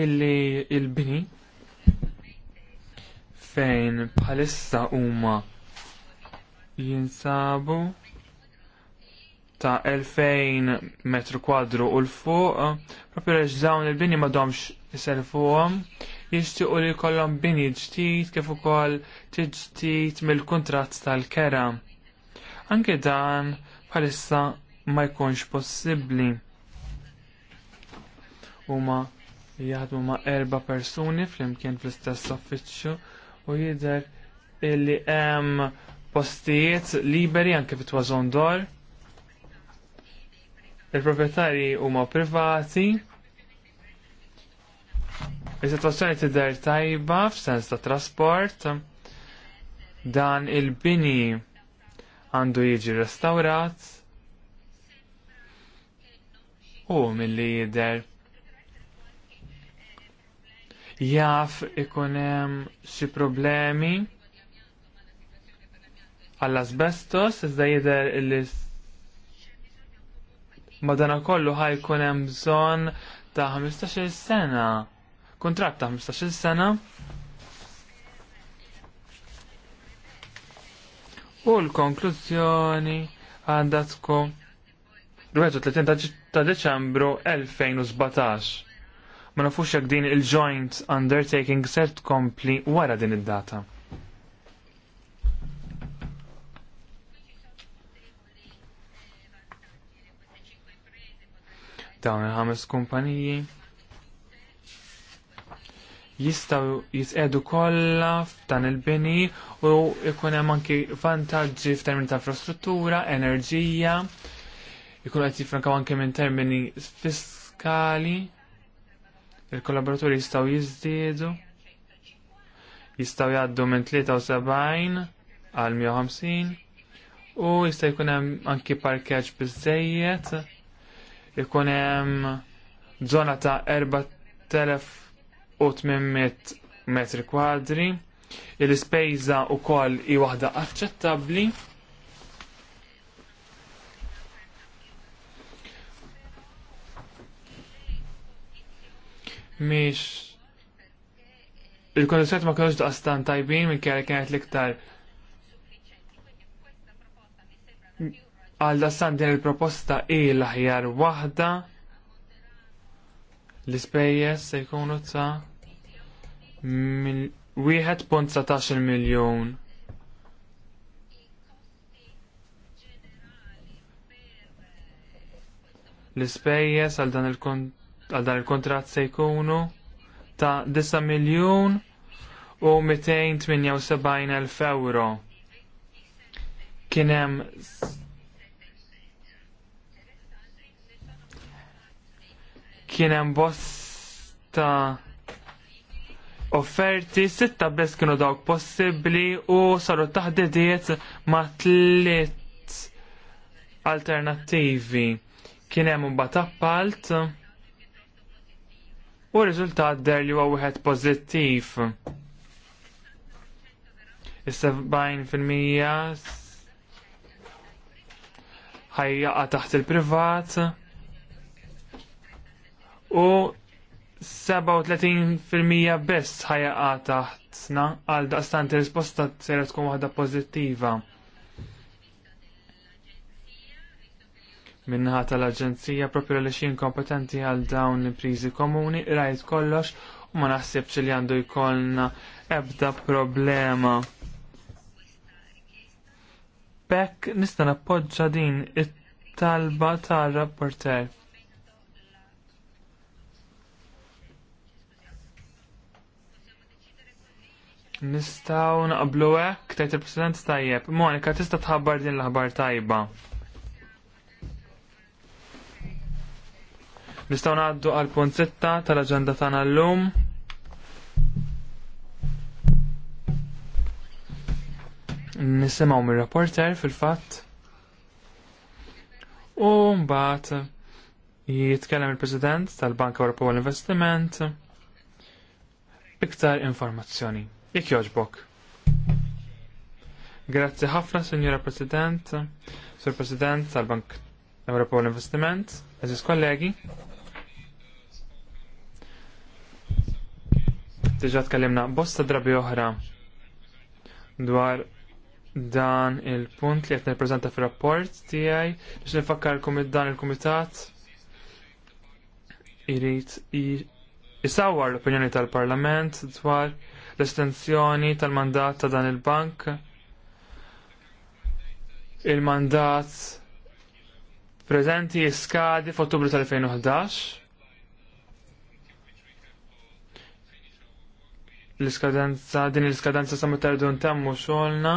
illi il-bini fejn bħalissa huma jinsabu ta' 2000 metru kwadru u l-fuq, propju rex dawn il-bini ma domx iselfuhom, jixtiequ li jkollhom bini ġdid kif ukoll tiġdid mill-kuntratt tal-kera. Anke dan bħalissa ma jkunx possibbli. Huma jaħdmu ma' erba persuni flimkien fl-istess uffiċċju u jidher illi hemm postijiet liberi anke fit dor. Il-proprjetarji huma privati. Is-sitwazzjoni tidher tajba f'sens ta' trasport. Dan il-bini għandu jiġi restawrat u milli jidher jaf ikun hemm xi problemi għall-asbestos, iżda jidher li madana kollu ħajkun hemm bżonn ta' 15-il sena. kontrat ta' 15-il sena. U l-konklużjoni għandatku 30 ta' Deċembru 2017 ma nafux jak din il-joint undertaking ser tkompli wara din id-data. Dawn il-ħames kumpaniji jistaw jisqedu kollha f'dan il-bini u jkun hemm anki vantaġġi f'termini ta' infrastruttura, enerġija, jkun qed jifrankaw anke minn termini fiskali il-kollaboraturi jistaw jizdiedu, jistaw jgħaddu minn 73 għal 150 u jista' jkun hemm anki parkeġġ biżejjed, ikun hemm żona ta' 4800 metri kwadri, il-ispejża wkoll hi waħda aċċettabbli. miex il-kondizjoni ma kienux daqstan tajbin minn kera kienet liktar għal daqstan din il-proposta i l-ħjar wahda l-ispejjes se jkunu ta' minn 1.19 miljon. L-ispejjes għal dan il-kont għal dan il-kontrat se jkunu ta' 9 miljun u 278.000 euro. Kienem kienem bosta offerti sitta bes kienu dawk possibli u saru taħdidiet ma tlitt alternativi. Kien hemm bat appalt u r-riżultat der li huwa wieħed pożittiv. Is-70 fil-mija ħajjaqa taħt il-privat u 37% biss ħajjaqa taħtna għal daqstant il-risposta sejra tkun waħda pożittiva. minnaħa tal-Aġenzija propju li xin kompetenti għal dawn l-imprizi komuni, rajt kollox u ma naħsibx li għandu jkollna ebda problema. Bekk nista' nappoġġa din it-talba tar-rapporter. Nistaw naqblu hekk, tajt il-President tajjeb. Monika, tista' tħabbar din l-aħbar tajba. Nistgħu ngħaddu għal punt sitta tal-aġenda tagħna llum. Nisimgħu mir-reporter fil-fatt. U mbagħad jitkellem il-President tal-Banka Ewropew l-Investiment iktar informazzjoni. Jekk jogħġbok. Grazzi ħafna, Sinjora President, Sur President tal-Bank Ewropew l-Investiment, eżis kollegi. Diġa tkellimna bosta drabi oħra dwar dan il-punt li qed nirpreżenta fir-rapport tiegħi biex nifakkarkom dan il-kumitat irid isawwar l-opinjoni tal-Parlament dwar l-estensjoni tal-mandat ta' dan il-bank il-mandat prezenti jiskadi f'Ottubru tal-2011 l-iskadenza, din l-iskadenza sa' mutardu ntemmu xolna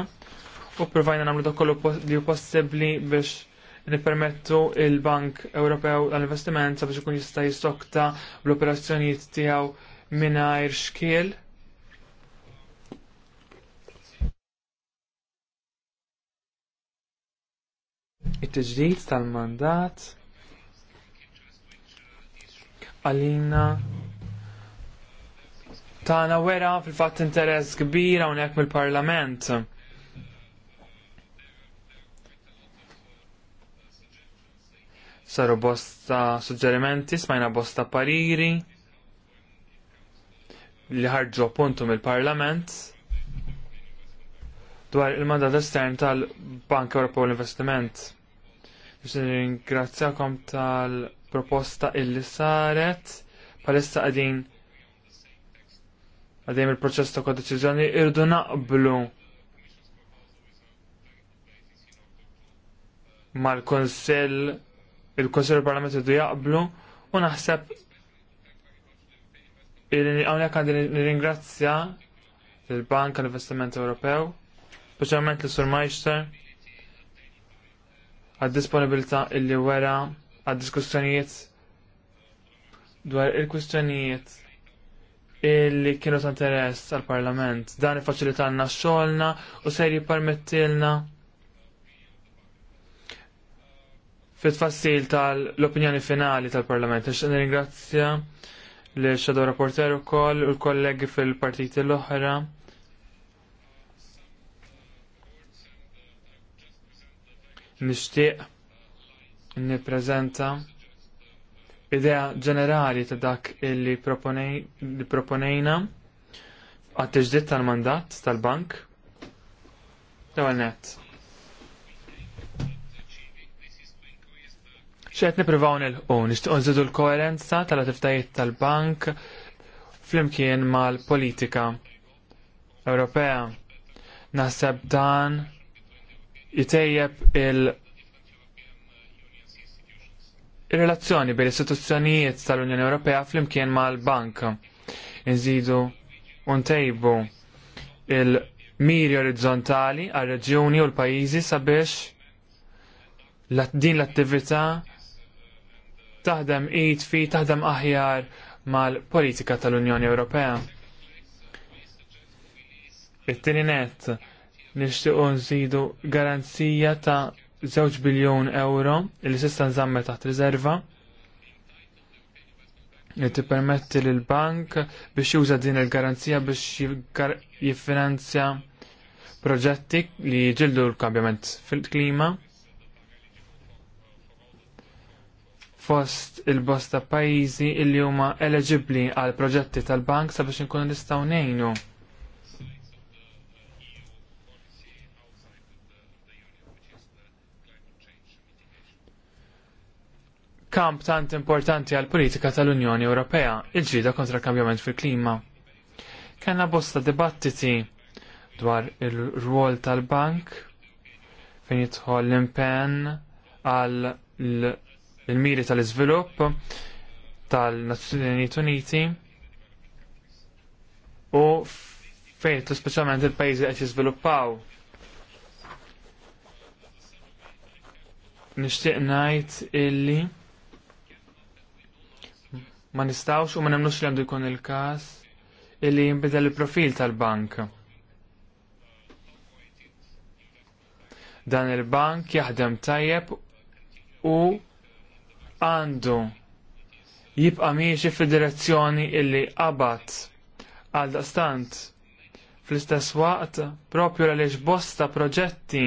u provajna namlu da' kollu li possibli biex nipermettu il-Bank Ewropew għal-investiment biex ikun jista' jistokta l-operazzjonijiet tiegħu mingħajr xkiel. It-tiġdid tal-mandat għalina Tana wera fil-fatt interess kbir hawnhekk mill-Parlament. Saru bosta suġġerimenti, smajna bosta pariri li ħarġu appuntu mill-Parlament dwar il-mandat estern tal-Bank Ewropew l-Investiment. Ringrazzjakom tal-proposta illi saret palissa qegħdin għadjem il-proċess ta' kodeċizjoni irdu naqblu mal-Konsell il-Konsell il-Parlament irdu jaqblu u naħseb il-għamlek għandi nir-ingrazzja il-Bank l investiment Ewropew, specialment l-Sur Meister, għad-disponibilta illi wera għad-diskussjonijiet dwar il-kwistjonijiet illi kienu ta' interess għall parlament Dan ifaċilitalna xogħolna u ser jipparmettilna. fit-fassil tal-opinjoni finali tal-Parlament. Ixtan ringrazzja l-Shadow Rapporter u koll u l-kollegi fil-partiti l-oħra. Nishtiq niprezenta idea ġenerali ta' dak illi proponejna għat-tġdid tal-mandat tal-bank. Dawal net. ċet niprivaw nil-ħu, nishtiqo nżidu l-koerenza tal-attivitajiet tal-bank flimkien mal-politika Ewropea. Naħseb dan jitejjeb il- ir-relazzjoni bil istituzzjonijiet tal-Unjoni Ewropea flimkien mal-Bank. Nżidu untejbu il-miri orizzontali għal reġjuni u l-pajjiżi sabiex din l-attività taħdem id fi taħdem aħjar mal-politika tal-Unjoni Ewropea. It-tini net nixtiequ nżidu garanzija ta' żewġ biljun euro li sista nżammet taħt riserva li tippermetti l bank biex juża din il-garanzija biex jiffinanzja proġetti li jġildu l-kambjament fil-klima fost il-bosta pajjiżi li huma eligibbli għal proġetti tal-bank sabiex inkunu nistgħu ngħinu. kamp tant importanti għal politika tal-Unjoni Ewropea, il ġida kontra kambjament fil-klima. Kenna bosta dibattiti dwar il-rwol tal-bank fejn jidħol l-impenn għal il-miri tal-izvilupp tal-Nazzjonijiet Uniti u fejn speċjalment il-pajjiżi qed jiżviluppaw. Nixtieq ngħid illi ma nistawx u ma nemnux li għandu jkun il-kas illi jimbidel il-profil tal-bank. Dan il-bank jaħdem tajjeb u għandu jibqa miexi fid-direzzjoni illi qabat għal dastant fl-istess waqt propju għaliex bosta proġetti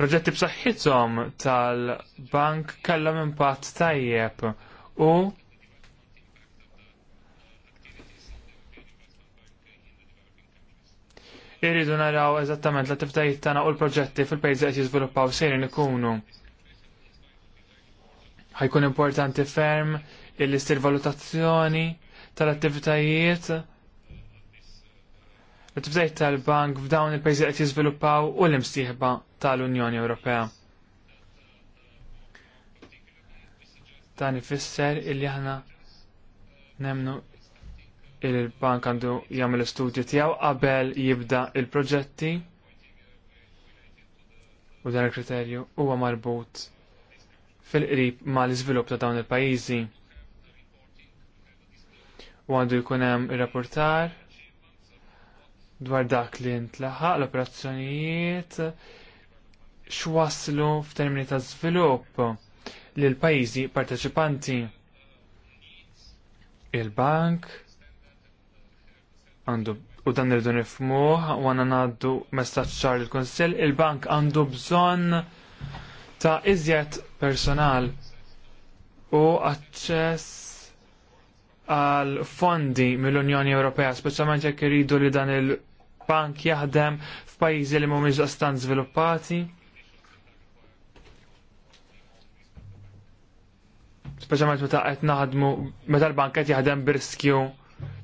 Proġetti b'saħħithom tal-bank kellhom impatt tajjeb u irridu naraw eżattament l-attivitajiet tagħna u l-proġetti fil-pajjiżi qed jiżviluppaw sejrin ikunu. Ħajkun importanti ferm il-istir valutazzjoni tal-attivitajiet Li tibdejt tal-bank f'dawn il-pajzi qed jiżviluppaw u l-imsieħba tal-Unjoni Ewropea. Dan ifisser illi aħna nemnu il-bank għandu jagħmel istudju tiegħu qabel jibda il-proġetti u dan il-kriterju huwa marbut fil-qrib ma l-iżvilupp ta' dawn il-pajjiżi. U għandu jkun hemm ir-rapportar dwar dak li ntlaħaq l-operazzjonijiet x'waslu f'termini ta' żvilupp li l-pajjiżi parteċipanti. Il-bank għandu u dan irridu nifhmuh u għana ngħaddu messaġġ ċar il kunsill il-bank għandu bżonn ta' iżjed personal u aċċess għal fondi mill-Unjoni Ewropea, speċjalment jekk iridu li dan il- bank jaħdem f'pajjiżi li mhumiex daqstant żviluppati. Speċjalment meta qed naħdmu meta l-bank qed jaħdem b'riskju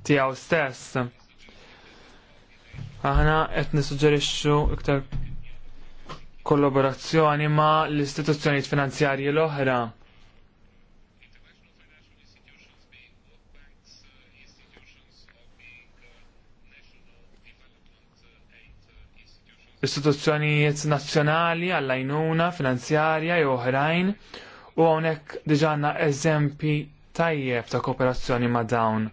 tiegħu stess. Aħna qed nisuġġerixxu iktar kollaborazzjoni ma l-istituzzjonijiet finanzjarji l-oħra istituzzjonijiet nazzjonali għall-għajnuna finanzjarja jew oħrajn u hawnhekk diġà għandna eżempji tajjeb ta' kooperazzjoni ma' dawn.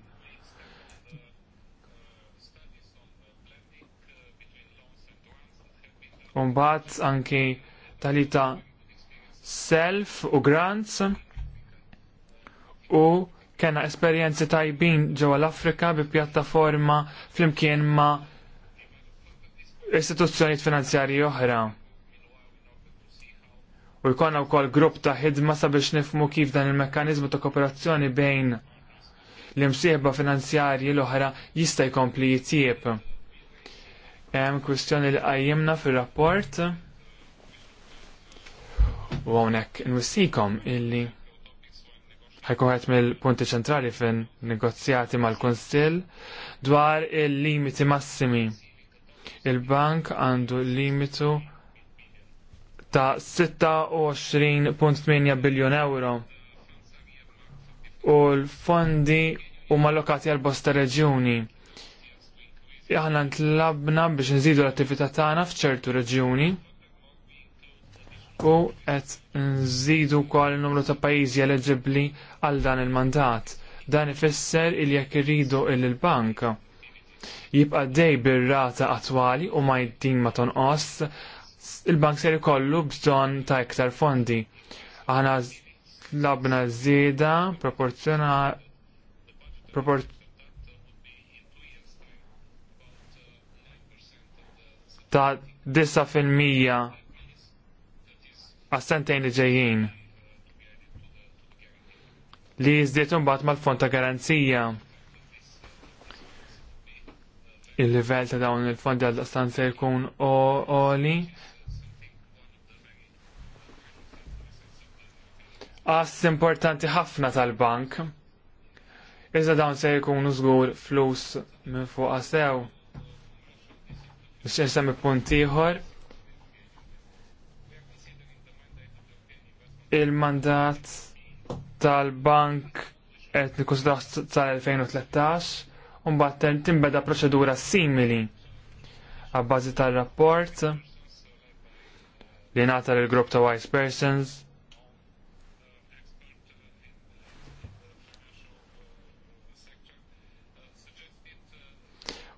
Umbat anki talita self u grants u kena esperjenzi tajbin ġewwa l-Afrika bi pjattaforma flimkien ma' istituzzjonijiet finanzjarji oħra. U jkollna wkoll grupp ta' ħidma sabiex nifmu kif dan il-mekkaniżmu ta' kooperazzjoni bejn l-imsieħba finanzjarji l-oħra jista' jkompli jitjieb. Hemm kwistjoni li qajjimna fir-rapport u hawnhekk nwissikom illi ħajkun qed mill-punti ċentrali fin negozjati mal-Kunsill dwar il-limiti massimi il-bank għandu limitu ta' 26.8 biljon euro u l-fondi huma allokati għal bosta reġjuni. Aħna ntlabna biex nżidu l-attività tagħna f'ċertu reġjuni u qed nżidu wkoll numru ta' pajjiżi eleġibbli għal dan il-mandat. Dan ifisser il jekk irridu il-bank. il bank jibqa' dej bir-rata attwali u ma jiddin ma tonqos, il-bank ser ikollu bżonn ta' iktar fondi. Aħna labna żieda proporzjona propor ta' 9% għas-sentejn li ġejjin li jizdietum mbagħad mal-fond ta' garanzija il-livell ta' dawn il-fondi għal stanza jkun oli. Għas importanti ħafna tal-bank. Iżda dawn se jkunu żgur flus minn fuq sew. Biex insemmi punt ieħor. Il-mandat tal-bank qed nikkonsidraw tal-2013 mbagħad timbeda proċedura simili għabbażi tar-rapport li nata l grupp ta' wise persons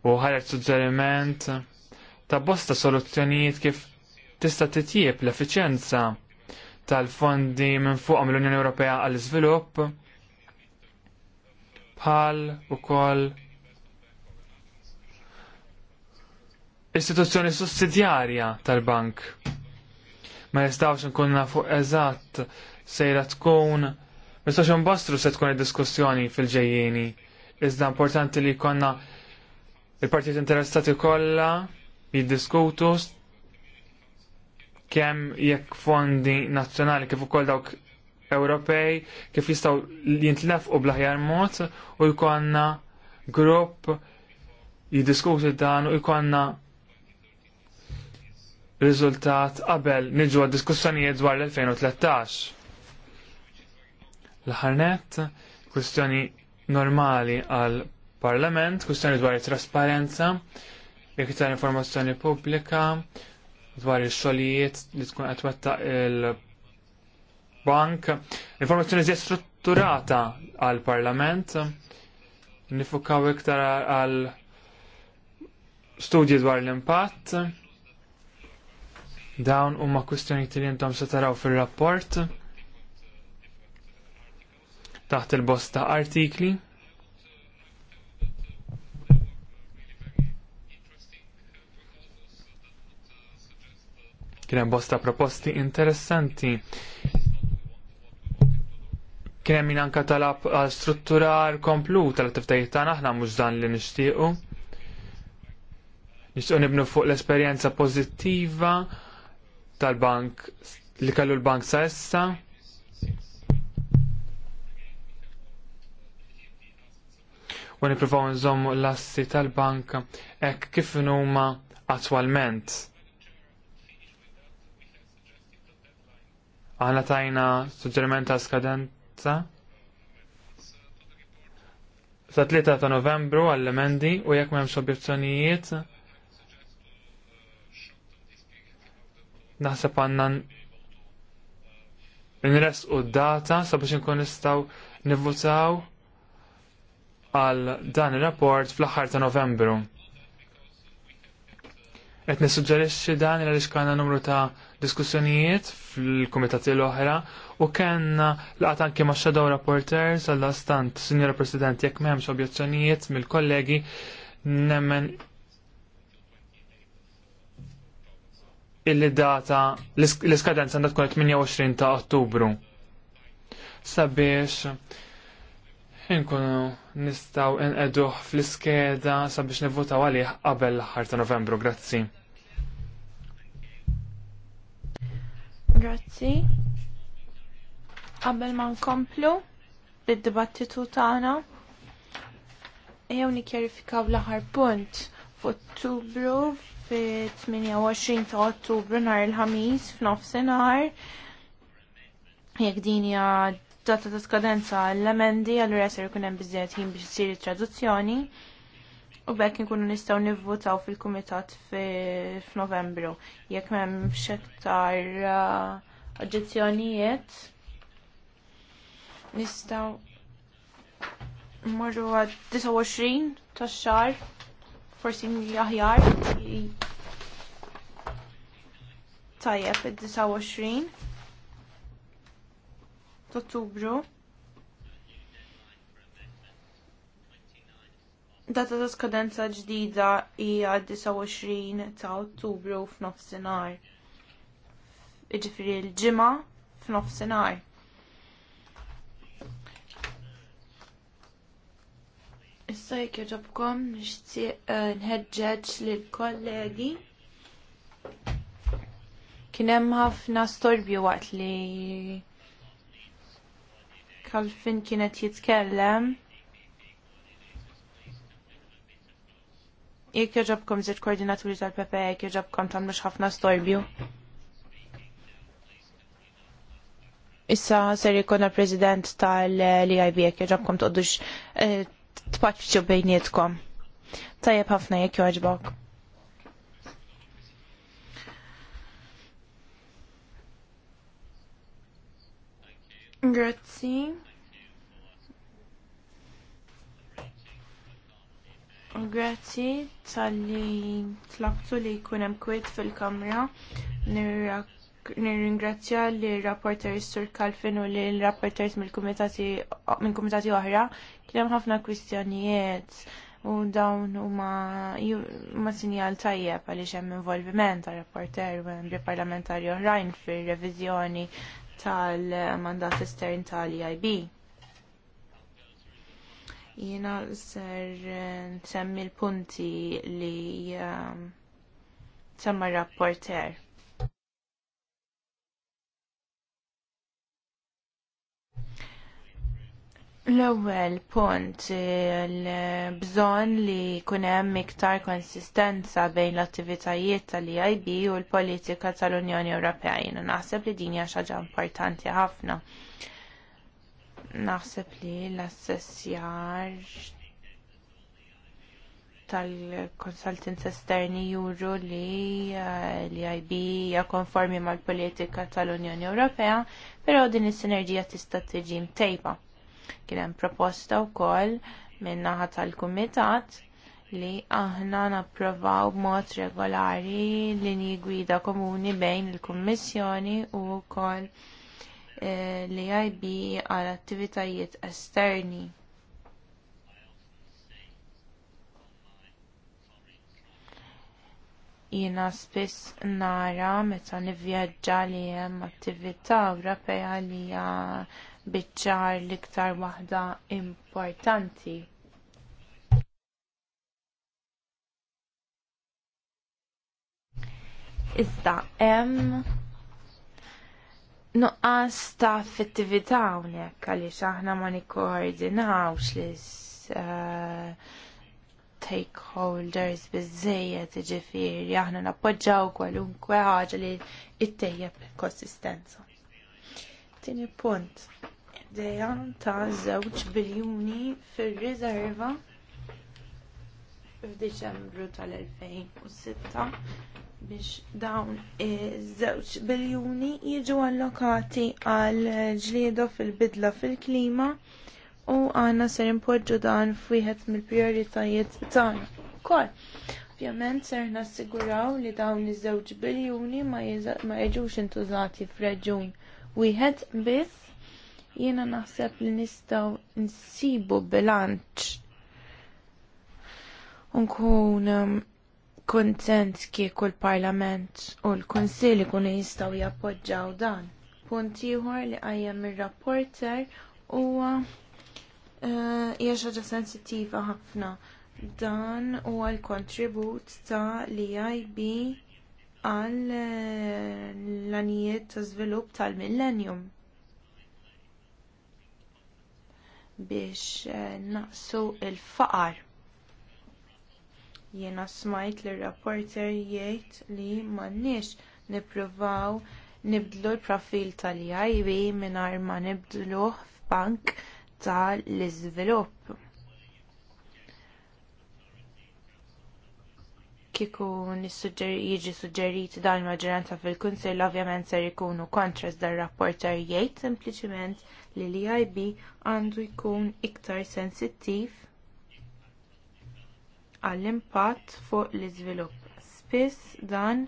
u ħareġ suġġeriment ta' bosta soluzzjonijiet kif tista' titjieb l efficienza tal-fondi minn fuq l-Unjoni Ewropea għall-iżvilupp bħal ukoll istituzzjoni sussidjarja tal-bank. Ma jistawx nkun nafu eżatt sejra tkun Mistax imbastru se tkun id-diskussjoni fil ġejjini Iżda importanti li konna il-partijiet interessati kollha jiddiskutu kemm jekk fondi nazzjonali kif ukoll dawk Ewropej kif jistgħu jintlefqu bl-aħjar mod u jkollna grupp jiddiskutu dan u jkollna riżultat qabel niġu għad diskussjonijiet dwar l-2013. L-ħarnet, kwistjoni normali għal parlament, kwistjoni dwar trasparenza, iktar informazzjoni pubblika, dwar il-xolijiet li tkun għatwetta il-bank, informazzjoni zi strutturata għal parlament, nifukaw iktar għal studji dwar l-impatt, Dawn huma kwistjoni li intom se taraw fir-rapport taħt il-bosta artikli. Kien hemm bosta proposti interessanti. Kien hemm min anka talab għal strutturar komplu tal-attivitajiet tagħna aħna mhux dan li nixtiequ. Nixtieq nibnu fuq l-esperjenza pożittiva tal-bank li kellu l-bank sa' issa. U niprofaw nżommu l-assi tal-bank ek kif numa attwalment. Għana tajna suġġerimenta ta' skadenza sa' 3 ta' novembru għall-emendi u jekk m'hemmx objezzjonijiet naħseb għanna n-res u data sabiex nkun nistaw nivvutaw għal dan il-rapport fl-aħħar ta' novembru. Et nissuġġerixxi dan il għaliex kellna numru ta' diskussjonijiet fil-kumitati l-oħra u kellna laqgħet anke ma' shadow rapporters għal stant Sinjora President jekk m'hemmx objezzjonijiet mill-kollegi nemmen il-data l-iskadenza għandha tkun 28 ta' Ottubru. Sabiex inkunu nistaw inqeduh fl-iskeda sabiex nivvotaw għalih qabel l-ħar ta' Novembru, grazzi. Grazzi. Qabel ma nkomplu id dibattitu tagħna jew nikkjarifikaw l-aħħar punt f'Ottubru fi 28 ta' Ottubru nhar il-ħamis f'nofsinhar. Jekk din hija data ta' skadenza l-emendi, allura ser ikun hemm biżżejjed ħin biex isir traduzzjoni. U bekk inkunu nistgħu nivvotaw fil-kumitat f'Novembru. Jekk m'hemm x'aktar uh, oġġezzjonijiet nistgħu mmorru għad 29 tax-xahar forsi aħjar tajjeb id-29 ottubru Data ta' skadenza ġdida hija 29 ta' Ottubru f'nofsinhar. Iġifieri l-ġimgħa f'nofsinhar. Issa jek jġobkom nixtieq eh, nħeġġeġ l kollegi. Kien hemm ħafna storbju waqt li Kalfin kienet jitkellem. Jek joġobkom zid koordinaturi tal ppe jek joġobkom tagħmlux ħafna storbju. Issa ser jkun president tal-LIB jek joġobkom toqdux eh, tpaċċu bejnietkom. Tajjeb ħafna jekk joħġbok. Grazzi. Grazzi tal-li tlaqtu li kunem kwit fil-kamra nirrak nirringrazzja li rapporter Sur Kalfin u li l-rapporters mill-kumitati oħra. Kien hemm ħafna kwistjonijiet u dawn huma sinjal tajjeb għaliex hemm involviment ta' rapporter u membri parlamentari oħrajn fir-reviżjoni tal-mandat estern tal-EIB. Jiena ser semmi l-punti li um, semma rapporter L-ewwel punt bżonn li jkun hemm iktar konsistenza bejn l-attivitajiet tal-EIB u l-politika tal-Unjoni Ewropea. Jiena naħseb li din hija xi ħaġa importanti ħafna. Naħseb li l-assessjar tal-konsultants esterni juru li eh, l-EIB hija konformi mal-politika tal-Unjoni Ewropea, però din is-sinerġija tista' tiġi mtejba Kien hemm proposta wkoll minn naħa tal-kumitat li aħna napprovaw b'mod regolari linji gwida komuni bejn il-Kummissjoni u wkoll eh, li IB għal attivitajiet esterni. Jiena spiss nara meta nivvjaġġa li hemm attività Ewropea li hija biċ-ċar l-iktar waħda importanti. Iżda hemm nuqqas ta' effettività hawnhekk għaliex aħna ma nikkoordinawx li stakeholders eh, biżejjed ġifieri aħna nappoġġaw kwalunkwe ħaġa li ttejjeb konsistenza. Tieni punt Deja ta' żewġ biljuni fir-riserva f'Diċembru tal-2006 biex dawn iż-żewġ biljuni jiġu allokati għal ġlieda fil-bidla fil-klima u għandna ser impoġġu dan f'wieħed mill-prijoritajiet tagħna. Kol, ovvjament ser nassiguraw li dawn iż-żewġ biljuni ma jiġux intużati f'reġun wieħed biss Jiena naħseb li nistgħu nsibu bilanċ unkun um, kontent kieku l-Parlament u l-Konsil kunu jistgħu jappoġġaw dan. Punt ieħor li għajjem ir-rapporter huwa uh, hija ħaġa sensittiva ħafna. Dan huwa l-kontribut ta' li e għajbi għal uh, l-anijiet ta' żvilupp tal-millennium. biex eh, naqsu il-faqar. Jiena smajt li rapporter jgħid li m'għandniex nippruvaw nibdlu l-profil tal-IB mingħajr ma nibdluh f'bank tal-iżvilupp. Kieku jiġi suġġerit dan maġġoranza fil-Kunsill ovvjament ser ikunu kontra dar rapporter jgħid sempliċiment li l-IB għandu jkun iktar sensittiv għall-impatt fuq l-iżvilupp. Spiss dan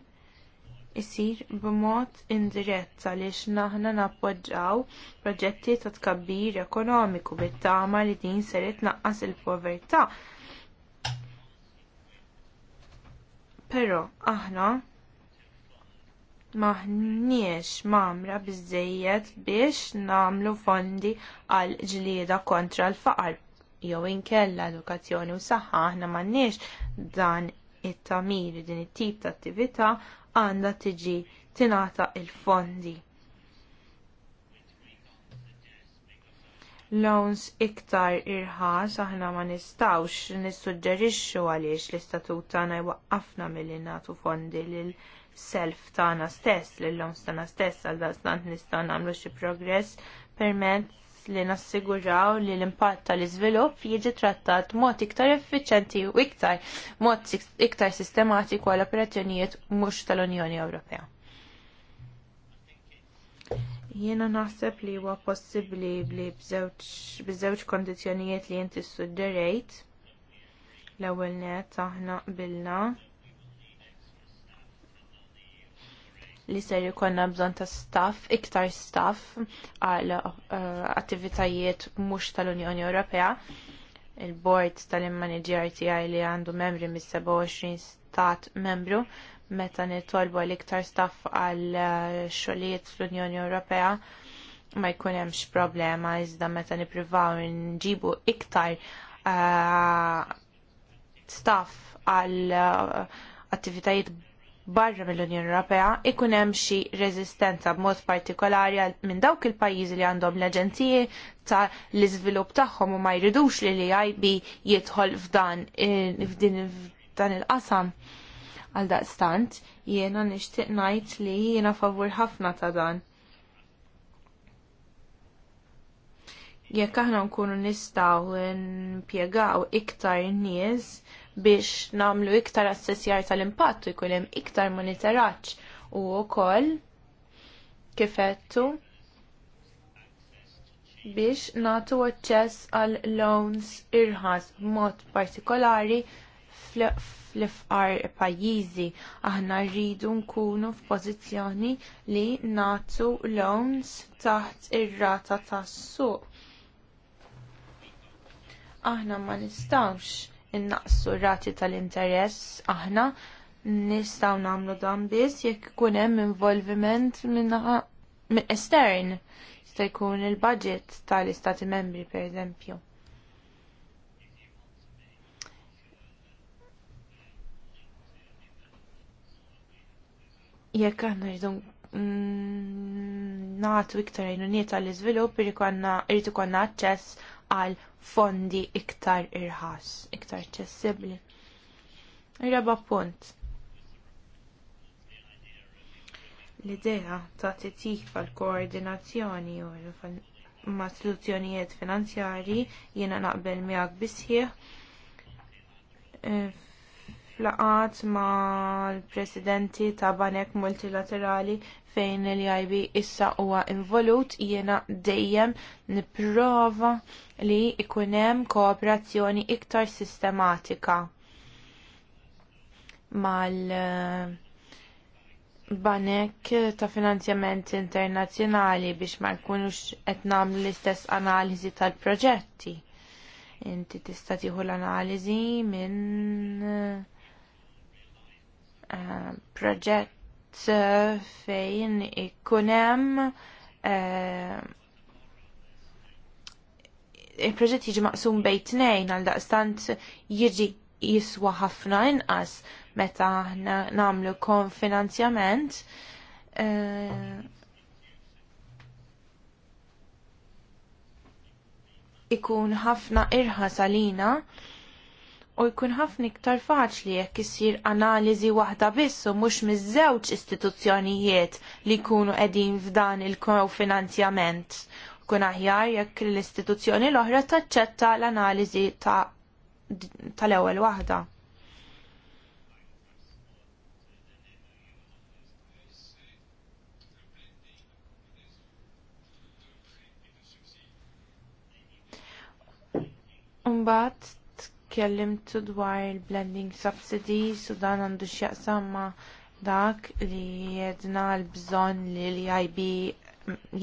isir b'mod indirett għaliex naħna nappoġġaw proġetti ta' tkabbir ekonomiku bit-tama li din ser itnaqqas il-povertà. Però aħna maħniex mamra biżżejjed biex nagħmlu fondi għal ġlieda kontra l-faqar jew inkella edukazzjoni u saħħa aħna m'għandniex dan it-tamir din it-tip ta' attività għandha tiġi tingħata il-fondi. Lowns iktar irħas aħna ma nistawx nissuġġerixxu għaliex l-istatut tagħna jwaqqafna milli nagħtu fondi lil self tagħna stess, lil-lom tagħna stess, għal daqstant nistgħu nagħmlu xi progress permezz li nassiguraw li l-impatt tal-iżvilupp jiġi trattat mod iktar effiċenti u iktar mod iktar sistematiku għal operazzjonijiet mhux tal-Unjoni Ewropea. Jiena naħseb li huwa possibbli li bżewġ kondizzjonijiet li inti sudderejt l-ewwel net aħna bilna li ser jkollna bżonn ta' staff, iktar staff għal eh, attivitajiet mhux tal-Unjoni Ewropea. Il-board tal-immanager tiegħi li għandu membri mis-27 stat membru meta nitolbu l-iktar staff għal eh, xogħlijiet fl-Unjoni Ewropea ma jkun hemmx problema iżda meta nippruvaw nġibu iktar uh, staff għal uh, attivitajiet barra mill-Unjoni Ewropea ikun hemm xi reżistenza b'mod partikolari minn dawk il-pajjiżi li għandhom l-aġenziji ta' l-iżvilupp tagħhom u ma jridux li l eib jidħol f'dan f'din f'dan il-qasam. Għal daqstant, jiena nixtieq ngħid li jiena favur ħafna ta' dan. jekk aħna nkunu nistgħu npjegaw iktar nies biex namlu iktar assessjar tal-impatt u jkun hemm iktar monitoraġġ u wkoll kifettu biex natu aċċess għal loans irħas b'mod partikolari fl-ifqar pajjiżi. Aħna rridu nkunu f'pożizzjoni li natu loans taħt ir-rata tas-suq. Aħna ma nistawx innaqsu r-rati tal-interess aħna nistgħu nagħmlu dan biss jekk ikun hemm involviment minn estern jista' jkun il-budget tal-istati membri pereżempju. Jekk aħna rridu mm, nagħtu iktar għajnuniet għall-iżvilupp irid ikun aċċess għal fondi iktar irħas, iktar ċessibli. Raba punt. L-idea ta' titif fal koordinazzjoni u ma' istituzzjonijiet finanzjarji jiena naqbel miegħek bisħieħ e, flaqat ma' l-presidenti ta' banek multilaterali fejn li Jajbi issa huwa involut jiena dejjem nipprova li ikun hemm kooperazzjoni iktar sistematika mal banek ta' finanzjament internazzjonali biex ma jkunux qed nagħmlu l-istess analiżi tal-proġetti. Inti tista' tieħu l-analiżi minn uh, proġett post eh, fejn ikunem eh, il-proġett jiġi maqsum bejn tnejn għal daqstant jiġi jiswa ħafna inqas meta aħna nagħmlu konfinanzjament. Eh, ikun ħafna irħas għalina u jkun ħafna iktar faċli jekk isir analiżi waħda biss u mhux miż-żewġ istituzzjonijiet li jkunu qegħdin f'dan il-kofinanzjament. Kun aħjar jekk l-istituzzjoni l-oħra taċċetta l-analiżi tal-ewwel waħda. Mbagħad tkellimtu dwar il-blending subsidies u dan għandu x'jaqsam ma dak li jedna l-bżonn li l-IB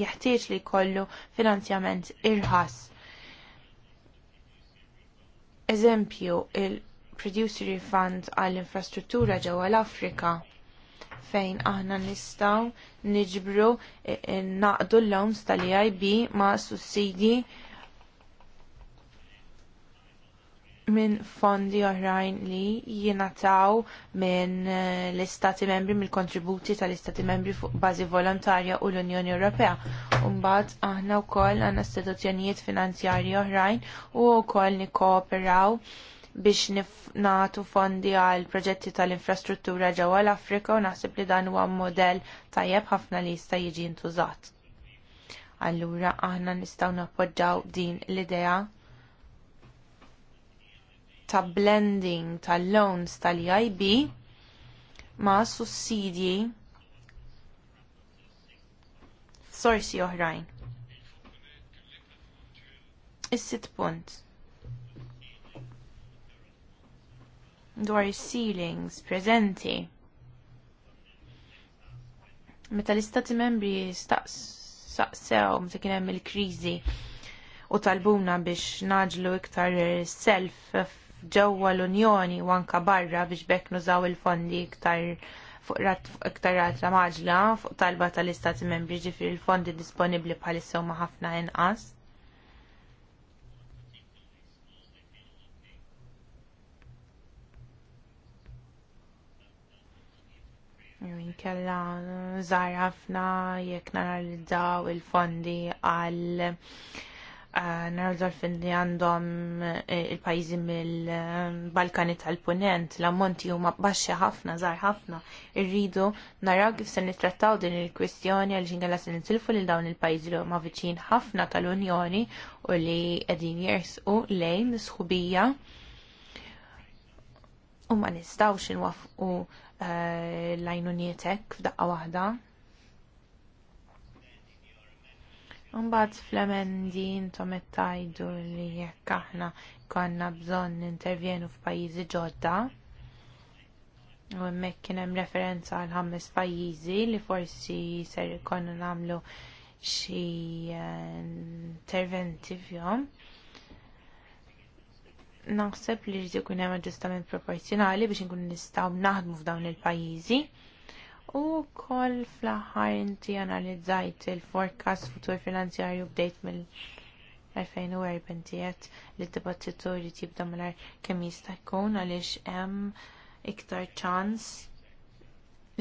jeħtieġ li jkollu finanzjament irħas. Eżempju, il-Producer Fund għall-infrastruttura ġewwa l-Afrika fejn aħna nistgħu niġbru eh, eh, naqdu l loans tal-EIB ma' sussidi. minn fondi oħrajn li jinataw minn eh, l-Istati membri, mill kontributi tal-Istati membri fuq bażi volontarja u l-Unjoni Ewropea. Umbat aħna wkoll għandna istituzzjonijiet finanzjarji oħrajn u wkoll nikkooperaw biex nagħtu fondi għal proġetti tal-infrastruttura ġewwa l-Afrika u naħseb li dan huwa modell tajjeb ħafna li jista' jiġi ntużat. Allura aħna nistgħu nappoġġaw din l-idea ta' blending tal-loans tal ib ma' sussidji sorsi oħrajn. Is-sitt punt. Dwar is-ceilings preżenti. Meta l-istati membri staqsew meta kien hemm il-kriżi u talbuna biex naġlu iktar self ġewwa l-Unjoni u anke barra biex bekk nużaw il-fondi iktar fuq maġla fuq talba tal-Istati Membri ġifir il fondi disponibbli bħalissa huma ħafna inqas. Min kella ħafna jekk naralizzaw il-fondi għal Ah, Nerdolfin finni għandhom eh, il-pajzi mill-Balkani tal-Punent, l-ammonti huma baxxi ħafna, żgħar ħafna, irridu naraw kif se nittrattaw din il-kwistjoni għal ġingela se nitilfu lil dawn il-pajzi li huma viċin ħafna tal-Unjoni u li qegħdin jersqu lejn sħubija u ma nistgħux inwaffqu eh, lajnu nietek f'daqqa waħda. Mbagħad fl-emendi intom qed tgħidu li jekk aħna konna bżonn nintervjenu f'pajjiżi ġodda. U hemmhekk kien hemm referenza għal ħames pajjiżi li forsi ser ikonna nagħmlu xi eh, interventi fihom. Naħseb li jrid ikun hemm aġġustament proporzjonali biex inkun nistgħu naħdmu f'dawn il-pajjiżi. U koll fl-aħħar inti analizzajt il-forecast futur finanzjarju bdejt mill-2004 tiegħek li t dibattitu li tibda mill-ar kemm jista' jkun għaliex hemm iktar ċans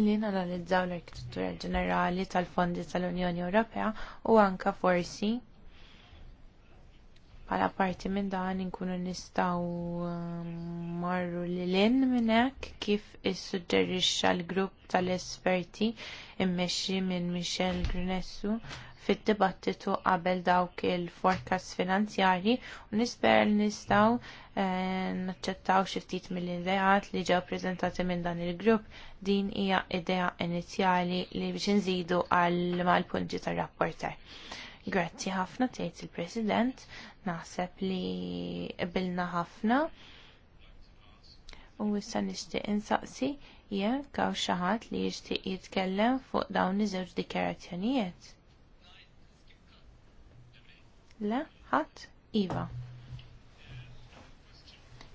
li nanalizzaw l-arkitettura ġenerali tal-fondi tal-Unjoni Ewropea u anke forsi Bħala parti minn dan inkunu nistgħu um, marru lilin minn hekk kif issuġġerixxa l-grupp tal-esperti immexxi minn Michel Grunessu fid-dibattitu qabel dawk il forkas finanzjarji u nisper nistgħu eh, naċċettaw xi ftit mill idejat li ġew preżentati minn dan il-grupp din hija idea inizjali li biex nżidu għal mal-punti tar-rapporter. Grazzi ħafna tgħid il-President Naħseb li qbilna ħafna u issa nixtieq insaqsi jekk hawn xi ħadd li jixtieq jitkellem fuq dawn iż-żewġ dikjarazzjonijiet. Le, ħadd? Iva.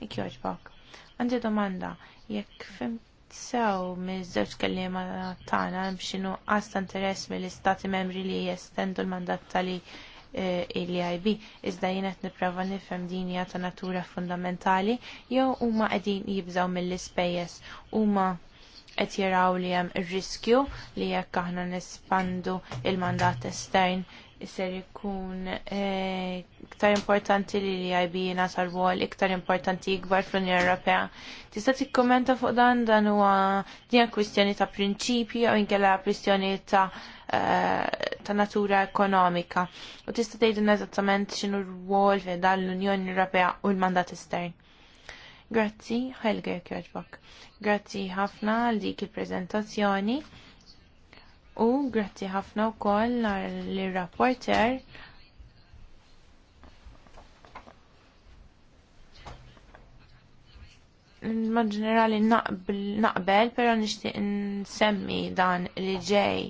Ik joġbok. Għandi domanda, jekk fimt sew miż-żewġ kelliema tagħna hemm xi nuqqas ta' interess mill-istati membri li jestendu l-mandat tal Eh, il-IB, iżda jien qed nipprova nifhem din hija ta' natura fundamentali jew huma qegħdin jibżgħu mill-ispejjeż huma qed jaraw li hemm ir-riskju li jekk aħna nespandu il-mandat estern ser ikun eh, iktar importanti li li IB jingħata wol iktar importanti ikbar fl-Unjoni Ewropea. Tista' tikkumenta fuq dan dan huwa din kwistjoni ta' prinċipji jew inkella kwistjoni ta' eh, ta' natura ekonomika. U tista' tgħidilna eżattament x'inhu r-rwol fi dan l-Unjoni Ewropea u l-mandat estern. Grazzi, Helge Kjordbok. Grazzi ħafna għal dik il-preżentazzjoni. U grazzi ħafna wkoll l-rapporter ma ġenerali naqbel, pero nishtiq nsemmi dan li ġej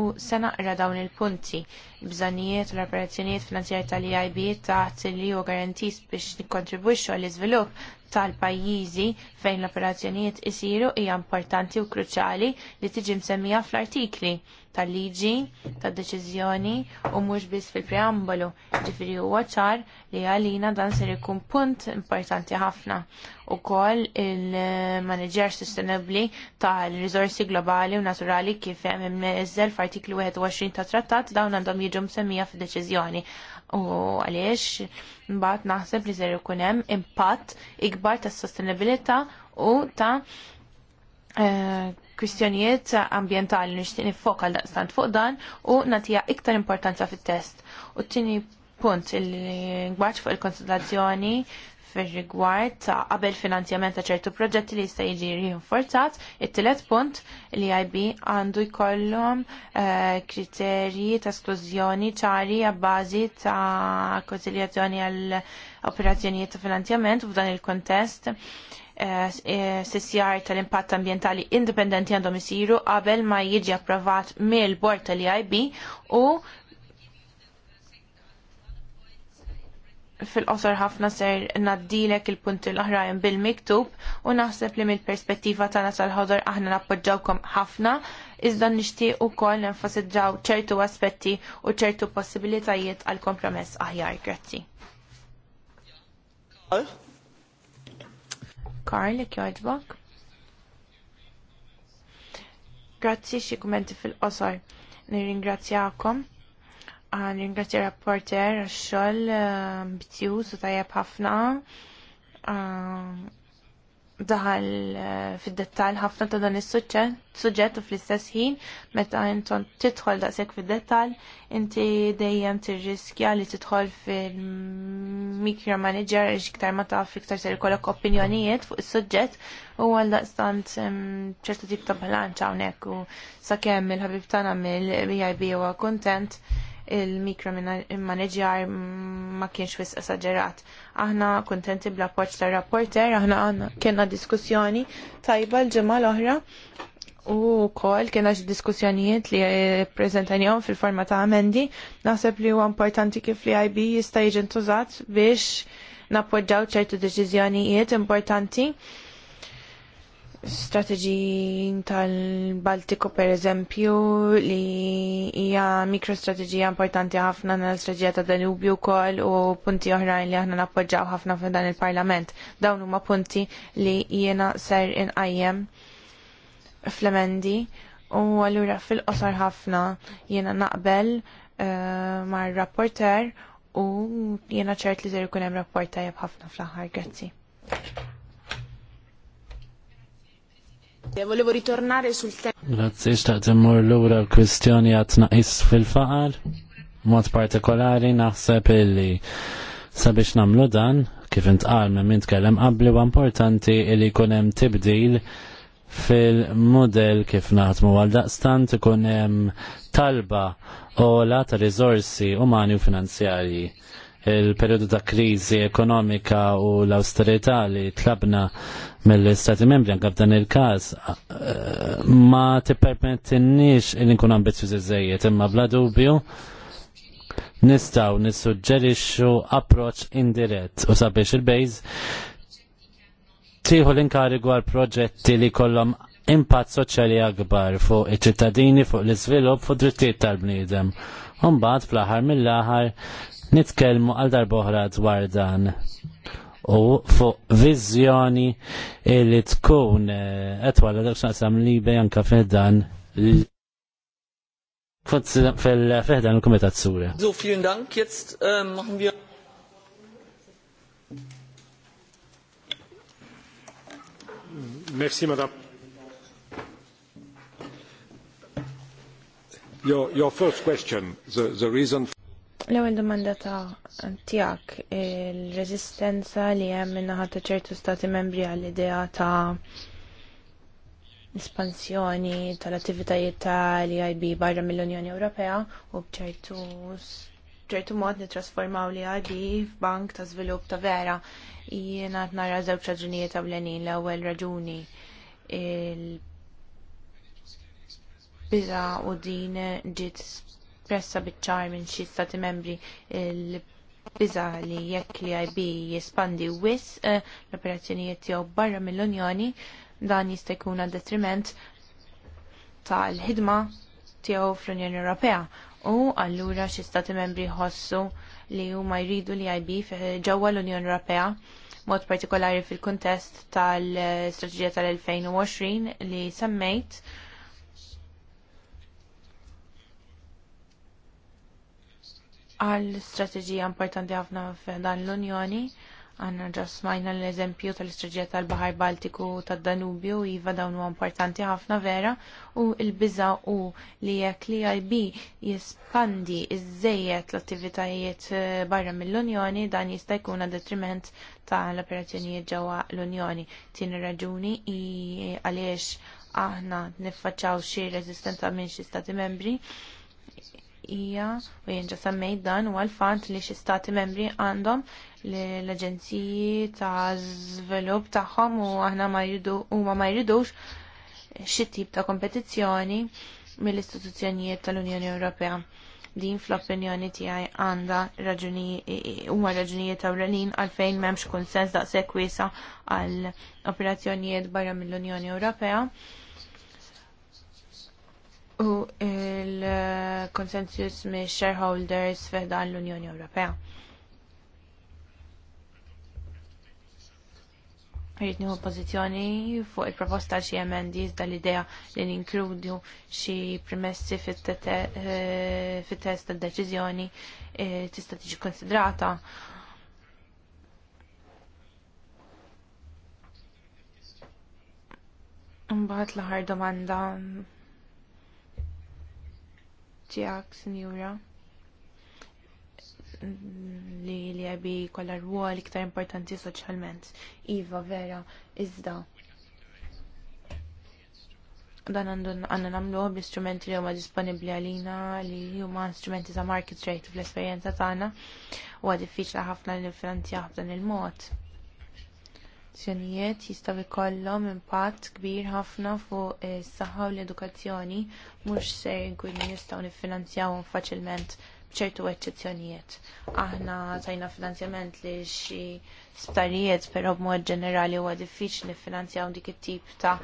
u se naqra dawn il-punti bżonijiet u l-operazzjonijiet finanzjari tal iib taħt li u garantis biex nikontribwixxu għall iżvilupp tal-pajjiżi fejn l-operazzjonijiet isiru hija importanti u kruċjali li tiġi msemmija fl-artikli tal-liġi, tad-deċiżjoni u mhux biss fil-preambolu. Ġifieri huwa ċar li għalina dan ser ikun punt importanti ħafna. Ukoll il-manager sostenibbli tal-riżorsi globali u naturali kif hemm immeżżel f'artiklu 21 tat-trattat dawn għandhom jiġu msemmija f'deċiżjoni. U għaliex mbagħad naħseb li ser ikun hemm impatt ikbar tas sostenibilità u ta' eh, kwistjonijiet ambientali nixtieq nifoka daqstant fuq dan u nagħtiha iktar importanza fit-test. U t-tieni punt il-gbaċ fuq il-konsultazzjoni fir-rigward ta' qabel finanzjament ta' ċertu proġetti li jista' jiġi rinforzat, it-tielet punt li IB għandu jkollhom eh, kriterji ta' esklużjoni ċari għabbażi ta' konsiljazzjoni għal operazzjonijiet ta' finanzjament u f'dan il-kontest eh, eh, sissjar tal-impatt ambientali indipendenti għandhom isiru qabel ma jiġi approvat mill-bord tal-IB u fil-qosor ħafna ser naddilek il-punti l-oħrajn bil-miktub u naħseb li mill-perspettiva tagħna tal-ħodor aħna nappoġġawkom ħafna iżda nixtieq ukoll nenfasizzaw ċertu aspetti u ċertu possibilitajiet għal kompromess aħjar. Grazzi. Karl, jekk jgħidbok? Grazzi xi kumenti fil-qosor. Nirringrazzjakom għan ringrazzi rapporter għax-xogħol eh, bitju su tajjeb ħafna. Eh, daħal eh, fid-dettal ħafna ta' dan is-suġġett u fl-istess ħin meta intom tidħol daqshekk fid-dettal inti dejjem tirriskja li tidħol fil manager għax iktar ma taf iktar ser ikollok opinjonijiet fuq is-suġġett u għal daqstant ċertu tip ta' balanċa hawnhekk u sakemm il-ħabib tagħna mill-BIB huwa kuntent il mikro manager ma kienx wis esagerat. Aħna kontenti bl-appoġġ tar rapporter, aħna għanna kienna diskussjoni tajba l-ġimgħa l-oħra u kol kienna diskussjonijiet li prezentanjom fil-forma ta' amendi. Naħseb li huwa importanti kif li IB jista' jiġi ntużat biex nappoġġaw ċertu deċiżjonijiet importanti strateġi tal-Baltiku per eżempju li hija mikrostrateġija importanti ħafna nel strategija ta' Danubju wkoll u punti oħrajn li aħna nappoġġaw ħafna f'dan il-Parlament. Dawn huma punti li jiena ser inqajjem fl-emendi u allura fil-qosor ħafna jiena naqbel uh, eh, mar-rapporter u jiena ċert li ser ikun hemm rapporta tajjeb ħafna fl-aħħar. Grazzi. Eh, volevo ritornare sul tema. Grazie, xtaqt immur l-ura l għatna is fil-faqar. Mod partikolari naħseb illi sabiex namlu dan, kif intqal minn minn tkellem qabli u importanti illi kunem tibdil fil-model kif naħdmu għal daqstant ikun hemm talba ola ta' rizorsi umani u finanzjarji il-periodu ta' kriżi ekonomika u l-austerità li tlabna mill-Stati membri anke f'dan il-każ eh, ma tippermettinniex li nkun ambizjużi żejjed imma bla dubju nistgħu nissuġġerixxu approċċ indirett u sabiex il-bejż tieħu l-inkarigu għal proġetti li kollhom impatt soċjali akbar fuq iċ-ċittadini, fuq l-iżvilupp, fuq drittijiet tal-bniedem. Umbagħad fl-aħħar mill-aħħar nitkelmu għal darboħra dwar dan u fuq vizjoni li tkun eh, etwala dak xaqsam li bejanka fiħdan fil-fiħdan il-Komitat Sura. So, vielen Dank. Jetzt ähm, machen wir Merci, madame. Your, your first question, the, the reason for L-ewwel domanda ta' tiegħek il-reżistenza li hemm min-naħa ta' ċertu stati membri għall-idea ta' espansjoni tal-attivitajiet tal-IB barra mill-Unjoni Ewropea u bċertu ċertu mod nitrasformaw li e għadi f'bank ta' żvilupp ta' vera jiena qed nara żewġ raġunijiet ewlenin l-ewwel raġuni il biża u din ġiet espressa biċ minn xi stati membri l-biża li jekk li IB jispandi wis eh, l-operazzjonijiet tiegħu barra mill-Unjoni dan jista' jkun għal detriment tal-ħidma tiegħu fl-Unjoni Ewropea u allura xi stati membri ħossu li huma jridu li IB ġewwa l-Unjoni Ewropea mod partikolari fil-kuntest tal-Strategija tal-2020 li semmejt għal strateġija importanti ħafna f'dan l-Unjoni. Għanna ġasmajna l-eżempju tal-istraġija tal-Bahar Baltiku tad-Danubju iva dawn huwa importanti ħafna vera u l-biża u li jekk li IB jispandi iż-żejjed l-attivitajiet eh, barra mill-Unjoni dan jista' jkun detriment tal-operazzjonijiet ġewwa l-Unjoni. Tieni raġuni għaliex aħna niffaċċaw xi reżistenza minn xi stati membri hija u jenġa semmejt dan huwa l fant li xi stati membri għandhom l-aġenziji ta' żvilupp tagħhom u aħna ma huma ma jridux xi tip ta' kompetizzjoni mill-istituzzjonijiet tal-Unjoni Ewropea. Din fl-opinjoni tiegħi għandha raġunijiet huma raġunijiet ewlenin għalfejn m'hemmx kunsens daqshekk wiesa għal operazzjonijiet barra mill-Unjoni Ewropea u il-konsensus me shareholders fedan l-Unjoni Ewropea. Rrit nieħu pożizzjoni fuq il-proposta xi emendi iżda l-idea li ninkludu xi premessi eh, fit-test tad-deċiżjoni eh, tista' tiġi konsidrata. Mbagħad l-aħħar domanda tiegħek, Sinjura li li għabi kolla rwol iktar importanti soċjalment. Iva, vera, iżda. Dan għanna namlu l istrumenti li huma disponibli għalina li huma instrumenti ta' market rate fl-esperjenza tagħna u għad diffiċla ħafna li finanzjaħ b'dan il-mod azzjonijiet jistgħu jkollhom impatt kbir ħafna fuq is-saħħa u l-edukazzjoni mhux se jkunu jistgħu niffinanzjawhom faċilment b'ċertu eċċezzjonijiet. Aħna tajna finanzjament li xi sptarijiet però b'mod ġenerali huwa diffiċli niffinanzjaw dik it-tip ta'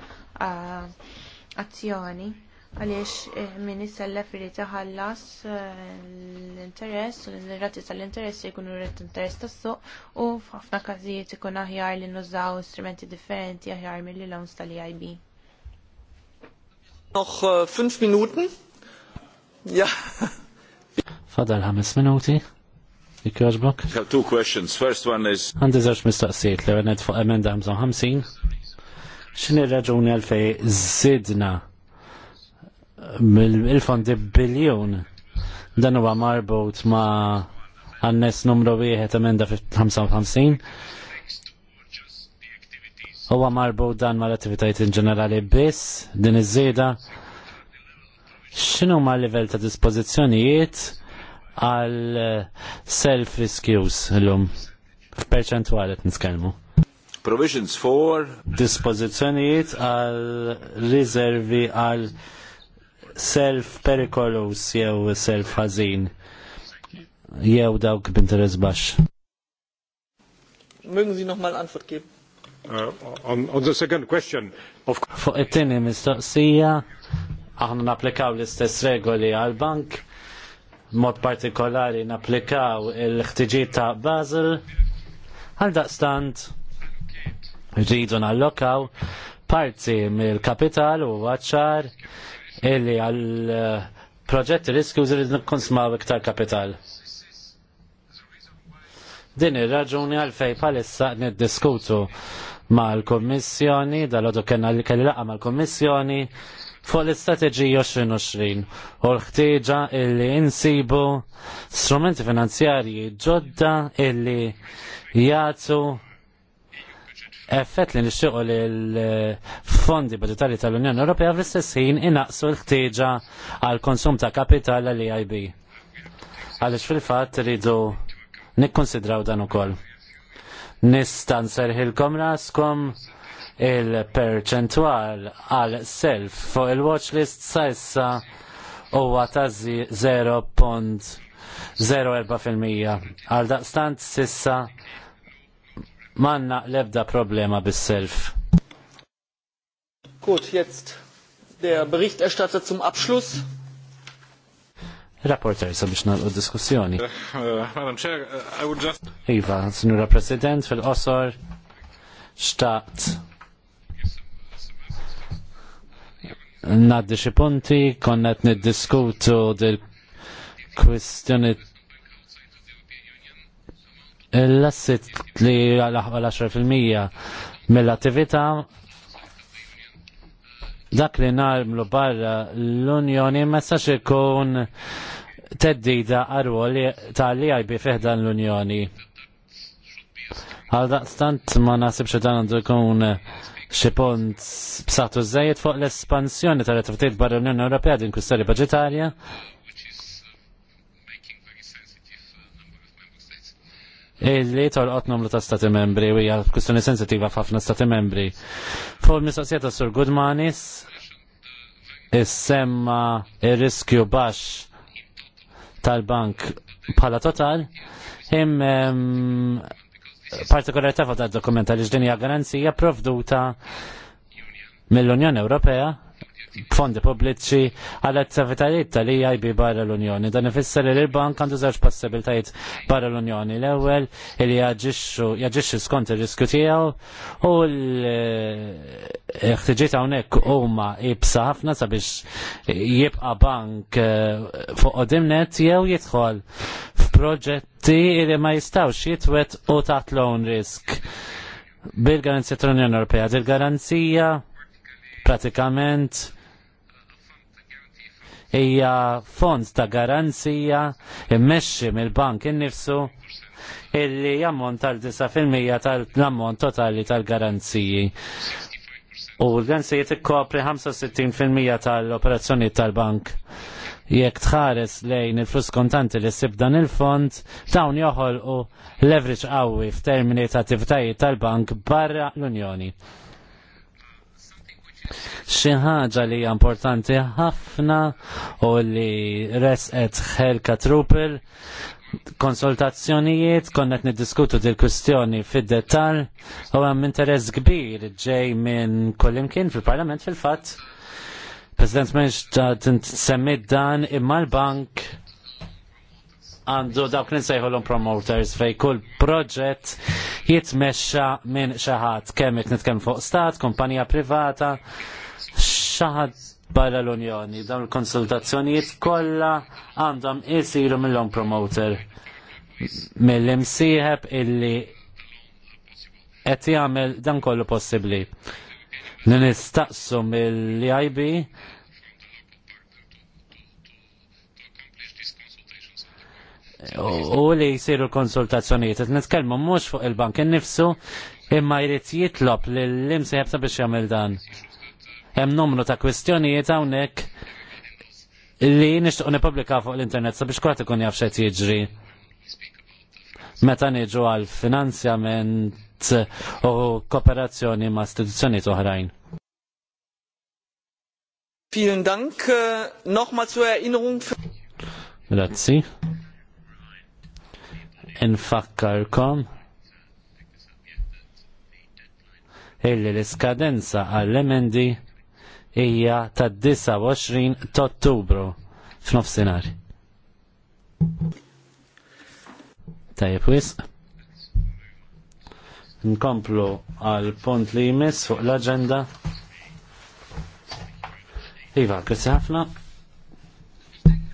azzjoni għaliex eh, min isellef irid iħallas eh, l-interess u l-rati tal-interess jkunu rrit interess tas-suq u f'ħafna każijiet ikun aħjar li nużaw strumenti differenti aħjar milli loans tal-EIB. Noch 5 eh, minuten? Ja. Fadal 5 minuti. Ikkaġbok? I have two questions. First one is... Għandi zaċ mistaqsijiet li għanet fuq emenda 55. ċini raġuni għalfej zidna mill-fondi biljon dan huwa marbut ma' għannes numru wieħed emenda 55 huwa marbut dan mal-attivitajiet in ġenerali biss din iż-żieda x'inhu ma' livell ta' dispożizzjonijiet għal eh, self excuse l-lum f'perċentwali qed nitkellmu. Provisions for dispożizzjonijiet għal riservi għal self perikolus jew self ħażin jew dawk b'interess baxx. Mögen Sie noch mal Antwort geben? Uh, on, on the second question, of course. Fuq it-tieni mistoqsija, aħna napplikaw l-istess regoli għal-bank, mod partikolari napplikaw il-ħtiġiet ta' Basel, għal daqstant rridu nallokaw parti mill-kapital u għacċar illi għal eh, proġett riskju nkun smaw iktar kapital. Din ir-raġuni għalfej palissa niddiskutu mal-Kommissjoni, dal-għadu kena li kelli laqa mal-Kommissjoni fuq l-istrateġija 2020 u l-ħtieġa illi insibu strumenti finanzjarji ġodda illi jagħtu effett li nixtiequ li l-fondi budgetari tal-Unjoni Ewropea fl-istess ħin inaqsu l-ħtieġa għal konsum ta' kapital għall EIB. Għaliex fil-fatt rridu nikkonsidraw dan ukoll. Nista' nserħilkom raskom il-perċentwal għal self fuq il-watch list sa' issa huwa ta' 0.04% għal daqstant sissa Manna lebda problema bis-self. Gut, jetzt der Berichterstatter zum Abschluss. Rapporter, so biex nalqu diskussjoni. Eh, Madam Chair, eh, I would just... Iva, Signora President, fil-qosor, xtaqt. Naddi xi punti, konnet niddiskutu dil kwistjoni l-assit li għal-10% mill-attività dak li narmlu barra l-Unjoni ma sax ikun teddida għarwol li għajbi fiħdan l-Unjoni. Għal daqstant ma nasibx dan għandu jkun xi punt b'saħtu żejjed fuq l-espansjoni tal-attivitajiet barra l-Unjoni Ewropea din kustari budġetarja li torqot numru ta' stati membri u hija kwistjoni sensitiva f'ħafna stati membri. Fuq mis mistoqsija ta' Sur Goodmanis is-semma ir-riskju baxx tal-bank bħala total him partikolarità fuq dokumenta li ġdinja garanzija provduta mill-Unjoni Ewropea fondi pubbliċi għal attivitajiet tal-EIB barra l-Unjoni. Dan ifisser li l-bank għandu żewġ possibilitajiet barra l-Unjoni. L-ewwel li jaġixxu skont ir-riskju tiegħu u l-ħtiġiet hawnhekk huma ibsa ħafna sabiex jibqa' bank eh, fuq qodimnet jew jidħol f'proġetti li ma jistgħux jitwet u taħt loan risk bil-garanzija tal-Unjoni Ewropea. Dil-garanzija pratikament hija fond ta' garanzija immexxi mill-bank innifsu illi jammont tal-9% tal-ammont totali tal-garanziji. U l-garanzijiet ikkopri 65% tal-operazzjoni tal-bank jekk tħares lejn il-flus kontanti li sib dan il-fond, dawn joħolqu leverage qawwi f'termini ta' attivitajiet tal-bank barra l-Unjoni xi ħaġa li hija importanti ħafna u li resqet ħelka Trupel konsultazzjonijiet konnet niddiskutu dil kwistjoni fid dettall u hemm interess kbir ġej minn kullimkien fil-Parlament fil-fatt. President Mensch, ta' semmid dan imma l-bank għandu dawk ninsejħolhom promoters fej kull proġett jitmexxa minn xi ħadd kemm qed nitkellem fuq stat, kumpanija privata, xaħat bħala l-Unjoni. Dawn il-konsultazzjonijiet kollha għandhom isiru mill-hom promoter mill-imsieħeb illi qed jagħmel dan kollu possibbli. Nistaqsu mill-IB u li jisiru konsultazzjonijiet. Nitkellmu mhux fuq il-bank innifsu imma jrid jitlob lill-imsieħeb sabiex jagħmel dan. Hemm numru ta' kwistjonijiet hawnhekk li nixtieq nippubblika fuq l-internet sabiex kulħadd ikun jaf x'qed jiġri. Meta niġu għal finanzjament u kooperazzjoni ma' istituzzjonijiet oħrajn. Vielen Dank. Äh, nochmal zur Erinnerung. Grazie infakkarkom illi l-iskadenza għall-emendi hija tad 29 ta' Ottubru f'nofsinhar. Tajjeb wisq. Nkomplu għal punt li jmiss fuq l aġenda Iva, grazzi ħafna.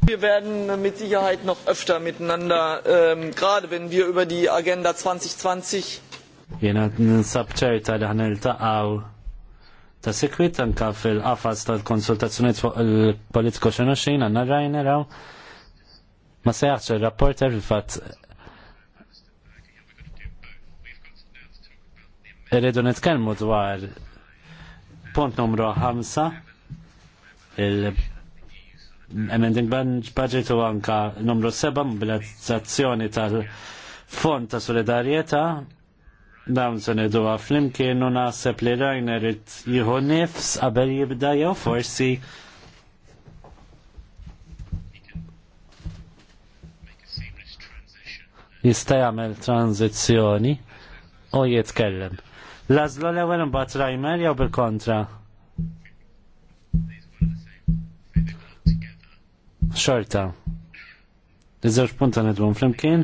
Wir werden mit Sicherheit noch öfter miteinander, ähm, gerade wenn wir über die Agenda 2020. Jena ninsab ċerta li ħan il-taqaw ta' sekwit anka fil-qafas tal-konsultazzjoniet fuq il-politiko xenoxin għanna rajneraw ma sejaħċ il-rapporter fil-fat irridu nitkellmu dwar punt numru 5 il bench Budget u anka numru 7 mobilizzazzjoni tal-Fond ta' Solidarieta dawn se neduha flimkien u naħseb li Rajner jieħu nifs qabel jibda jew forsi jista' jagħmel tranzizzjoni u jitkellem. Lażlu l-ewwel imbagħad Rajmer jew bil-kontra? xorta. Iż-żewġ punta nidwom flimkien.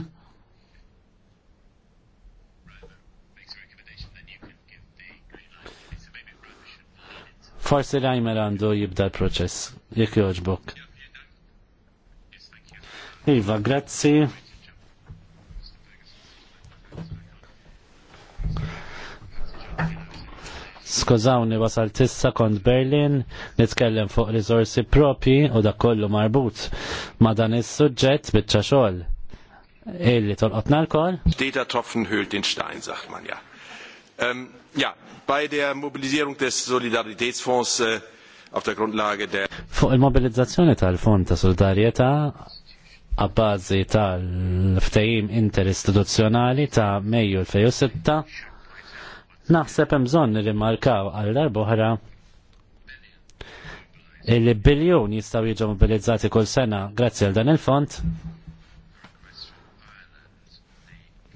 l-ajmer għandu jibda l-proċess, jek joġbok. Iva, grazzi. Skużawni wasal tissa kont Berlin, nitkellem fuq risorsi propi u da kollu marbut ma dan is-suġġett biċċa xogħol. Illi tolqotna l-kol? Steter Tropfen höhlt den Stein, sagt man ja. Ähm, ja, bei der Mobilisierung des Solidaritätsfonds äh, auf der Grundlage der... Fuq il-mobilizzazzjoni tal-Fond ta' Solidarieta għabbażi tal-ftajim interistituzzjonali ta' Mejju l-2006 Naħseb hemm bżonn nirrimarkaw għal darbohra li biljun jistgħu jiġu mobilizzati kull sena grazzi għal dan il-fond.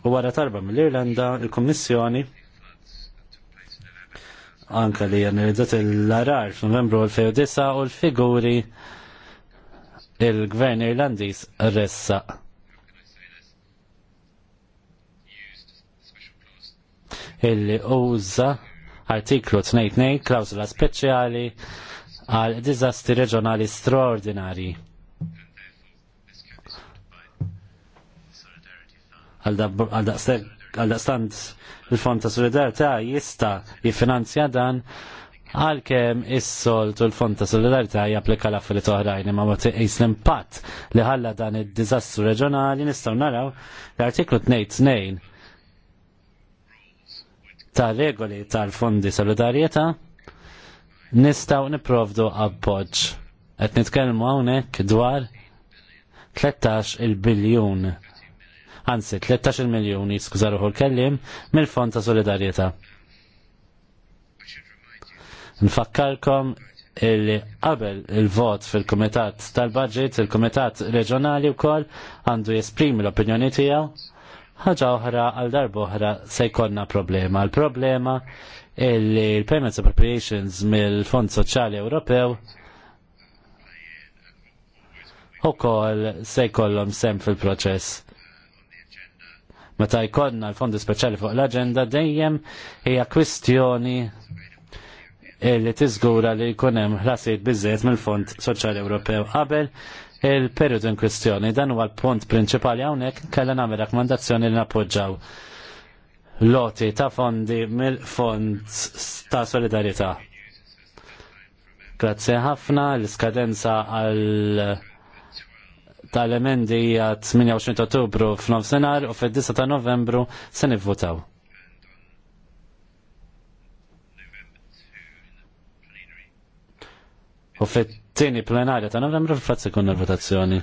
U wara tarba mill-Irlanda, il kummissjoni anka li analizzat l-arar f'Novembru 2009 u l-figuri il-Gvern Irlandiż ressaq illi uża artiklu 22 klawsula speċjali għal diżasti reġjonali straordinari. Għal-daqstant il-Fond ta' Solidarità jista jiffinanzja dan għalkemm is-solt u l-Fond ta' Solidarità japplika l-affarijiet oħrajn imma ma t-eis l-impatt li ħalla dan id-diżastru reġjonali nistgħu naraw l-artiklu 22 ta' regoli tal-fondi solidarieta nistaw niprovdu appoġġ. Qed nitkellmu hawnhekk dwar 13 il-biljun anzi 13 il miljun jiskużaru l-kellim mill-Fond ta' Solidarjetà. Nfakkarkom li qabel il-vot fil-Kumitat tal-Budget, il-Kumitat Reġjonali wkoll għandu jesprimi l-opinjoni tiegħu ħaġa oħra għal darba oħra se jkollna problema. L-problema li l-Payments Appropriations mill-Fond Soċjali Ewropew ukoll se jkollhom sem fil-proċess. Meta jkollna l-fondi speċjali fuq l-aġenda dejjem hija kwistjoni li tiżgura li jkun hemm ħlasijiet biżżejjed mill-Fond Soċjali Ewropew qabel il-periodu in kwestjoni. Dan huwa l-punt prinċipali hawnhekk kellha nagħmel rakkomandazzjoni li nappoġġaw loti ta' fondi mill-Fond ta' Solidarietà. Grazzi ħafna l-iskadenza għal tal-emendi hija 28 Ottubru f'nofsinhar u fid-9 ta' Novembru se nivvutaw. U fit Tieni plenarja ta' novembru fil-fatt ikun il-votazzjoni.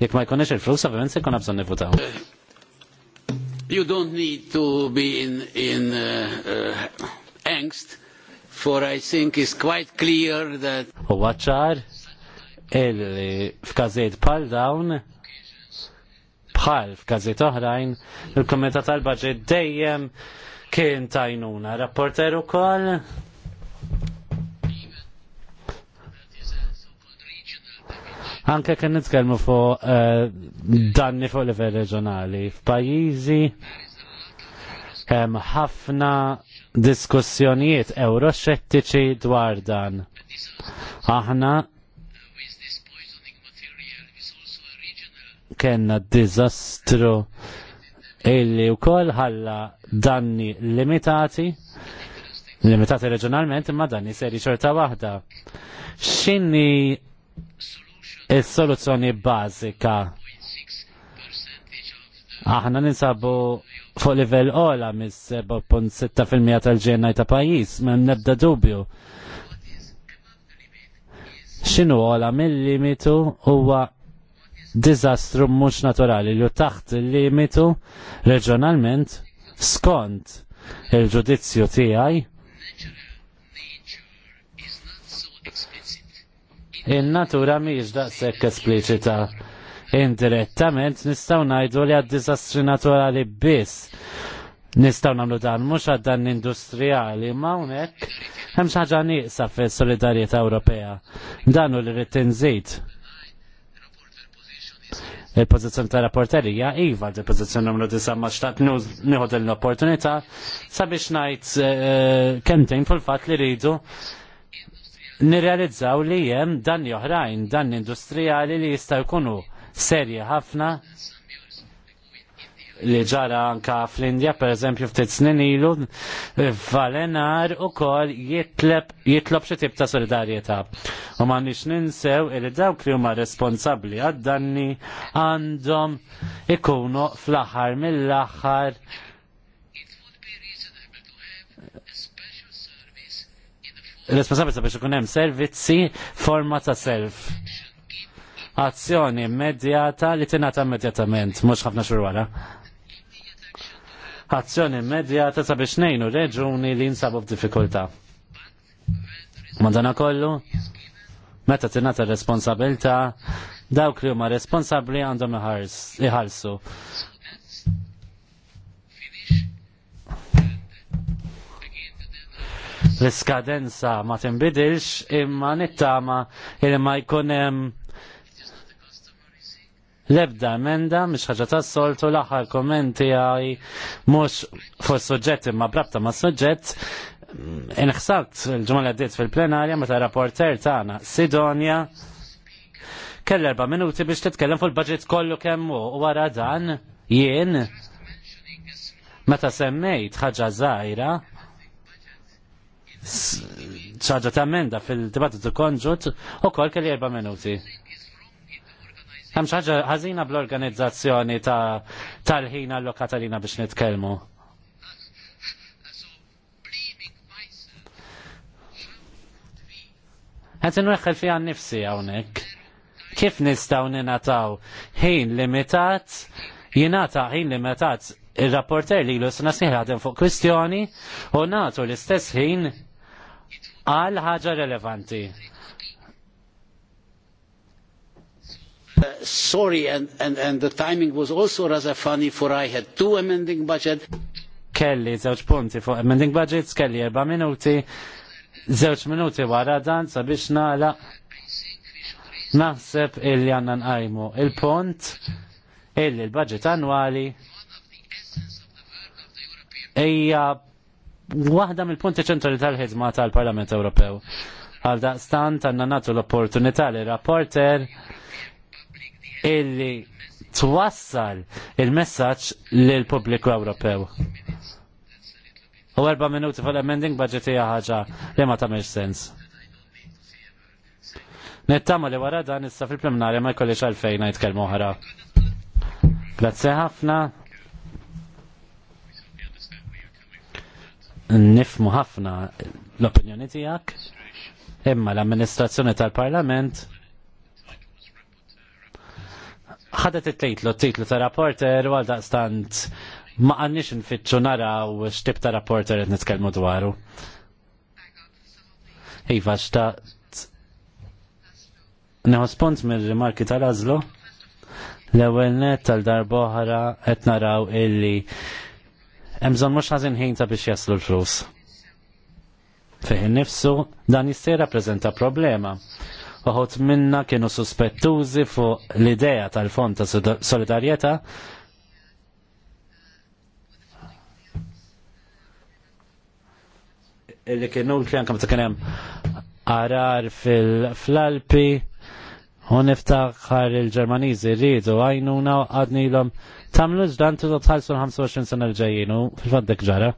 Jekk ma jkunx il-flus, ovvjament se jkun bżonn nivvutaw. Eh, you don't need to be in, in uh, uh, angst, for I think it's quite clear that... U għacċar, fkazet pal dawn, bħal f'kazit oħrajn, il-Komitat tal-Budget dejjem kien tajnuna. Rapporter ukoll Anke kien nitkellmu fuq eh, danni fuq livell reġjonali. F'pajjiżi hemm ħafna diskussjonijiet euroxettiċi dwar dan. Aħna kena dizastru illi u koll ħalla danni limitati limitati reġjonalment imma danni seri xorta waħda. X'inhi il-soluzzjoni bażika. Aħna ninsabu fuq livell ola mis 7.6% tal-ġenaj ta' pajis, mem nebda dubju. Xinu ola mill-limitu huwa dizastru mhux naturali li taħt il-limitu reġjonalment skont il-ġudizzju tiegħi in-natura mhijiex daqshekk espliċita. Indirettament nistgħu ngħidu li għad-diżastri naturali biss Nistaw namlu dan mhux għad dan industrijali ma hawnhekk hemm xi ħaġa nieqsa fis-solidarjetà Ewropea. Dan hu li rrid tinżid. il pozizjon ta' rapporterija iva il pożizzjoni numru disa ma xtaqt nieħu l-opportunità sabiex ngħid eh, eh, kemmtejn fil fat li rridu nirrealizzaw li jem dan joħrajn, dan industrijali li jistaw jkunu serji ħafna li ġara anka fl-Indja, per eżempju, ftit snin ilu, valenar u kol jitlob xi tip ta' solidarjetà. U ma nix ninsew li dawk li huma responsabbli għad-danni għandhom ikunu fl-aħħar mill-aħħar responsabbli sabiex ikun hemm servizzi forma ta' self. Azzjoni immedjata li tingħata immedjatament, mhux ħafna xhur wara. Azzjoni immedjata sabiex ngħinu reġuni li jinsabu f'diffikultà. Madonna kollu, meta tingħata responsabilta dawk li huma responsabbli għandhom iħarsu. l-iskadenza ma tinbidilx imma nittama il ma jkunem l-ebda emenda mish ħaġa tas-soltu l-aħħar kommenti għaj mhux fuq suġġett imma brabta ma' suġġett inħsat il-ġumma għaddit fil-plenarja meta rapporter tagħna Sidonja kell erba' minuti biex titkellem fuq il-budget kollu kemm u wara dan jien meta semmejt ħaġa żgħira ċaġa ta' menda fil-dibattitu konġut u kol kelli erba minuti. Hemm ħaġa ħażina bl-organizzazzjoni ta' tal-ħin l-lokatalina biex nitkellmu. Għet nreħħel fija nifsi hawnhekk. Kif nistgħu nataw ħin limitat, jingħata ħin limitat ir rapporter li l-usna siħadem fuq kwistjoni u nagħtu l-istess ħin għal ħaġa relevanti. Uh, sorry, and, and, and the timing was also rather funny for I had two amending budget. Kelly, zewċ punti for amending budget, kelli erba minuti, zewċ minuti wara dan sabiex nala naħseb illi għanna nqajmu il-punt illi il budget annwali ija waħda mill-punti ċentrali tal-ħidma tal-Parlament Ewropew. Għal daqstan tanna natu l-opportunità li rapporter illi twassal il-messaċ l-pubbliku Ewropew. U erba minuti fil-amending budget hija ħaġa li ma tagħmilx sens. Nittama li wara dan issa fil-plenarja ma jkollix għalfejn ngħid kelma oħra. Grazzi ħafna. nifmu ħafna l-opinjoni tijak, imma l-amministrazzjoni tal-parlament ħadet it-titlu, t-titlu ta' rapporter, u għaldaqstant ma għannix nfittxu naraw x'tib ta' rapporter qed nitkellmu dwaru. Iva, xtaqt. Neħu spont mir-rimarki tal-azlu. L-ewwel net tal-darboħra qed naraw illi Emżon mux għazin ħin ta' biex jaslu l-flus. Fih nifsu dan jistaj rappresenta problema. Uħot minna kienu suspettużi fu l-ideja tal-fond ta' solidarieta illi kienu l-kljan kam ta' kienem arar fil-Alpi U niftaħħar il-Ġermaniżi rridu għajnuna għadnilom tamlu ġdan tidu tħallsu 25 sena l ġajinu fil-faddek ġara.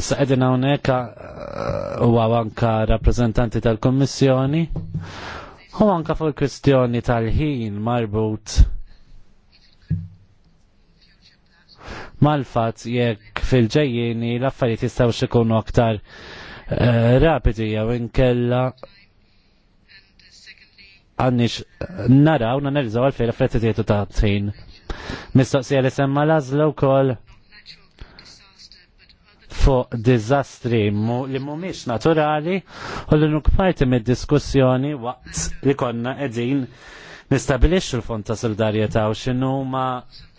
Issa qegħdin hawnhekk u uh, anka rappresentanti tal kommissjoni u anka fuq il-kwistjoni tal-ħin marbut mal fat jekk fil-ġejjini l-affarijiet jistgħu ikunu aktar eh, rapidi jew inkella għandix naraw nerżaw għalfej l-affarijiet ta' tħin. Mistoqsija li semma lażlu wkoll fuq dizastri li mumiex naturali u li parti mid diskussjoni waqt li konna edin nistabilix l-fond ta' solidarieta u xinu ma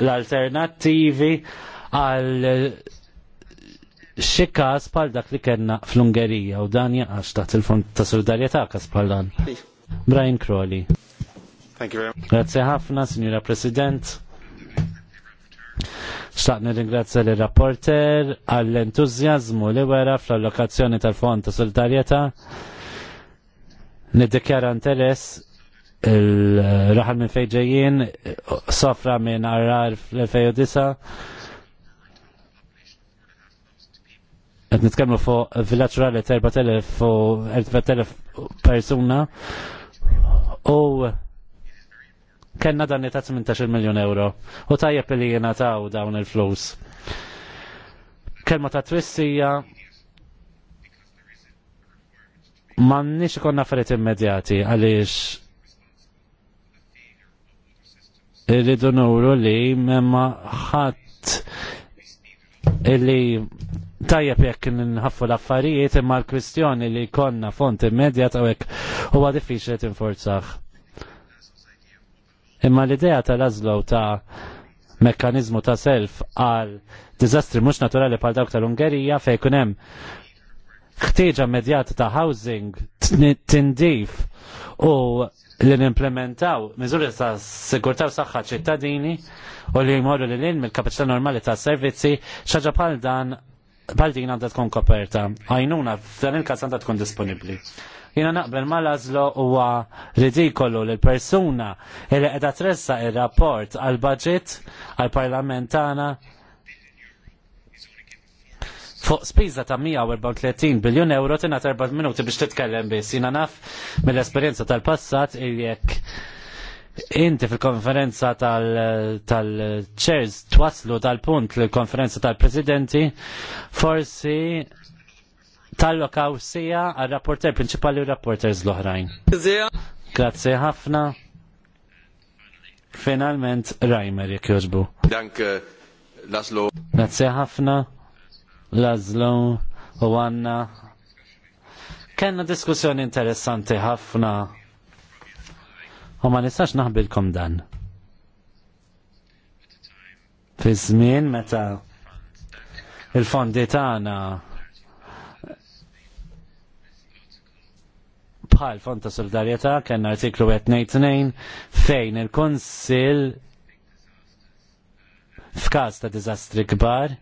l-alternativi għal xi każ bħal dak li kellna fl-Ungerija u dan jaqax taħt il-Fond ta' Solidarjetà każ dan. Brian Crowley. Grazie ħafna, Signora President. Xtaqni ringrazzja li rapporter għall-entużjażmu li wera fl-allokazzjoni tal-Fond ta' Solidarieta. niddikjara interess il-raħal minn fejġejjien sofra minn arrar fl-2009 Għed nitkellmu fuq villaċ rali 4.000 u 4.000 persuna u kena dan ta' 18 miljon euro u tajjeb li jena taw dawn il-flus. Kelma ta' twissija ma' nix konna affarijiet immedjati għaliex irridu nuru li memma ħadd illi tajjeb jekk nħaffu l-affarijiet imma l-kwistjoni li konna font immedjat u hekk huwa diffiċli tinforzaħ. Imma l-idea tal-azlow ta' mekkanizmu ta' self għal diżastri mhux naturali bħal dawk tal-Ungerija fejn kunem hemm ħtieġa medjata ta' housing tindif u li nimplementaw miżuri ta' sigurtaw saħħa ċittadini u li jmorru li l-in mill-kapacità normali ta' servizzi xaġa bħal dan baldin għandha tkun koperta. Għajnuna, f'dan il-każ għandha tkun disponibbli. Jiena naqbel ma lażlo huwa ridikolu li l-persuna li qiegħda tressa ir-rapport għal budget għal parlament tagħna fuq spiża ta' 134 biljun euro tingħat 4 minuti biex titkellem biss. Jiena naf mill-esperjenza tal-passat jekk Inti fil-konferenza tal-chairs twaslu tal-punt l-konferenza tal-presidenti forsi tal-lokaw sija għal-rapporter principali u rapporters l-oħrajn. Grazie ħafna. Finalment Rajmer jek joġbu. Dank eh, Laszlo. Grazie ħafna. Lazlo u għanna. Kenna diskussjoni interessanti ħafna U ma nistax naħbilkom dan. Fi żmien meta il-fondi tagħna bħal Fond ta' Solidarjetà kien artiklu 22 fejn il-Kunsill f'każ ta' diżastri kbar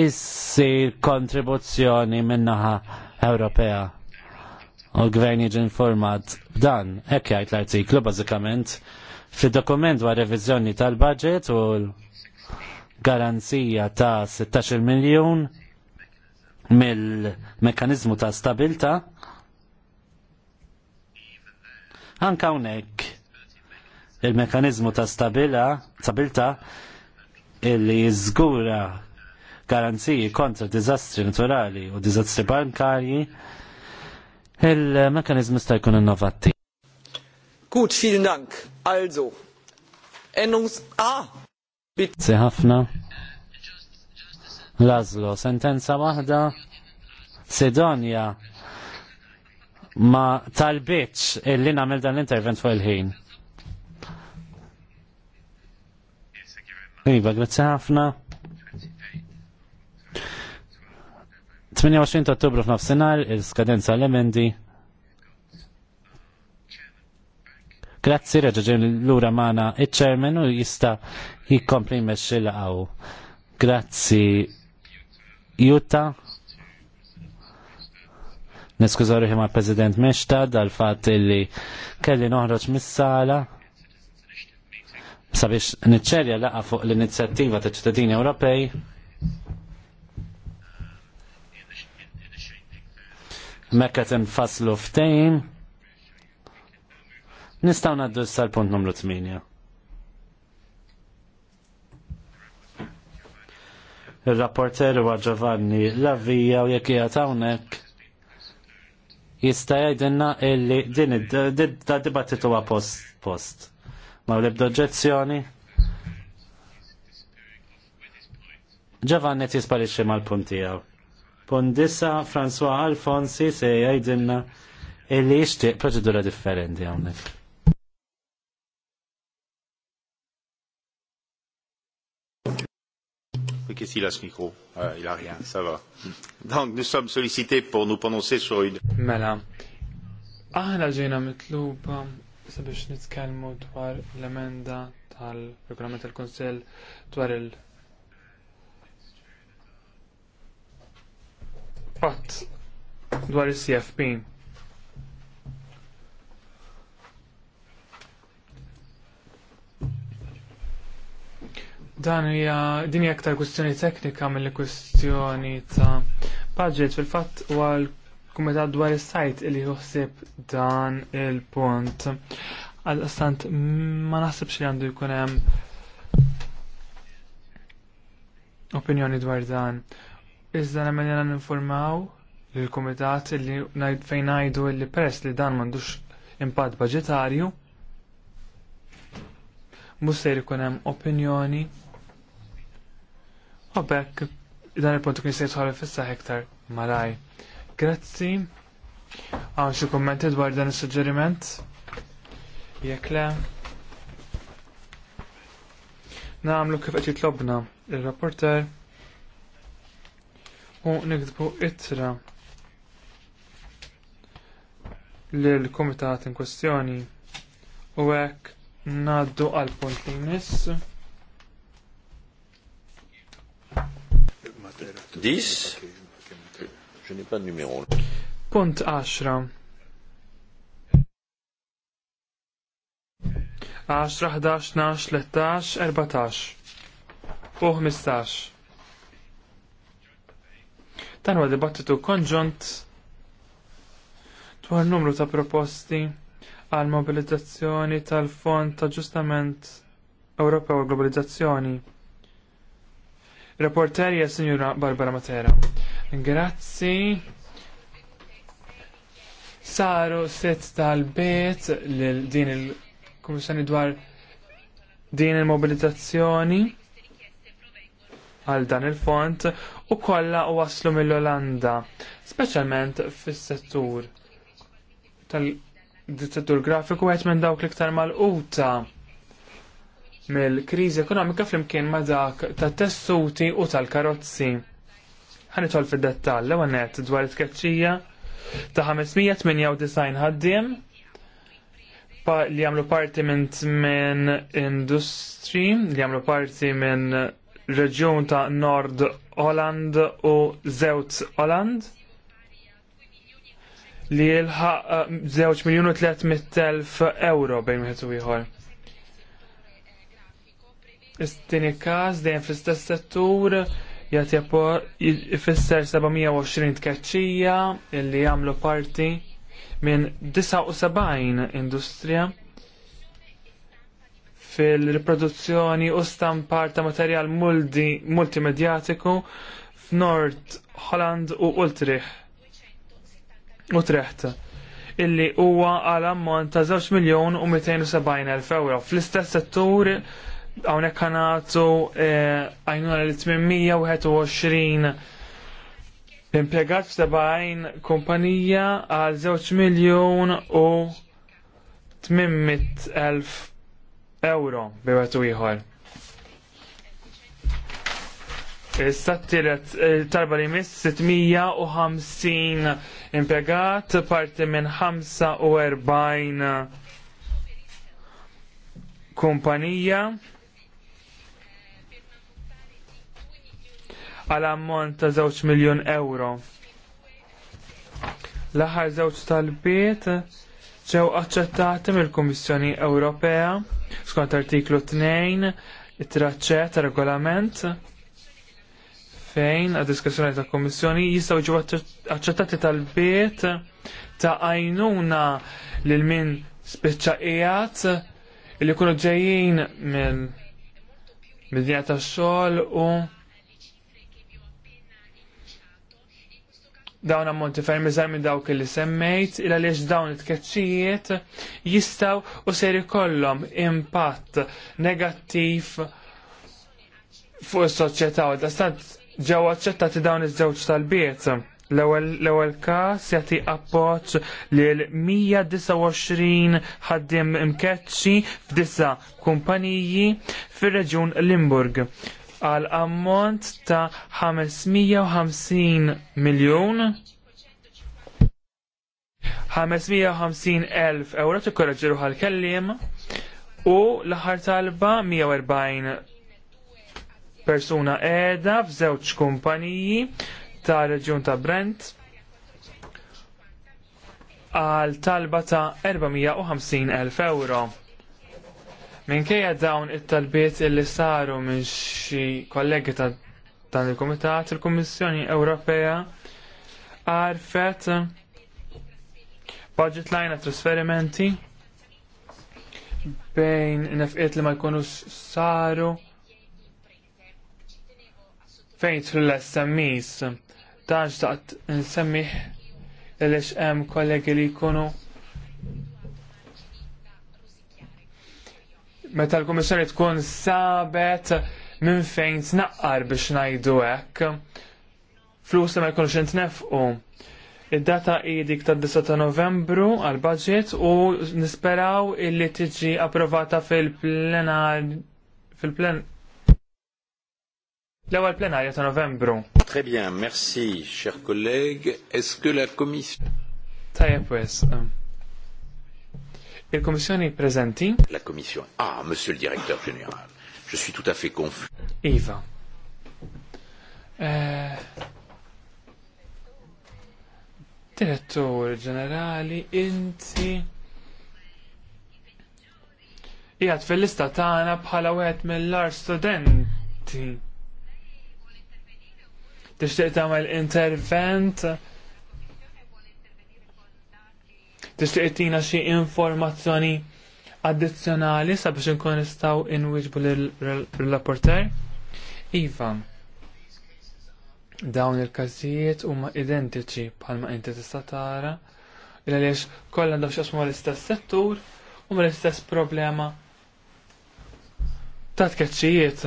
issir kontribuzzjoni min-naħa Ewropea u l-gvern jiġi informat b'dan, hekk jgħid l-artiklu bażikament fid-dokument dwar reviżjoni tal-budget u l-garanzija ta' 16 miljun mill-mekanizmu ta' stabilta. Anka hawnhekk il-mekanizmu ta' stabila, stabilta illi jiżgura garanziji kontra dizastri naturali u dizastri bankarji il-mekanizmu sta' jkun innovati. Gut, vielen Dank. Also, Endungs Ah! Bitzi ħafna. Lazlo, sentenza waħda. Sidonia. ma talbitx illi namel dan l-intervent fuq il-ħin. Iva, grazie ħafna. 28 ta' ottobru f'nafsinhar il-skadenza l-emendi. Grazzi raġġaġen l-ura maħna il-ċermen u jista jikompli meċċi għaw. Grazzi Jutta. Niskużaw ruħi ma' President Meċta dal-fat li kelli noħroġ mis-sala sabiex niċċerja laqa fuq l-inizjattiva ta' ċittadini Ewropej mekka tinfaslu ftejn. Nistaw naddu sal-punt numru 8. Il-rapporter huwa Giovanni Lavija u jekk hija hawnhekk jista' jgħidilna illi din id-dibattitu huwa post post. Ma l oġġezzjoni. Giovanni tisparixxi mal-punt tiegħu kondissa François Alfonsi se jajdinna illi jixtieq proċedura differenti hawnhekk. Qu'est-ce qu'il a ce micro euh, Il a rien, ça va. Donc nous sommes sollicités pour nous prononcer sur une. Mela. Ah, Aħna ġejna mitluba sabiex nitkellmu dwar l-emenda tal-regolament tal-Kunsell dwar il- qatt dwar is-CFP. Dan hija din hija aktar kwistjoni teknika mill kwistjoni ta' budget fil-fatt għal l-kumitat dwar is-sajt li joħseb dan il-punt. Għal-istant ma naħsibx li għandu jkun hemm opinjoni dwar dan. Iżda nemmen jena ninformaw il komitat li fejn għajdu li press li dan mandux impatt budgetarju musser ikun hemm opinjoni u bekk dan il-punt kien se jitħol fissa hektar malaj. Grazzi. Għaw xi kummenti dwar dan is-suġġeriment? Jekk le. Namlu kif qed jitlobna il rapporter u nikdbu itra l-komitat in kwestjoni u hekk ngħaddu għal punt li nis. Dis? Punt 10. 10, 11, 12, 13, 14 u 15. Dan huwa dibattitu konġunt dwar numru ta' proposti għal mobilizzazzjoni tal-Fond ta' Ġustament Ewropew u Globalizzazzjoni. Reporterja Sinjura Barbara Matera. Grazzi. Saru set tal-bet l-din il-Kummissjoni dwar din il-mobilizzazzjoni għal dan il-font u kollha u waslu mill-Olanda, speċjalment fis-settur tal-settur grafiku għet minn dawk l-iktar mal-quta mill-kriżi ekonomika flimkien ma' dak tat-tessuti u tal-karozzi. Ħanitol fid-dettall l net dwar it-tkeċċija ta' 598 ħaddiem li għamlu parti minn industri, li għamlu parti minn reġjun ta' Nord Holland u Zewt Holland li jilħaq 0 eh, euro bejn wieħed u ieħor. Istini każ dejjem fl-istess settur jagħti jfisser 720 tkeċċija li jagħmlu parti minn 79 industrija fil-produzzjoni u stampar ta' materjal multimedjatiku f'Nord Holland u Utrecht. Utrecht illi huwa għal ammont ta' 2 miljon u 270 elf euro. Fl-istess settur hawnhekk ħanatu eh, għajnuna l-821 impjegat f'sebgħin kumpanija għal 2 miljon u 800 elf euro biwetu ieħor. Issa t-tiret eh, tarba li mis 650 impiegat parti minn 45 kumpanija għal ammont ta' 2 miljon euro. L-aħħar żewġ tal ġew aċċettati mill-Kummissjoni Ewropea skont artiklu 2 it-traċċe ta' regolament fejn għad diskussjoni ta' Kummissjoni jistgħu ġew aċċettati tal-biet ta' għajnuna lil min spiċċa qiegħed li jkunu ġejjin mill-dinja tax-xogħol u dawn ammonti ferm iżgħar minn dawk li semmejt, il għaliex dawn it-tkeċċijiet jistaw u ser ikollhom impatt negattiv fuq is-soċjetà u dastant ġew aċċettati dawn iż-żewġ tal-biet. L-ewwel każ jagħti appoġġ lil 129 ħaddiem imkeċċi f'disa kumpaniji fir-reġjun Limburg għal ammont ta' 550 miljon 550.000 elf euro tikkorreġiru għal kellim u l-ħar talba 140 persuna edha f'żewġ kumpaniji ta' reġjun ta' Brent għal talba ta' 450 elf euro. Minkejja dawn it-talbiet illi saru minn xi kollegi ta' dan il-Kumitat, il-Kummissjoni Ewropea għarfet budget line trasferimenti bejn nefqiet li ma jkunux saru fejn tru l-SMEs. dan daqt nsemmiħ il-eċem kollegi li jkunu meta l-Kummissjoni tkun sabet minn fejn tnaqqar biex ngħidu hekk. Flus li ma jkunx intnefqu. Id-data hi dik tad-9 ta' Novembru għal budget u nisperaw illi tiġi approvata fil-plenar fil-plen l-ewwel plenarja ta' Novembru. Très bien, merci, cher collègue. Est-ce que la commission Tajjeb wes. Um. Il-Komissjoni prezenti? La Komissjoni. Ah, Monsieur le Directeur Général, je suis tout à fait confus. Iva. Eh, direttore ġenerali, inti Ja fil-lista tagħna bħala wieħed mill lar studenti. Tixtieq tagħmel intervent? Tixtieq tina xi informazzjoni addizzjonali sabiex inkun nistgħu inwiġbu lill-rapporter? Iva, dawn il-każijiet huma identiċi bħalma inti tista' tara il għaliex kollha għandhom x'asmu l-istess settur u l-istess problema ta' tkeċċijiet.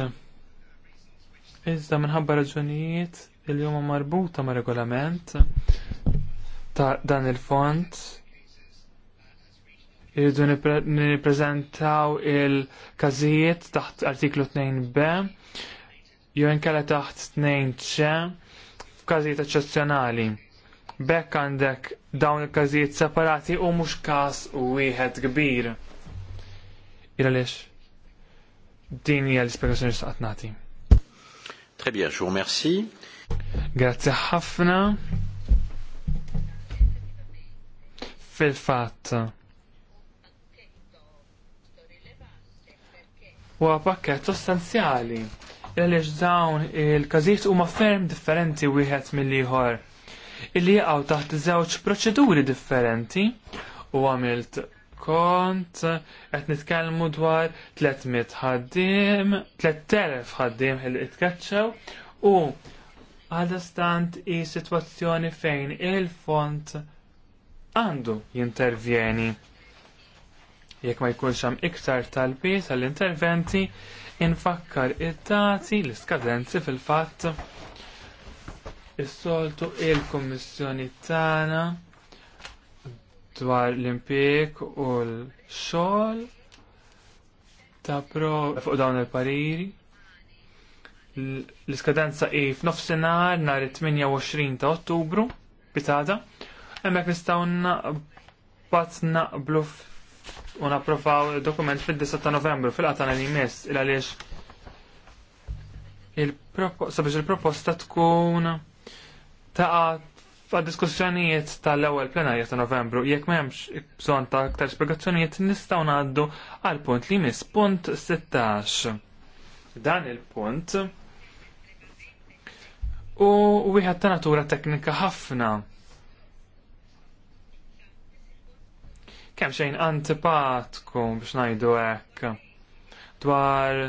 Iżda minħabba raġunijiet il huma marbuta ma' regolament ta' dan il-font Irridu nippreżentaw il-każijiet taħt artiklu 2b jew inkella taħt 2c f'każijiet eċċezzjonali. Bekk għandek dawn il-każijiet separati u mhux każ wieħed kbir. lix, Din hija l-ispjegazzjoni x'taqt nagħti. Très bien, je vous remercie. Grazie ħafna. Fil-fatt huwa pakkett sostanzjali għaliex dawn il-każijiet huma ferm differenti wieħed mill-ieħor illi jaqgħu taħt żewġ proċeduri differenti u għamilt kont qed nitkellmu dwar 300 ħaddiem, 3000 ħaddiem il itkaċċew u stant i situazzjoni fejn il-font għandu jintervjeni. Jekk ma jkunx hemm iktar talbi tal-interventi, infakkar id-dati l-iskadenzi fil-fatt Is-soltu il-Kummissjoni tagħna dwar l-impjeg u l-xogħol ta' pro fuq dawn il-pariri. L-iskadenza hi f'nofsinhar nhar it-28 ta' Ottubru bitada. Hemmhekk nistgħu naqbad naqblu u napprovaw dokument fil-10 ta' novembru fil-qatan li jmiss il għaliex sabiex il-proposta tkun ta' fa' diskussjonijiet tal-ewwel plenarja ta' novembru jekk m'hemmx bżonn ta' aktar spjegazzjonijiet nistgħu ngħaddu għal punt li jmiss punt 16. Dan il-punt u wieħed ta' natura teknika ħafna kemm xejn antipatku biex ngħidu hekk dwar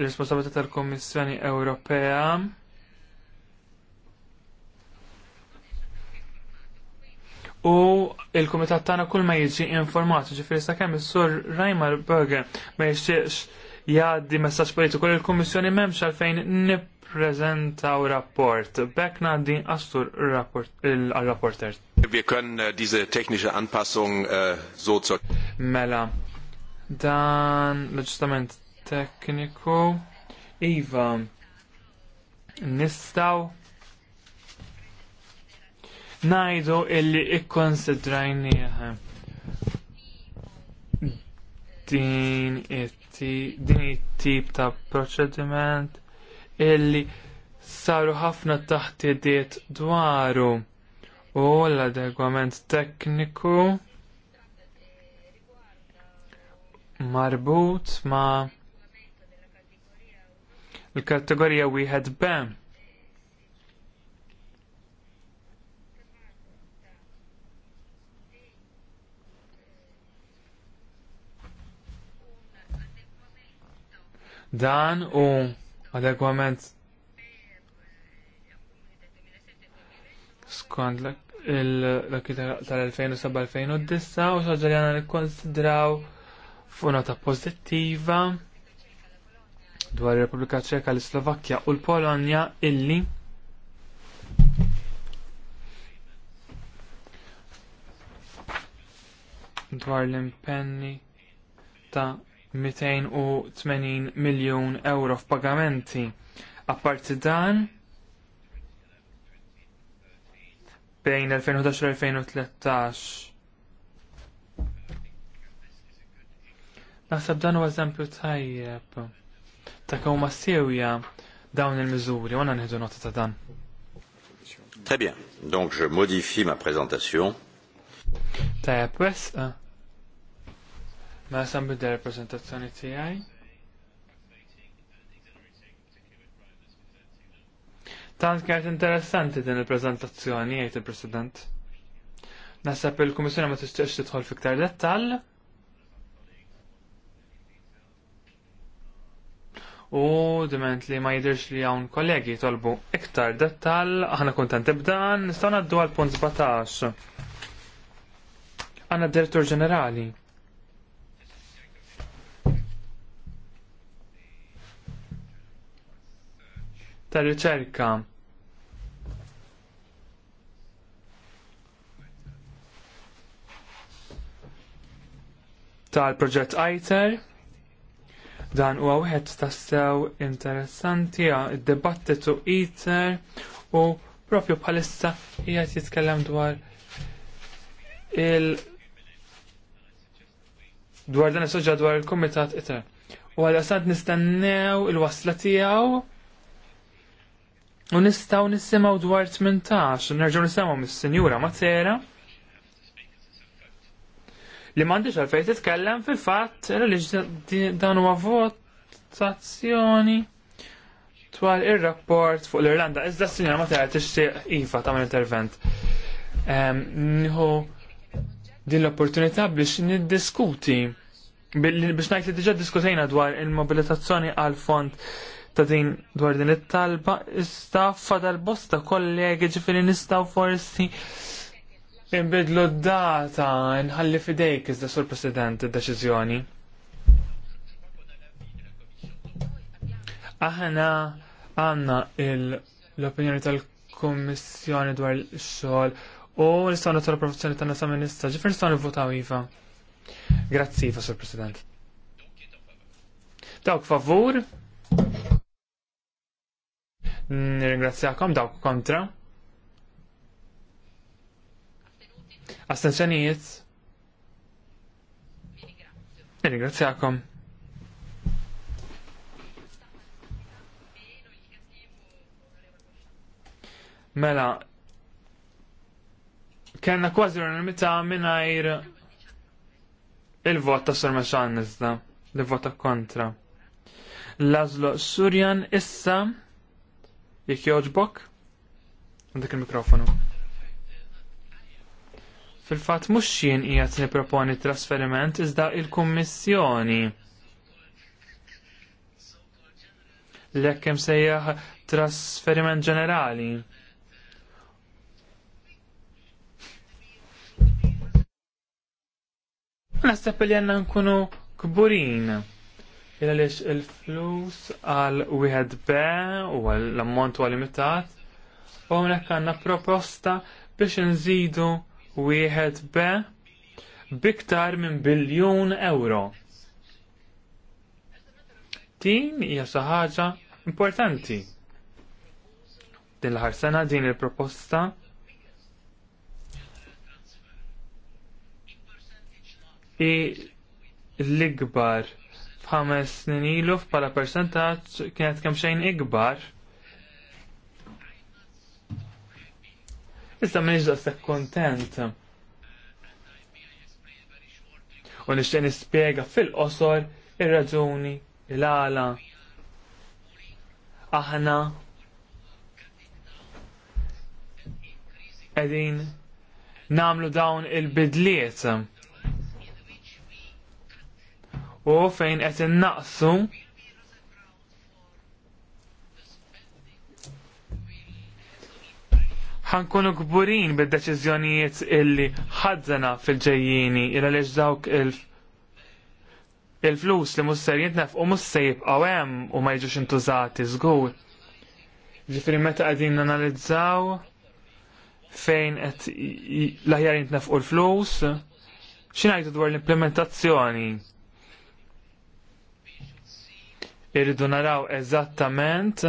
responsabilità tal-Kommissjoni Ewropea U il-komitat tagħna kull ma jiġi informat, ġifieri kemm is-sur Reimer Böge ma jixtiex jgħaddi messaġġ politiku lill kummissjoni m'hemmx għalfejn nippreżentaw rapport. B'hekk ngħaddi għas il rapporter. Wir können äh, diese technische Anpassung äh, so zur... Mela, dan l-ġustament tekniku. Iva, nistaw najdu illi ikkonsidrajnieħ din it-tip ta' proċediment illi saru ħafna taħtidiet dwaru o l adeguament tekniku marbut ma' l-kategorija wieħed B. Dan u adegwament skont l-akita tal-2007-2009 u xaġa li għana nikkonsidraw f'unata pozittiva dwar il-Repubblika Ċeka, l-Slovakkja u l-Polonja illi dwar l-impenni ta' 280 miljon euro f'pagamenti. Apparti dan, bejn 2011-2013. Naħseb dan u eżempju tajjeb ta' kawma sewja dawn il mizuri għana nħidu nota ta' dan. Très bien. Donc je modifie ma présentation. Tajjeb, wes, ah. ma' sambidda reprezentazzjoni tijaj. Tant kienet interessanti din il-prezentazzjoni, jgħid il-President. Nasab il-Kummissjoni ma tistax tidħol fiktar dettall. U diment li ma jidirx li hawn kollegi jitolbu iktar dettall, aħna kontent ibdan, nistgħu ngħaddu għal punt 17. Għandna direttur ġenerali. ta' riċerka. tal-proġett ITER dan huwa wieħed tassew interessanti id debattitu ITER u propju bħalissa qiegħed jitkellem dwar il dwar dan is-soġġa dwar il-kumitat ITER. U għal għasad nistennew il-wasla tiegħu U nistaw nisimaw dwar 18, nerġaw nisimaw mis-senjura Matera li mandiġ għalfej titkellem fil-fat li dan huwa votazzjoni dwar ir-rapport fuq l-Irlanda. Iżda s-sinjora Matera tixtieq iva ta' intervent. Nħu din l-opportunità biex niddiskuti biex najt li diġa diskutejna dwar il-mobilitazzjoni għal fond ta' din dwar din it-talba issa fadal bosta kollegi ġifiri nistaw forsi imbidlu d-data nħalli fidejk iżda sur President id-deċiżjoni. Aħna għanna l-opinjoni tal-Kommissjoni dwar xogħol u nistgħu nagħtu l-approvazzjoni tan nasa minista ġifier nistgħu nivvotaw iva. Grazzi iva, Sur President. Dawk favur, Nirringrazzjakom dawk kontra. Astenzjonijiet. Nirringrazzjakom. Mela, kena kważi l-unanimità minnajr il-vot ta' Sorma Xannisda, il-vot ta' kontra. Lazlo Surjan issa Jekk jogħġbok, għandek il-mikrofonu. Fil-fatt mhux xien qiegħed nipproponi trasferiment iżda il-Kummissjoni. l ekkem hemm sejjaħ trasferiment ġenerali. Għana steppel jenna nkunu kburin. Il-għalix il-flus għal wieħed be u għal l-ammont għal limitat u għonek għanna proposta biex nżidu wieħed be biktar minn biljun euro. Din hija xi ħaġa importanti. Din l-ħarsena din il-proposta i l-ikbar f'ħames snin ilu bħala percentaġġ kienet kemm xejn ikbar. Issa m'iniex daqshekk kontent. U nixtieq nispjega fil-qosor ir-raġuni il-għala. Aħna qegħdin namlu dawn il-bidliet u fejn qed innaqsu ħankunu kburin bid-deċiżjonijiet illi ħadżana fil-ġejjini il għaliex dawk il-flus li musser jitnaf u musser jibqaw hemm u ma jiġux intużati żgur. Ġifieri meta qegħdin analizzaw fejn qed l-aħjar u l-flus, x'ingħidu dwar l-implementazzjoni irridu naraw eżattament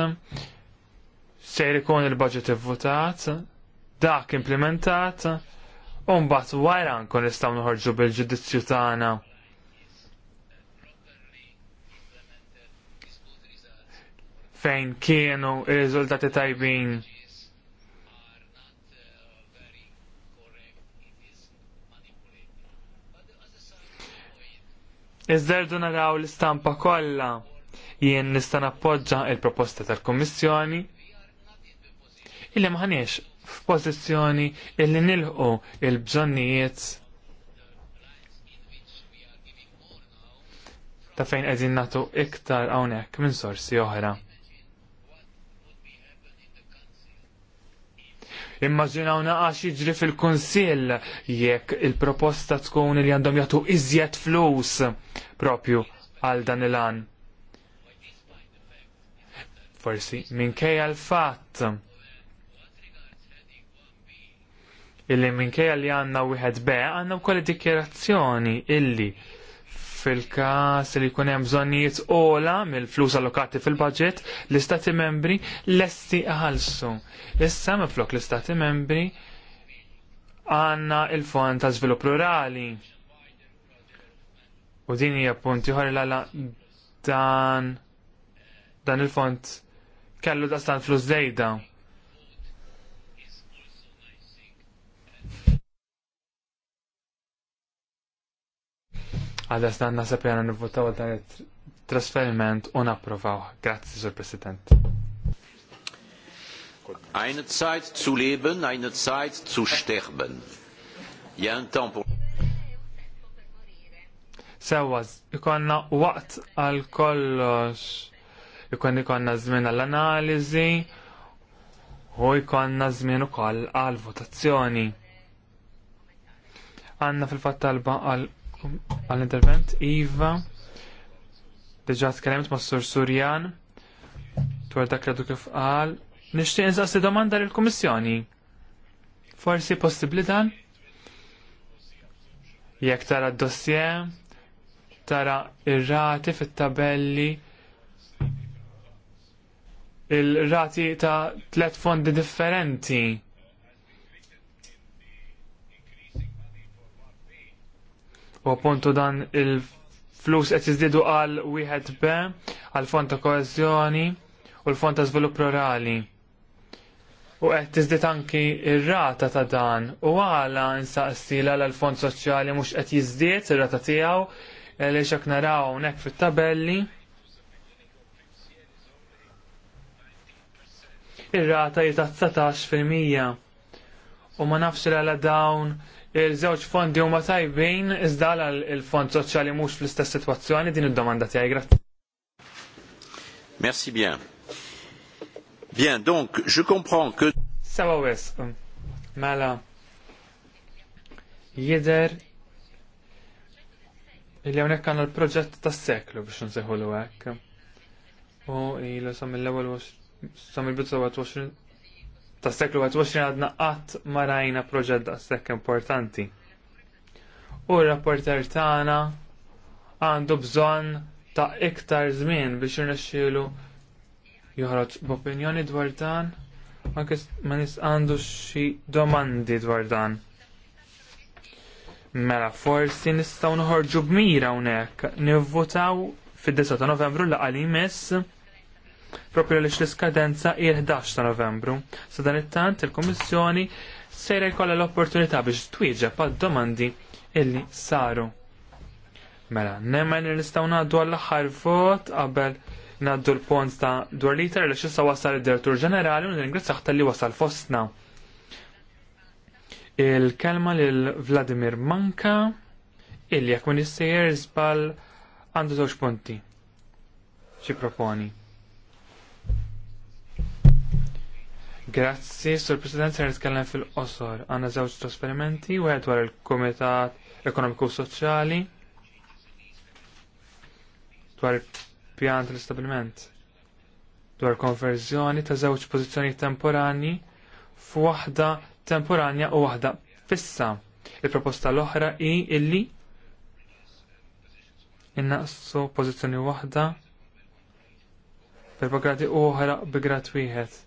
xejn ikun il-budget votat dak implementat, u mbagħad wara nkun nistgħu noħorġu bil-ġudizzju tagħna. fejn kienu ir-riżultati tajbin Iżderdu naraw l-istampa kollha jien nista' nappoġġa il-proposta tal-Kummissjoni illi maħniex f'pożizzjoni illi nilħu il-bżonnijiet ta' fejn qegħdin nagħtu iktar hawnhekk minn sorsi oħra. Immaġinawna għax jiġri fil-Kunsill jekk il-proposta tkun li għandhom jagħtu iżjed flus propju għal dan il-għan forsi minkejja l-fatt illi minkejja li għanna wieħed be għanna wkoll dikjerazzjoni illi fil-każ li jkun hemm bżonnijiet ola mill-flus allokati fil-budget l-istati membri lesti ħalsu. Issa flok l-istati membri għanna il-fond ta' żvilupp rurali. U din hija punti ħorri l dan dan il-fond kellu dastan flus zejda. Għadda stan nasab jana nivvotaw dan trasferiment u napprovaw. Grazzi, Sir President. Eine Zeit zu leben, eine Zeit zu sterben. Ja, un tempo. Sewaz, ikonna waqt għal kollox ikon ikonna żmien għall analizi u jkollna żmien ukoll għall-votazzjoni. Għanna fil-fatt talba għall-intervent Iva, diġa tkellimt ma' Sur Surjan dwar dak li kif qal. Nixtieq insaqsi domanda lill-Kummissjoni. Forsi possibbli dan? Jekk tara d-dossier, tara ir-rati fit-tabelli il-rati ta' tlet fondi differenti. U appuntu dan il-flus qed jiżdiedu għal wieħed B għal fond ta' koeżjoni u l-fond ta' żvilupp rurali. U qed tiżdied anki ir-rata ta' dan u għala nsaqsila l fond soċjali mhux qed jiżdied ir-rata tiegħu għaliex hekk naraw hawnhekk fit-tabelli. ir-rata fil 19%. U ma nafx li għala dawn il-żewġ fondi huma tajbin iżda għal il-fond soċjali mhux fl-istess sitwazzjoni din id-domanda tiegħi grazzi. Merci bien. Bien, donc je comprends que Sawa wes. Mela Jider Illi għonek kan l-proġett tas seklu biex nseħu l għek. U ilu sam l-ewel sam bidu ta' ta' seklu 20 għadna qatt ma rajna proġett daqshekk importanti. U r-rapporter tagħna għandu bżonn ta' iktar żmien biex irnexxielu joħroġ b'opinjoni dwar dan anke ma nis għandu xi domandi dwar dan. Mela forsi nistgħu noħorġu b'mira hawnhekk nivvotaw fid-9 ta' Novembru laqali mess propju li l-iskadenza il-11 ta' novembru. Sa dan it-tant il-Komissjoni sejra jkollha l-opportunità biex twieġeb għad domandi illi saru. Mela, nemmen li nistgħu ngħaddu għall-aħħar vot qabel ngħaddu l-pont ta' dwar liter li xissa wasal id-Direttur Ġenerali u nirringrazzjah tal-li wasal fostna. Il-kelma lil Vladimir Manka illi jekk min jissejjer żball għandu żewġ punti. Xi proponi? Grazzi, Sur President, se nitkellem fil-qosor. Għanna żewġ trasferimenti, wieħed dwar il-Kumitat Ekonomiku Soċjali dwar il-pjan tal-istabilment dwar konverżjoni ta' żewġ pożizzjoni temporani f'waħda temporanja u waħda fissa. Il-proposta l-oħra hi illi innaqsu pożizzjoni waħda per pagrati oħra bi grad wieħed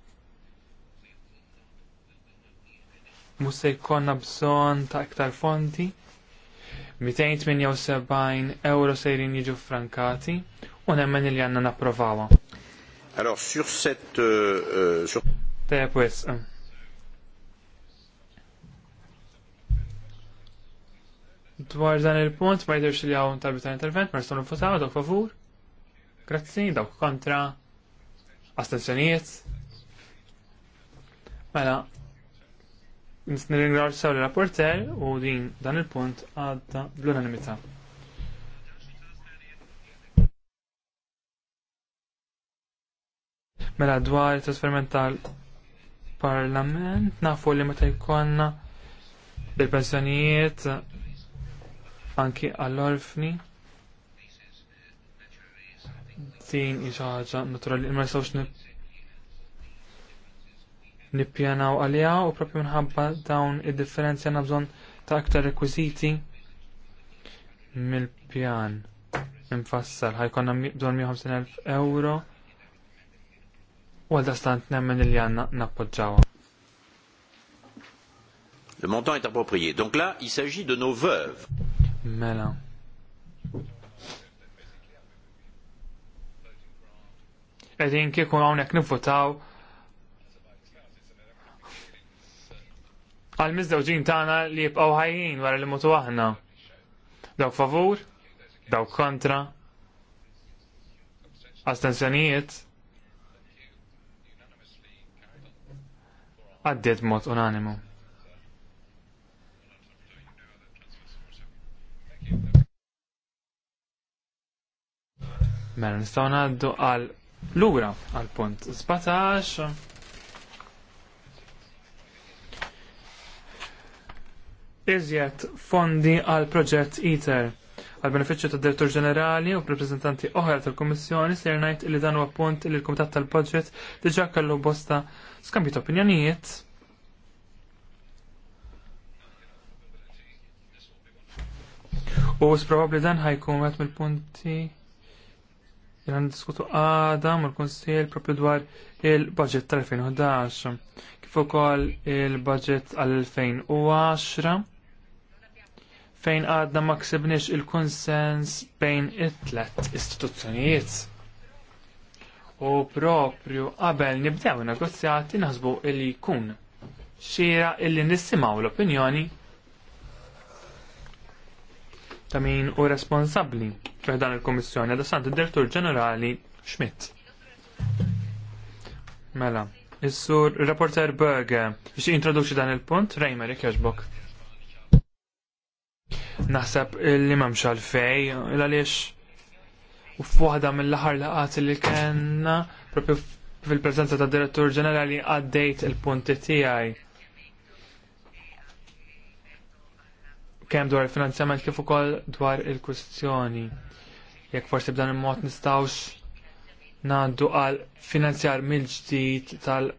mhux se jkollna bżonn ta' iktar fondi. 278 euro sejrin jiġu frankati u nemmen li għanna napprovawa. Alors, sur cette... Euh, euh sur... Dwar dan il-punt, ma jidirx li għaw tal intervent, ma jistonu futaw, dawk favur. Grazzi, dawk kontra. astensjonijiet? Mela, Nirringrazzjaw l-rapporter u din dan il-punt għadda bl-unanimità. Mela dwar it-trasferment tal-parlament, nafu li meta jkollna bil-pensjonijiet anki għall-orfni. Din xi ħaġa naturali imma. jistgħux nippjanaw għaliha u propju minħabba dawn id-differenzi għanna bżonn ta' aktar rekwiżiti mill-pjan infassal ħajkonna bżon 150.000 euro u għal dastant nemmen il għanna nappoġġawa. Le montant est approprié. Donc là, il s'agit de nos veuves. Mela. Edin kikun għawnek nifutaw għal miżdewġin tagħna li jibqgħu ħajjin wara li mutu aħna. Dawk favur, dawk kontra, astensjonijiet. Għaddiet mod unanimu. Mela nistgħu ngħaddu għal lura għal punt 17 iżjed fondi għal proġett ITER. Għal beneficju tad direttur ġenerali u rappresentanti oħra tal-Kummissjoni se ngħid li dan huwa punt li l-Kumitat tal-Budget diġà kellu bosta skambju ta' opinjonijiet. U s-probabli dan ħajkun għet mill-punti jena diskutu għada mal konsil propju dwar il-budget tal-2011 kif ukoll il-budget għal-2010 fejn għadna ma ksibniex il-konsens bejn it-tlet istituzzjonijiet. U propju qabel nibdew negozjati naħsbu illi jkun xira illi nissimaw l-opinjoni ta' min u responsabli dan il-Komissjoni għadha sant id-Direttur Ġenerali Schmidt. Mela, is-sur rapporter Berger biex introduċi dan il-punt, Reimer, jek Naħseb li m'hemmx għalfej, għaliex u f f'waħda mill-aħħar laqat li kena, propju fil prezenza ta' direttur ġenerali għaddejt il-punti tiegħi. Kemm dwar il-finanzjament kif ukoll dwar il kustjoni Jekk forsi b'dan il-mod nistawx ngħaddu għal finanzjar mill-ġdid tal-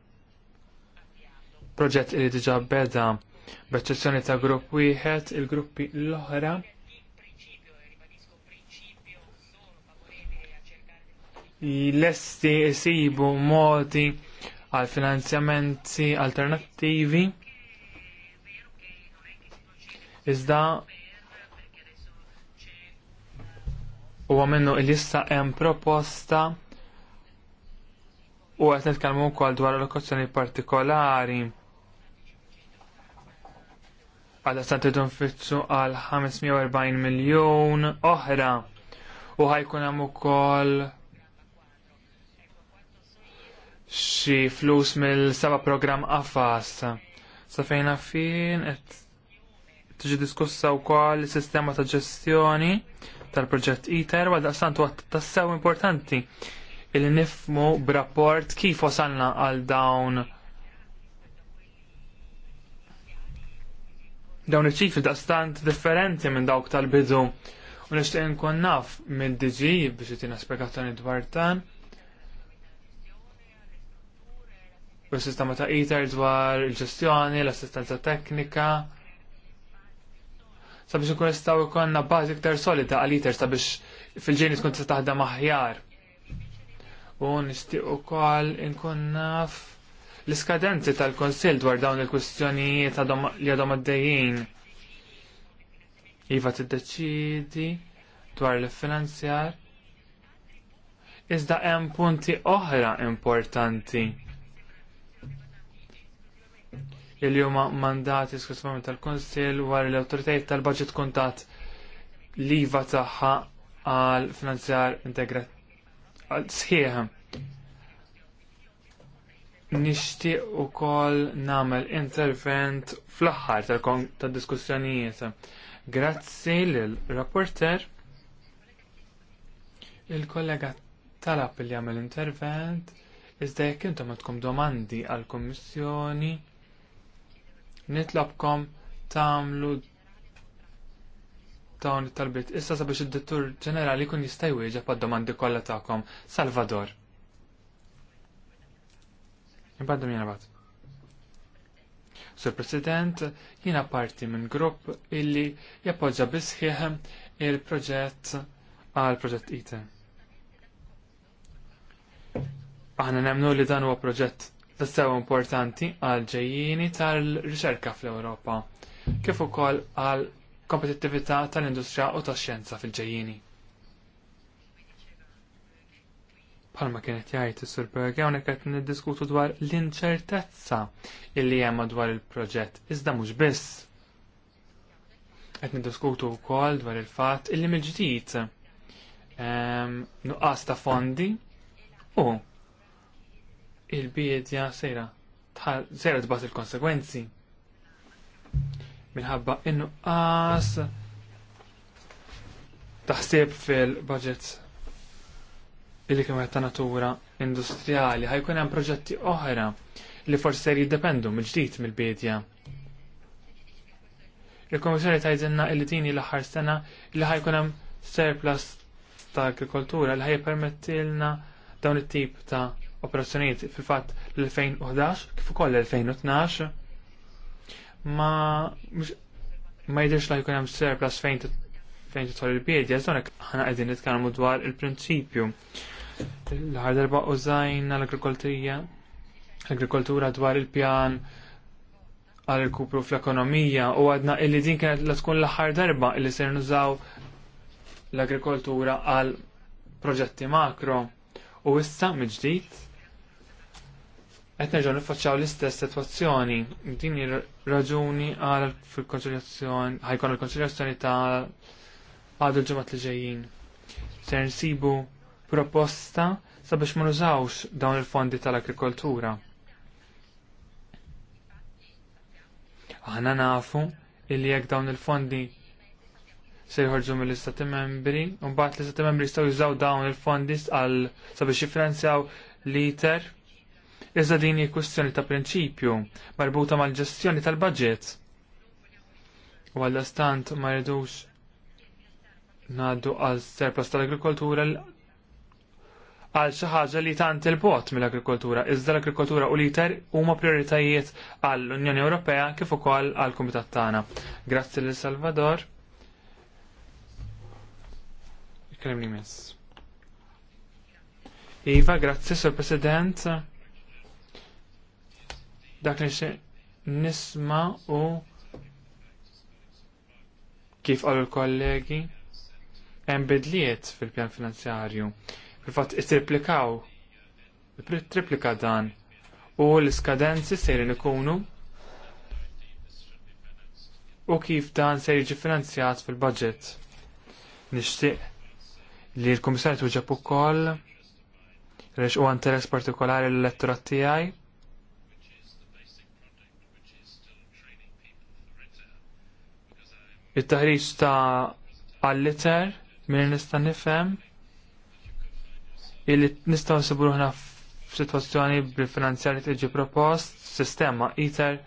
proġett li diġa beda b'eċċezzjoni ta' grupp wieħed, il-gruppi l-oħra lesti jisibu modi għal finanzjamenti alternattivi iżda u għamennu il-lista hemm proposta u għet nitkellmu wkoll dwar allokazzjoni partikolari għal stati donfittxu għal 540 miljon oħra u ħajkun hemm ukoll xi flus mill-seba' programm afas. Sa fejna fin qed tiġi diskussa wkoll is-sistema ta' ġestjoni tal-proġett ITER għal daqstant huwa tassew importanti il nifmu b'rapport kif wasalna għal dawn Dawn iċ-ċifri stand differenti minn dawk tal-bidu. U nixtieq nkun naf minn dg biex jitina spiegazzjoni dwar dan. U s-sistema ta' ITER dwar il-ġestjoni, l-assistenza teknika. Sabiex ikun nistaw ikonna bażi iktar solida għal ITER sabiex fil-ġeni tkun tista' taħdem aħjar. U nixtieq ukoll inkun naf L-iskadenti tal-Konsil dwar dawn il-kwistjonijiet li għadhom għaddejjin iva t-deċidi dwar l-finanzjar. Iżda hemm punti oħra importanti il huma mandati eskussivament tal-Konsil war l-autoritajiet tal-budget kuntat l-IVA tagħha għal finanzjar integrat sħiħ nixtieq ukoll nagħmel intervent fl-aħħar tad-diskussjonijiet. Grazzi lill rapporter il-kollega talab li jagħmel intervent iżda jekk intom għandkom domandi għall kummissjoni nitlobkom tagħmlu dawn it-talbiet issa sabiex id-dittur ġenerali jkun jista' jwieġeb għad-domandi kollha tagħkom. Salvador. Imbandum jena bat. Sur President, jina parti minn grupp illi jappoġġa bisħieħ il-proġett għal proġett ITE. Aħna nemnu li dan huwa proġett tassew importanti għal ġejjini tal-riċerka fl-Ewropa, kif ukoll għal kompetittività tal-industrija u tax-xjenza fil-ġejjini. Palma kienet jgħid is-Sur Berger hawnhekk qed niddiskutu dwar l-inċertezza illi hemm madwar il-proġett iżda mhux biss. Qed niddiskutu wkoll dwar il-fatt illi mill-ġdid ehm, nuqqas ta' fondi u il-biedja sejra sejra tbas il-konsekwenzi minħabba innuqqas taħsib fil-budget illi kemm ta' natura industrijali ħajkun hemm proġetti oħra li forsi ser jiddependu mill-ġdid mill-bidja. Il-Komissjoni tgħidilna li dini l-aħħar sena li ħajkun hemm surplus ta' agrikoltura li ħajpermettilna dawn it-tip ta' operazzjonijiet fil-fatt l-2011 kif ukoll l-2012 ma ma jidirx li jkun hemm surplus fejn fejn titħol il-bidja, zonek ħana qegħdin nitkellmu dwar il-prinċipju l-ħar darba użajn l agrikoltija l-agrikoltura dwar il-pjan għal il-kupru fl-ekonomija u għadna illi din kienet la tkun l-ħar darba illi ser nużaw l-agrikoltura għal proġetti makro u issa mġdijt qed nerġgħu niffaċċaw l-istess situazzjoni, Din hi raġuni għal fil konsiljazzjoni ħajkun il konsiljazzjoni ta' għadu l-ġimgħat li ġejjin. Se nsibu proposta sabiex ma nużawx dawn il-fondi tal-agrikoltura. Aħna nafu illi jekk dawn il-fondi se jħorġu mill-istati membri, u mbagħad l-istati membri jistgħu jużaw dawn il-fondi għal sabiex jiffinanzjaw l-iter Iżda din hi kwistjoni ta' prinċipju marbuta mal-ġestjoni tal-budget. U għal stant ma rridux ngħaddu għal surplus tal-agrikoltura għal xi ħaġa li tant il-bot mill-agrikoltura, iżda l-agrikoltura u l-iter huma prioritajiet għall unjoni Ewropea kif ukoll għall kumitat tagħna. Grazzi lil Salvador. Kremni miss. Iva, grazzi, Sur President. Dak li nisma u kif għal kollegi hemm bidliet fil-pjan finanzjarju fil fat it-triplikaw, triplika dan u l-skadenzi sejri ikunu. u kif dan se jiġi finanzjat fil-budget. Nixtieq li l komissar tuġab ukoll rex u għanteres partikolari l-elettorat tijaj. it taħriġ ta' għall-liter minn nista' nifhem illi nistaw nsibu ruħna f'sitwazzjoni bil-finanzjari tiġi propost sistema iter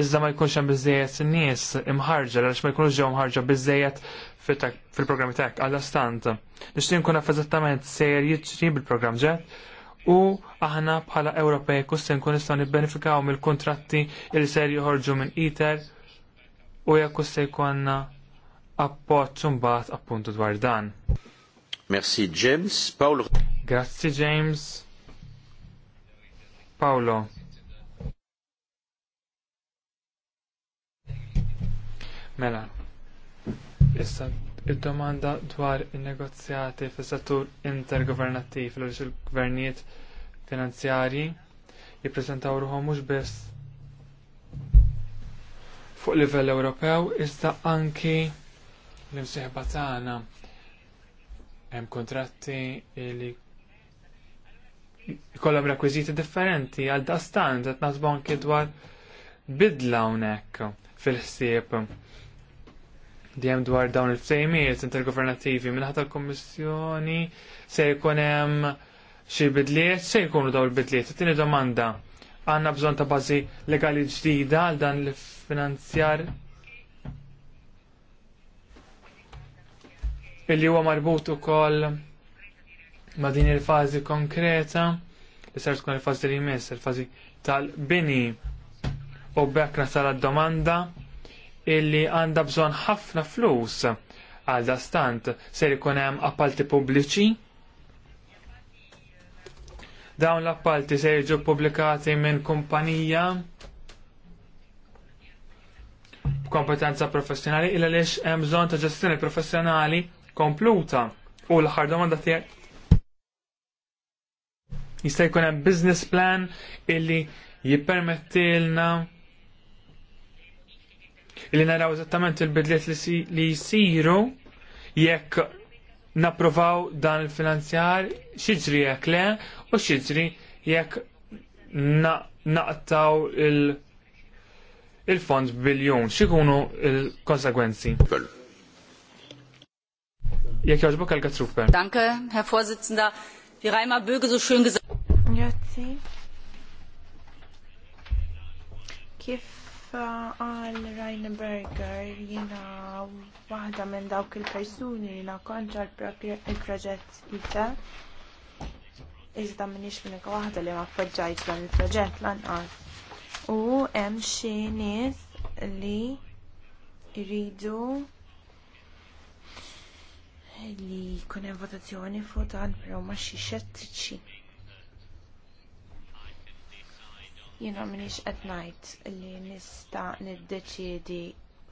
iżda ma jkunx hemm biżejjed nies imħarġa għaliex ma jkunux ġew imħarġa biżejjed fil-programmi tek għal stant. Nixtieq nkun naf eżattament sejjer jiġri bil-programm ġet u aħna bħala Ewropej kustin kun nistgħu nibbenefikaw mill-kuntratti li ser joħorġu minn iter u jekk se jkollna appoġġ mbagħad appuntu dwar dan. Merci James. Paolo. Grazzi James. Paolo. Mela, issa id-domanda dwar il-negozjati fis settur intergovernattiv l il-gvernijiet finanzjarji jippreżentaw ruħom mhux biss fuq livell Ewropew iżda anki l-imsieħba tagħna hemm kontratti li kollom rekwiziti differenti għal dastan qed naħsbu anke dwar bidla hawnhekk fil-ħsieb Djem dwar dawn il-ftejmiet intergovernattivi minħat tal-Kummissjoni se jkun hemm xi bidliet se jkunu dawn il-bidliet. Tini domanda għandna bżonn ta' bażi legali ġdida għal dan l-finanzjar il-li huwa marbut ukoll ma din il-fazi konkreta li ser tkun il-fazi li jmiss, il-fazi tal-bini u bekna tal-domanda illi għanda bżon ħafna flus għal dastant ser ikun hemm appalti pubbliċi. Dawn l-appalti se jiġu pubblikati minn kumpanija kompetenza professjonali illa lix hemm bżonn ta' ġestjoni professjonali kompluta u l-aħħar domanda tiegħek Jista' jkun hemm business plan illi jippermettilna illi naraw eżattament il-bidliet li jsiru jekk napprovaw dan il-finanzjar xiġri jekk le u xiġri jekk naqtaw il- il-fond biljon, xikunu il-konsegwenzi? Jek jaġbuk għal-katrufper. Danke, Herr Vorsitzender wie Reimer Böge so schön gesagt hat. Grazie. Kif uh, għal Rheinberger jina wahda minn dawk il-persuni jina kontra il-proġett ita. Iżda ix minn waħda li ma appoġġajt dan il-proġett lanqas. U hemm xi nies li jridu li jkun hemm votazzjoni fuq dan però ma xi xettiċi. Jien m'iniex qed ngħid li nista' niddeċiedi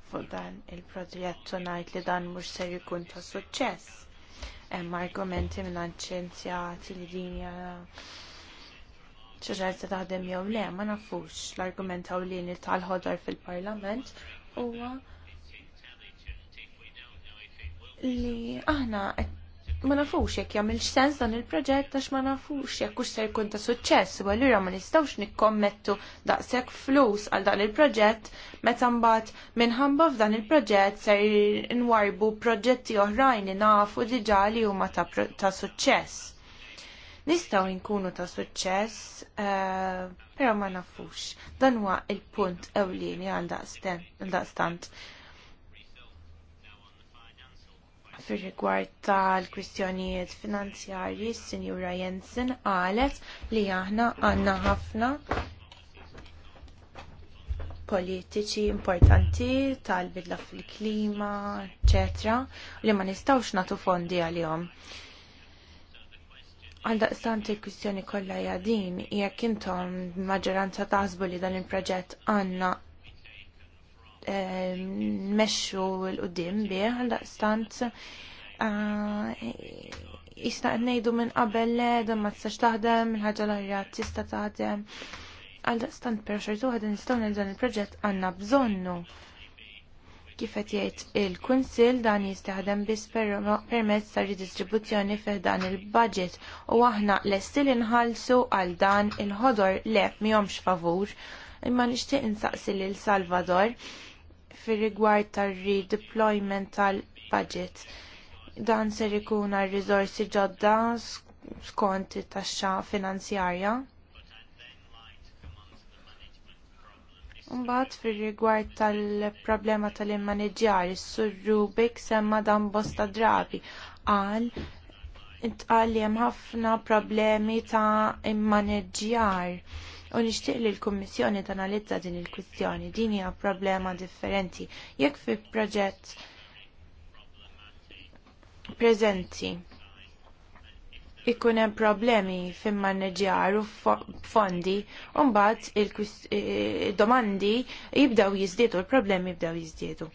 fuq dan il-proġett u ngħid li dan mhux ser jkun ta' suċċess. Hemm argumenti minn ċenzjati li din hija ċeċerta taħdem jew le, ma nafux l-argument ewlieni tal-ħodar fil-parlament huwa li aħna ma nafux jekk jagħmel sens dan il-proġett għax ma nafux jekk hux se jkun ta' suċċess u allura ma nistgħux nikkommettu daqshekk flus għal dan il-proġett meta mbagħad minħabba f'dan il-proġett se nwarbu proġetti oħrajn li nafu diġà li huma ta', ta suċċess. Nistgħu nkunu ta' suċċess, uh, però ma nafux. Dan huwa il-punt ewlieni għal daqstant fir rigward tal-kwistjonijiet finanzjarji, Sinjura Jensen qalet li aħna għandna ħafna politiċi importanti tal-bidla fil-klima, eċetera, li ma nistgħux nagħtu fondi għalihom. Għaldaqstant il-kwistjoni kollha hija din jekk intom maġġoranza taħsbu li dan il-proġett għandna Ehm, meċu l-qoddim bieħ, l daqstant ah, jista' ngħidu minn qabel le ma tistax taħdem, l ħaġa l t tista' taħdem. Għal daqstant per xortu ħadin nistgħu dan il-proġett għandna bżonnu. Kif qed jgħid il-Kunsill dan jistaħdem biss permezz ta' ridistribuzzjoni fih dan il-budget u aħna lesti li nħallsu għal dan il-ħodor le mihomx favur imma nixtieq insaqsi lil Salvador fir-rigward tar-redeployment tal-budget. Dan ser ikun għal riżorsi ġodda skont it-taxxa finanzjarja. Mbagħad fir-rigward tal-problema tal-immaniġjar, is-Sur Rubik semma dan bosta drabi qal intqal hemm ħafna problemi ta' immaniġjar u nixtieq li l-Kummissjoni tanalizza din il-kwistjoni. Din hija problema differenti. Jekk fi proġett preżenti ikun hemm problemi fim-manneġjar u fondi, u mbagħad il-domandi jibdew jiżdiedu, l-problemi jibdew jiżdiedu.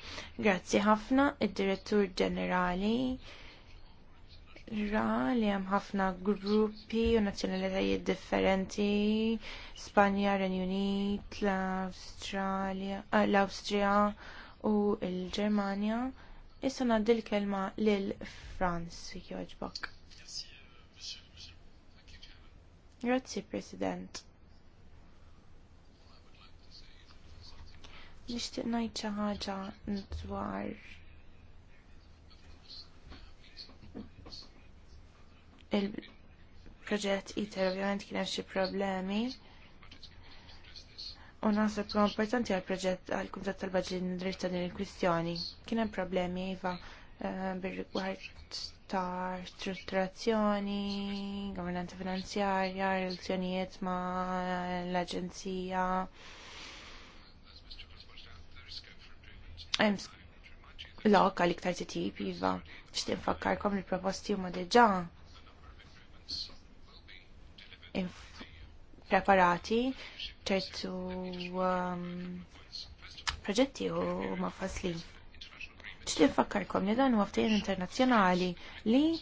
Grazzi ħafna id-Direttur Ġenerali ra li hemm ħafna gruppi u nazzjonalitajiet differenti, Spanja, Renju Unit, l-Awstrija eh, u l-Ġermanja. Issa ngħaddi l-kelma lil Franz jogħġbok. Grazzi, President. Nixtieq ngħid xi ħaġa dwar il-proġett ITER ovvjament kien hemm xi problemi. U naħseb huwa importanti għall proġett għall kuntat tal-baġġi ta' din il-kwistjoni. Kien hemm problemi iva eh, bir-rigward ta' strutturazzjoni, governanza finanzjarja, relazzjonijiet ma' l-Aġenzija. Hemm lok għal iktar titjib iva. X'tinfakkarkom il-proposti huma diġà preparati ċertu um, proġetti u ma fasli. ċti nfakkarkom li dan huwa ftehim internazzjonali li u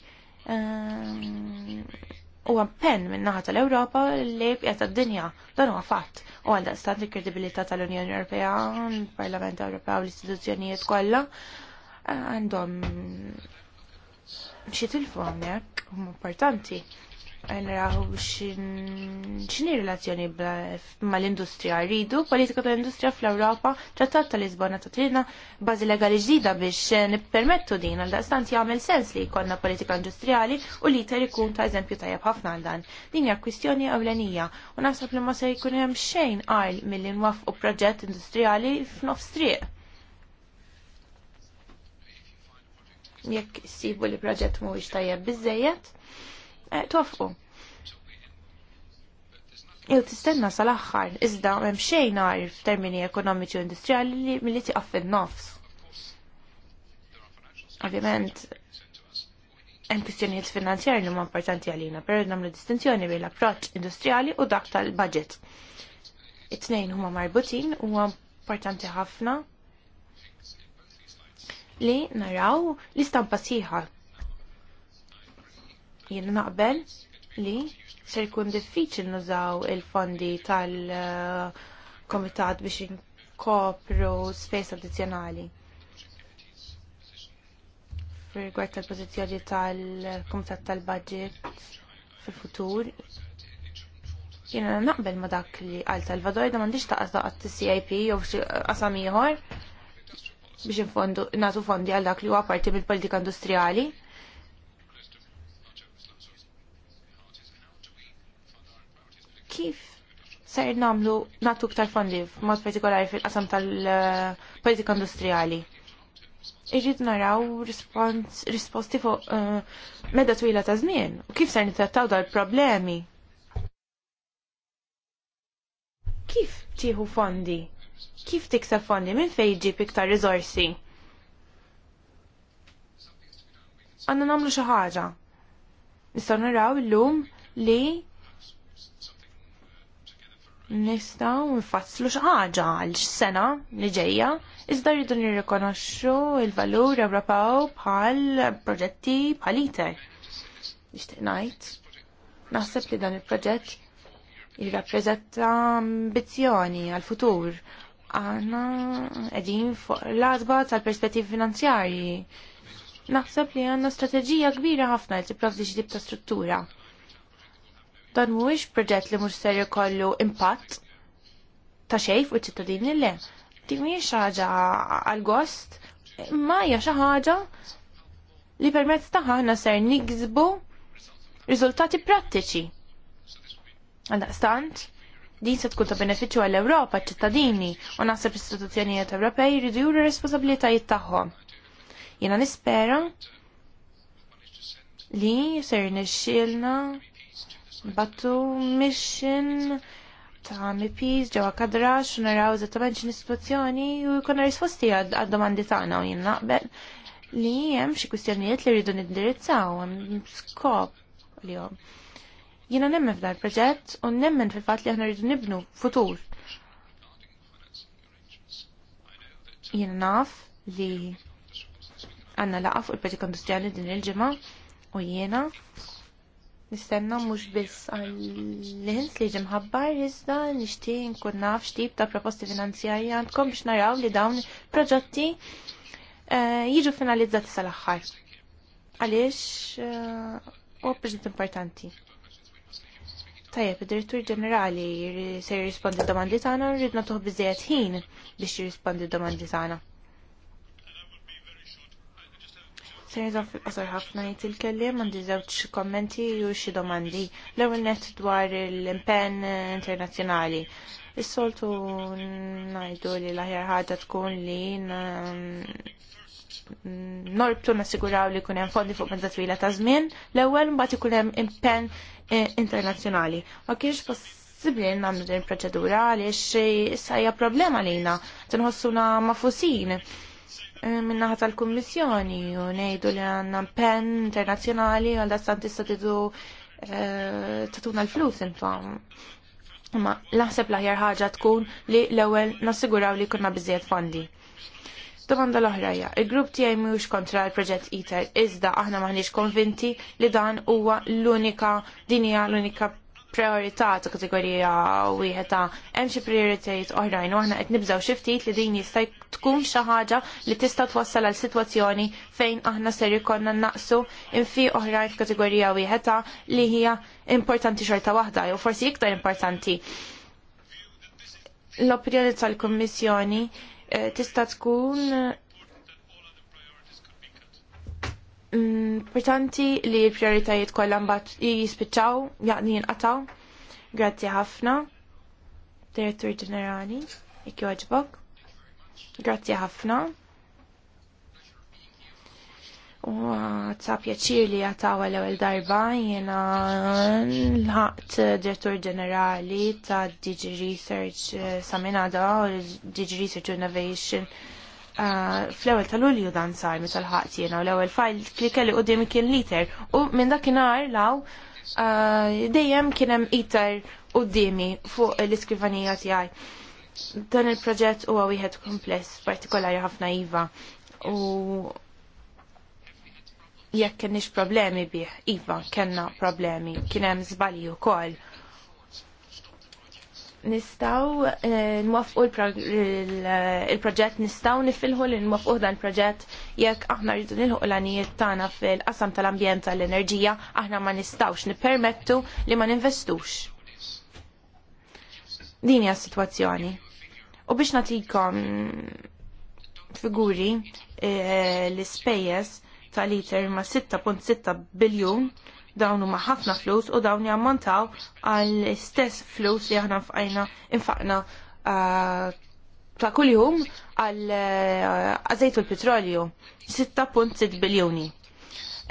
um, pen minn naħa tal-Ewropa li bqiet tad-dinja. Dan huwa fatt. U għal daqstant il-kredibilità tal-Unjoni Ewropea, il-Parlament Ewropew, l-istituzzjonijiet kollha għandhom xi tilfu hawnhekk huma importanti nraħu xini relazzjoni mal-industrija. Rridu politika tal-industrija fl-Europa, trattat tal-Lisbona ta' trina, bazi legali ġdida biex nippermettu din għal daqstant jagħmel sens li jkollna politika industrijali u li ter ikun ta' eżempju tajjeb ħafna għal dan. Din hija kwistjoni ewlenija u naħseb li ma se jkun hemm xejn qajl milli nwaffqu proġett industrijali f'nofs triq. Jekk sibu li proġett mhuwiex tajjeb biżejjed, tofqu. Jew tistenna sal-aħħar, iżda hemm xejn għar f'termini ekonomiċi u industrijali li milli tiqaf fin-nofs. Ovvjament, hemm kwistjonijiet finanzjarji li huma importanti għalina, però nagħmlu distinzjoni bejn l-approċċ industrijali u dak tal-budget. It-tnejn huma marbutin huwa importanti ħafna li naraw l-istampa sieħa Jien naqbel li se jkun diffiċil nużaw il-fondi tal-komitat uh, biex inkopru spejs addizzjonali. Rigward tal-pożizzjoni tal-komitat tal-budget fil-futur, Jien naqbel ma dak li għal Salvador da m'għandix taqas daqat t-CIP jew xi ieħor biex nagħtu fondi għal dak li huwa parti mill-politika industrijali. kif ser namlu natu ktar fondi mod partikolari fil-qasam tal-politika industrijali. Irrid naraw risposti fuq eh, medda twila ta' żmien u kif ser nitrattaw dal-problemi. Kif tieħu fondi? Kif tiksa fondi? min fejn jġib iktar rizorsi? Għanna namlu xi ħaġa. Nistgħu naraw illum li nistgħu nfasslu xaħġa ħaġa għal sena li ġejja, iżda rridu nirrikonoxxu il-valur Ewropew bħal proġetti bħal iter. Nixtieq ngħid. Naħseb li dan il-proġett jirrappreżenta ambizzjoni għal futur. Aħna qegħdin fuq l għażba tal-perspettivi finanzjarji. Naħseb li għandna strateġija kbira ħafna li tipprovdi xi tip ta' struttura Dan mhuwiex proġett li mhux ser jkollu impatt ta' xejn fuq iċ-ċittadini le. Din mhijiex ħaġa għal-gost, imma hija xi ħaġa li permezz ta' ħana ser nigżbu riżultati prattiċi. Għaldaqstant, din se tkun ta' benefiċċju għall-Ewropa ċittadini u naħseb l-istituzzjonijiet Ewropej jridu juru responsabilitajiet tagħhom. Jiena nispera li ser nixxielna battu mission ta' MPs ġewwa kadrax u naraw eżattament x'in situazzjoni u jkun risposti għad-domandi tagħna u jien naqbel li hemm xi kwistjonijiet li rridu nindirizzaw hemm skop li hom. Jiena nemmen f'dan il-proġett u nemmen fil-fatt li aħna rridu nibnu futur. Jiena naf li għandna laqaf fuq il-proġett industrijali din il-ġimgħa u jiena Nistenna mhux biss għall-ħins li ġimħabbar, iżda nixtieq nkun naf x'tip ta' proposti finanzjarji għandkom biex naraw li dawn proġetti eh, jiġu finalizzati sal-aħħar. Għaliex eh, huwa għabbiġ importanti. Tajjeb, id-direttur ġenerali se jirrispondi d-domandi tagħna, rridna toħ biżejjed ħin biex jirrispondi d-domandi tagħna. Sejda fil qasar ħafna jt il-kellim għandi żewġ kommenti u xi domandi. L-ewwel net dwar l-impenn internazzjonali. Is-soltu ngħidu li l-aħjar ħaġa tkun li norbtu nassiguraw li kunem hemm fondi fuq mezza twila ta' żmien, l-ewwel mbagħad ikun hemm impenn eh, internazzjonali. Ma kienx possibbli nagħmlu din il-proċedura għaliex eh, issa hija problema lina, tinħossuna mafusin. fusin Eh, minnaħat tal-Kummissjoni u nejdu li għanna pen internazjonali għal dastan tista tidu eh, tatuna l-flus intom. Ma laħseb laħjar ħaġa tkun li l-ewel nassiguraw li kunna bizziet fondi. Domanda l ja, il-grupp tiegħi mux kontra l-proġett ITER, iżda aħna maħniex konvinti li dan huwa l-unika dinja l-unika priorità ta' kategorija wieħed ta' hemm xi prioritajiet oħrajn u aħna qed nibżgħu xi ftit li din jista' tkun xi ħaġa li tista' twassal għal sitwazzjoni fejn aħna ser jkollna naqsu infi oħrajn f'kategorija wieħed ta' li hija importanti xorta waħda jew forsi iktar importanti. L-opinjoni tal-Kummissjoni eh, tista' tkun Importanti li l-prioritajiet kollha mbagħad jispiċċaw, jaqni jinqataw. Grazzi ħafna, Direttur Ġenerali, jekk jogħġbok. Grazzi ħafna. U ta' pjaċir li jataw l-ewel darba jena l ħat direttur ġenerali ta' Digi Research Saminada u Digi Research Innovation Ah, fl-ewwel tal-Ulju dan sar meta tal ħaqt jiena u l-ewwel fajl li kelli qudiemi kien liter u minn dakinhar law ah, dejjem kien hemm iter dimi fuq l-iskrivanija tiegħi. Dan il-proġett huwa wieħed kompless partikolari ħafna iva u jekk kienx problemi bih, iva kellna problemi, kien hemm żbalji wkoll nistaw eh, nwafqu il-proġett nistaw nifilħu li nwafqu dan il-proġett jekk aħna rridu nilħu l-għanijiet tagħna fil-qasam tal-ambjent tal-enerġija aħna ma nistawx nippermettu li ma ninvestux. Din hija s-sitwazzjoni. U biex natikom figuri eh, l-ispejjeż tal-liter ma' 6.6 biljun dawn huma ħafna flus u dawn jammontaw għall istess flus li aħna fqajna infaqna uh, ta' kuljum għal għazejtu uh, l-petrolju 6.6 biljoni.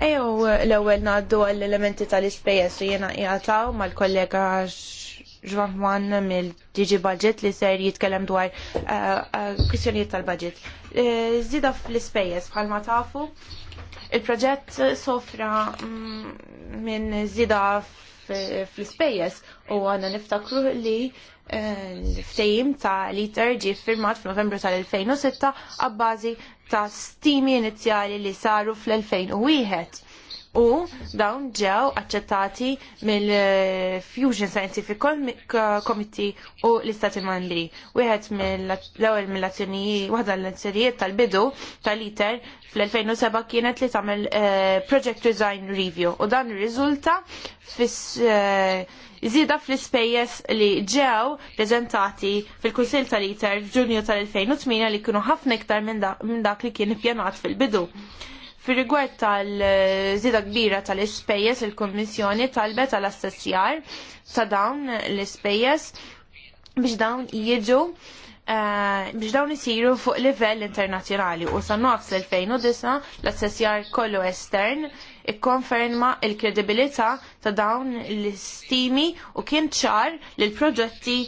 Ejo l-ewwel ngħaddu għall elementi tal-ispejjeż u jiena jgħataw mal-kollega Ġvan Juan mill-DG Budget li ser jitkellem dwar uh, kwistjonijiet tal-budget. Eh, zida fl-ispejjeż bħalma tafu Il-proġett sofra mm, minn zida fl-spejjes u għanna niftakru li eh, l-ftejim ta' liter ġi firmat f'Novembru tal-2006 għabbażi ta' stimi inizjali li saru fl-2001 u dawn ġew aċċettati mill-Fusion Scientific Committee u l-Istati Membri. Wieħed mill-ewwel mill-azzjonijiet, waħda l-azzjonijiet tal-bidu tal-ITER fl-2007 kienet li tagħmel eh, Project Design Review u dan riżulta fis eh, Iżida fl-ispejjeż li ġew preżentati fil-Kunsil tal-ITER f'Ġunju tal-2008 li kienu ħafna iktar minn dak li kien ippjanat fil-bidu. Fi rigward tal-żida kbira tal-ispejjeż il-Kummissjoni talbet għal assessjar ta' dawn l-ispejjeż biex dawn jiġu eh, biex dawn isiru fuq livell internazzjonali u sa nofs l-2009 l-assessjar kollu estern ikkonferma il-kredibilità ta' dawn l-istimi u kien ċar li l-proġetti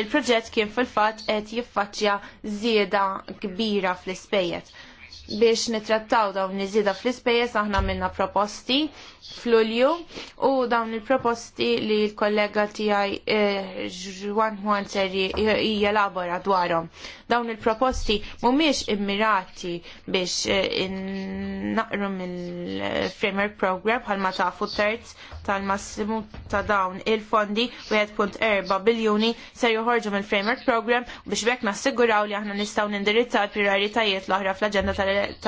il-proġett kien fil-fat qed jiffaċċja żieda kbira fl-ispejjeż biex nitrattaw dawn li fl-ispejjeż aħna minna proposti fl-ulju u dawn il-proposti li l-kollega tiegħi eh, Juan Juan ser jelabora dwarhom. Dawn il-proposti mhumiex immirati biex eh, naqru mill-framework program bħalma tafu terz tal-massimu ta' dawn il-fondi 1.4 biljuni ser joħorġu mill-framework program biex bekk nassiguraw li aħna nistgħu nindirizza l-prioritajiet l-oħra fl-aġenda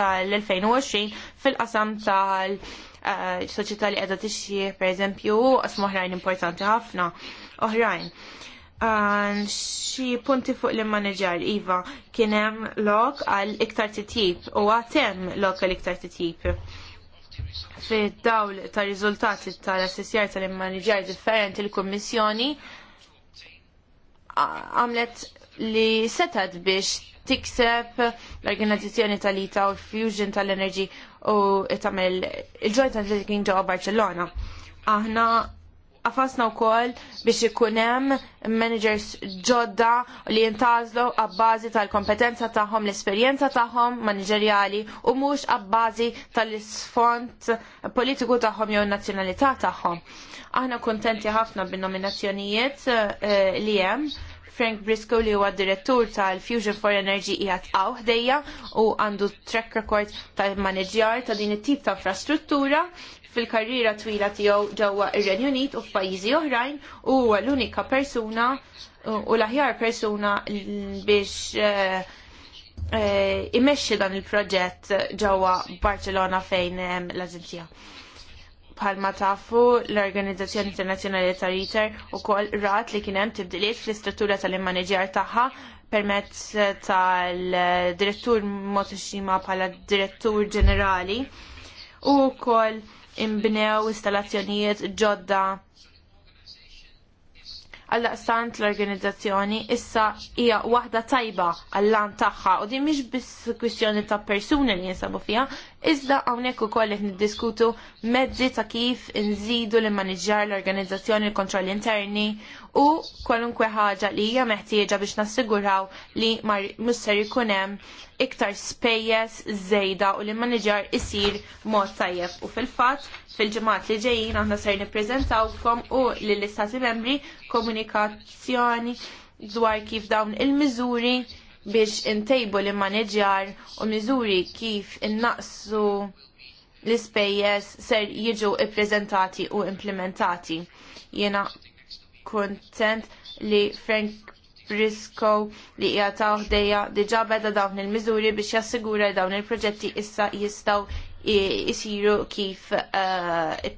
tal-2020 fil-qasam tal eh, soċjetà li qiegħda tixjih pereżempju qasma oħrajn importanti ħafna oħrajn għan xi punti fuq l-manager Iva kienem lok għal iktar titjib u għatem lok għal iktar titjib fi dawl ta' rizultati tal-assessjar tal-manager differenti l-kommissjoni għamlet li setat biex tikseb l-organizzazzjoni tal-ita u fusion tal-enerġi u tamel il-joint undertaking ġewwa Barcelona. Aħna Għafasna u kol biex ikunem managers ġodda li jintazlu għabbażi tal-kompetenza taħħom, l-esperienza taħħom manageriali u mux għabbażi tal-sfont politiku taħħom jew nazjonalità taħħom. Aħna kontenti ħafna bin-nominazzjonijiet eh, li hemm Frank Briscoe li huwa direttur tal-Fusion for Energy qiegħed għaw ħdejja u għandu track record tal-maneġjar ta' din it-tip ta' infrastruttura fil-karriera twila tiegħu ġewwa ir-Renju Unit u f'pajjiżi oħrajn u huwa l-unika persuna u l-aħjar persuna biex eh, eh, imexxi dan il-proġett ġewwa Barcelona fejn hemm eh, l-Aġenzija. Bħalma tafu l-Organizzazzjoni Internazzjonali tal u ukoll rat li kien hemm tibdiliet fl-istruttura tal-immaneġjar tagħha permezz tal-direttur Motoshima bħala direttur ġenerali u wkoll imbnew installazzjonijiet ġodda għall-daqstant l-organizzazzjoni issa hija waħda tajba għall-lan tagħha u din mhix biss kwistjoni ta' persuni li jinsabu fiha, iżda hawnhekk ukoll qed niddiskutu mezzi ta' kif inżidu li maniġġar l-organizzazzjoni l-kontroll interni u kwalunkwe ħaġa li hija meħtieġa biex nassiguraw li musser ikun hemm iktar spejjeż żejda u li maniġar isir mod tajjeb. U fil-fatt fil-ġimgħat li ġejjin aħna ser nippreżentawkom u lill istati membri komunikazzjoni dwar kif dawn il-miżuri biex intejbu li maniġjar u miżuri kif innaqsu l-ispejjeż ser jiġu ippreżentati u implementati. Jena kontent li Frank Brisco li hija ħdejja diġà beda dawn il-miżuri biex jassigura dawn il-proġetti issa jistgħu jisiru kif eh,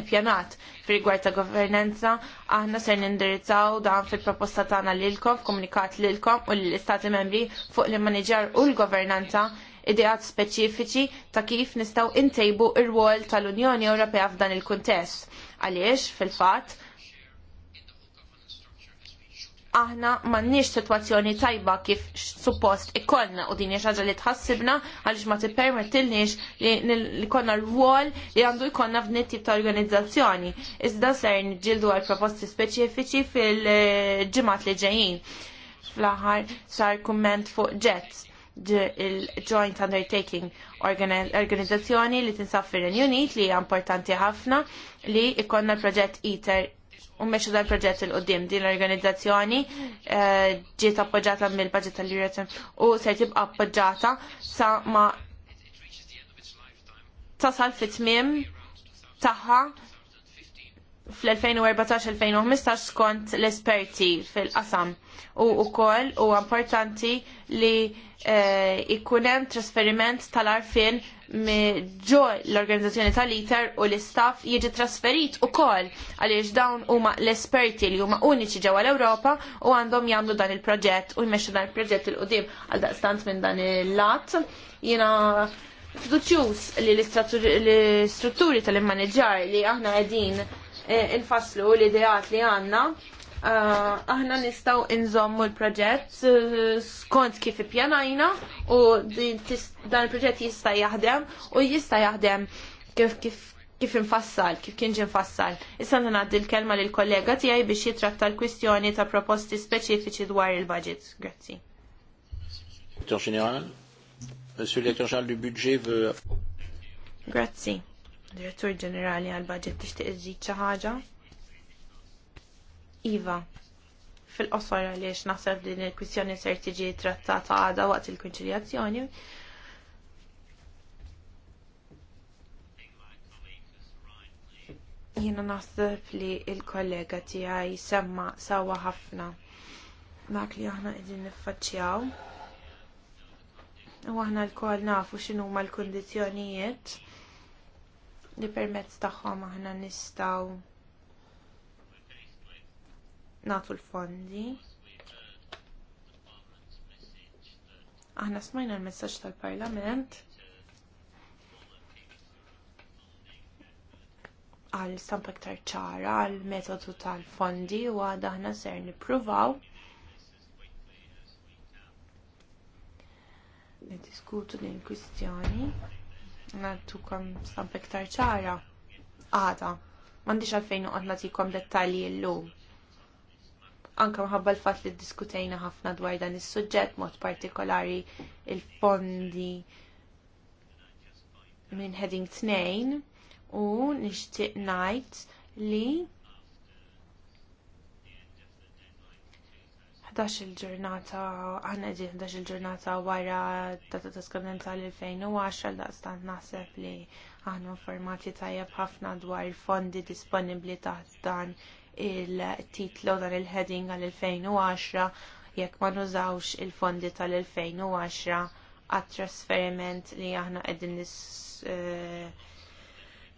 ippjanat fil-rigward ta' governanza, aħna ser nindirizzaw dan fil-proposta tagħna lilkom, komunikat lilkom u l-Istati membri fuq li-maniġar u l-governanza ideat speċifiċi ta' kif nistgħu intejbu ir wol tal-Unjoni Ewropea f'dan il-kuntest. Għaliex, fil-fatt, aħna m'għandniex sitwazzjoni tajba kif suppost ikollna u din ħaġa li tħassibna għaliex ma tippermettilniex li konna rwol li għandu jkollna f'nitt tip ta' organizzazzjoni. Iżda ser niġġieldu għal proposti speċifiċi fil-ġimgħat li ġejjin. Fl-aħħar sar kumment fuq jets il-Joint Undertaking organizzazzjoni li tinsab fir Unit li hija importanti ħafna li l proġett ITER ummeċu dal-proġett il-qoddim din l-organizzazzjoni eh, ġiet appoġġata mill-budget tal-Eurotem u se tibqa appoġġata sa ma tasal fit-tmiem tagħha fl-2014-2015 skont l-esperti fil-qasam u wkoll u importanti li jkun eh, hemm trasferiment tal-arfin ġo l-organizzazzjoni tal-ITER u l-istaff jiġi trasferit u kol għaliex dawn huma l-esperti li huma uniċi ġewwa l-Ewropa u għandhom jagħmlu dan il-proġett u jmexxu dan il-proġett il qudiem għal daqstant minn dan il-lat. Jiena fiduċjuż li l-istrutturi tal-immaniġġar li aħna qegħdin eh, infasslu l-ideat li għandna Eh, aħna nistaw inżommu l-proġett eh, skont kif ippjanajna u dan il-proġett jista' jaħdem u jista' jaħdem kif kif kif infassal, kif kien infassal. Issa ngħaddi l-kelma l kollega tiegħi biex jitratta l-kwistjoni ta' proposti speċifiċi dwar il-budget. Grazzi. Direttor Ġenerali, Monsieur le directeur du budget veut Grazzi. Direttur ġenerali għal-budget tixtieq iżid xi ħaġa? Iva, fil-qosor għaliex naħseb din il-kwistjoni ser tiġi trattata għada waqt il-konċiljazzjoni. Jiena naħseb li il-kollega tiegħi semma sawa ħafna dak li aħna qegħdin niffaċċjaw. U aħna lkoll nafu x'inhuma l-kundizzjonijiet li permezz tagħhom aħna nistgħu natu l-fondi. Aħna smajna l-messaġġ tal-Parlament għal stampa ktar ċara għal metodu tal-fondi u għada ħna ser nipruvaw nidiskutu din kwistjoni għaddu kom stampa ktar ċara għada mandiċ għalfejn u għadna tikom dettali l-lum anka maħabba l-fat li diskutejna ħafna dwar dan is suġġett mod partikolari il-fondi minn heading 2 u nixtieq ngħid li 11 il-ġurnata aħna ġi 11 il-ġurnata wara data ta' skadenza l-2010 daqstant naħseb li aħna informati tajjeb ħafna dwar il-fondi disponibbli ta' dan il-titlu dan il-heading għal-2010 jekk ma nużawx il-fondi tal-2010 għat-trasferiment li aħna qegħdin nis uh,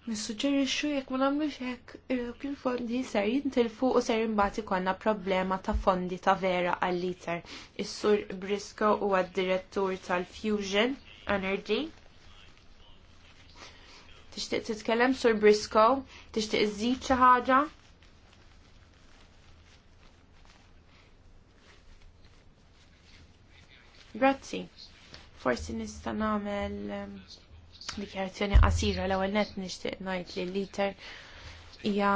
Nissuġġerixxu jekk ma nagħmlux hekk il fondi ser jintilfu u ser imbagħad ikollna problema ta' fondi ta' vera għall-liter. Is-sur Brisco huwa d-direttur tal-Fusion Energy. Tixtieq titkellem sur Brisco, tixtieq iżid xi ħaġa? Grazzi. Forsi nista' nagħmel ehm, dikjarazzjoni qasira l-ewwel nett nixtieq ngħid li l-liter hija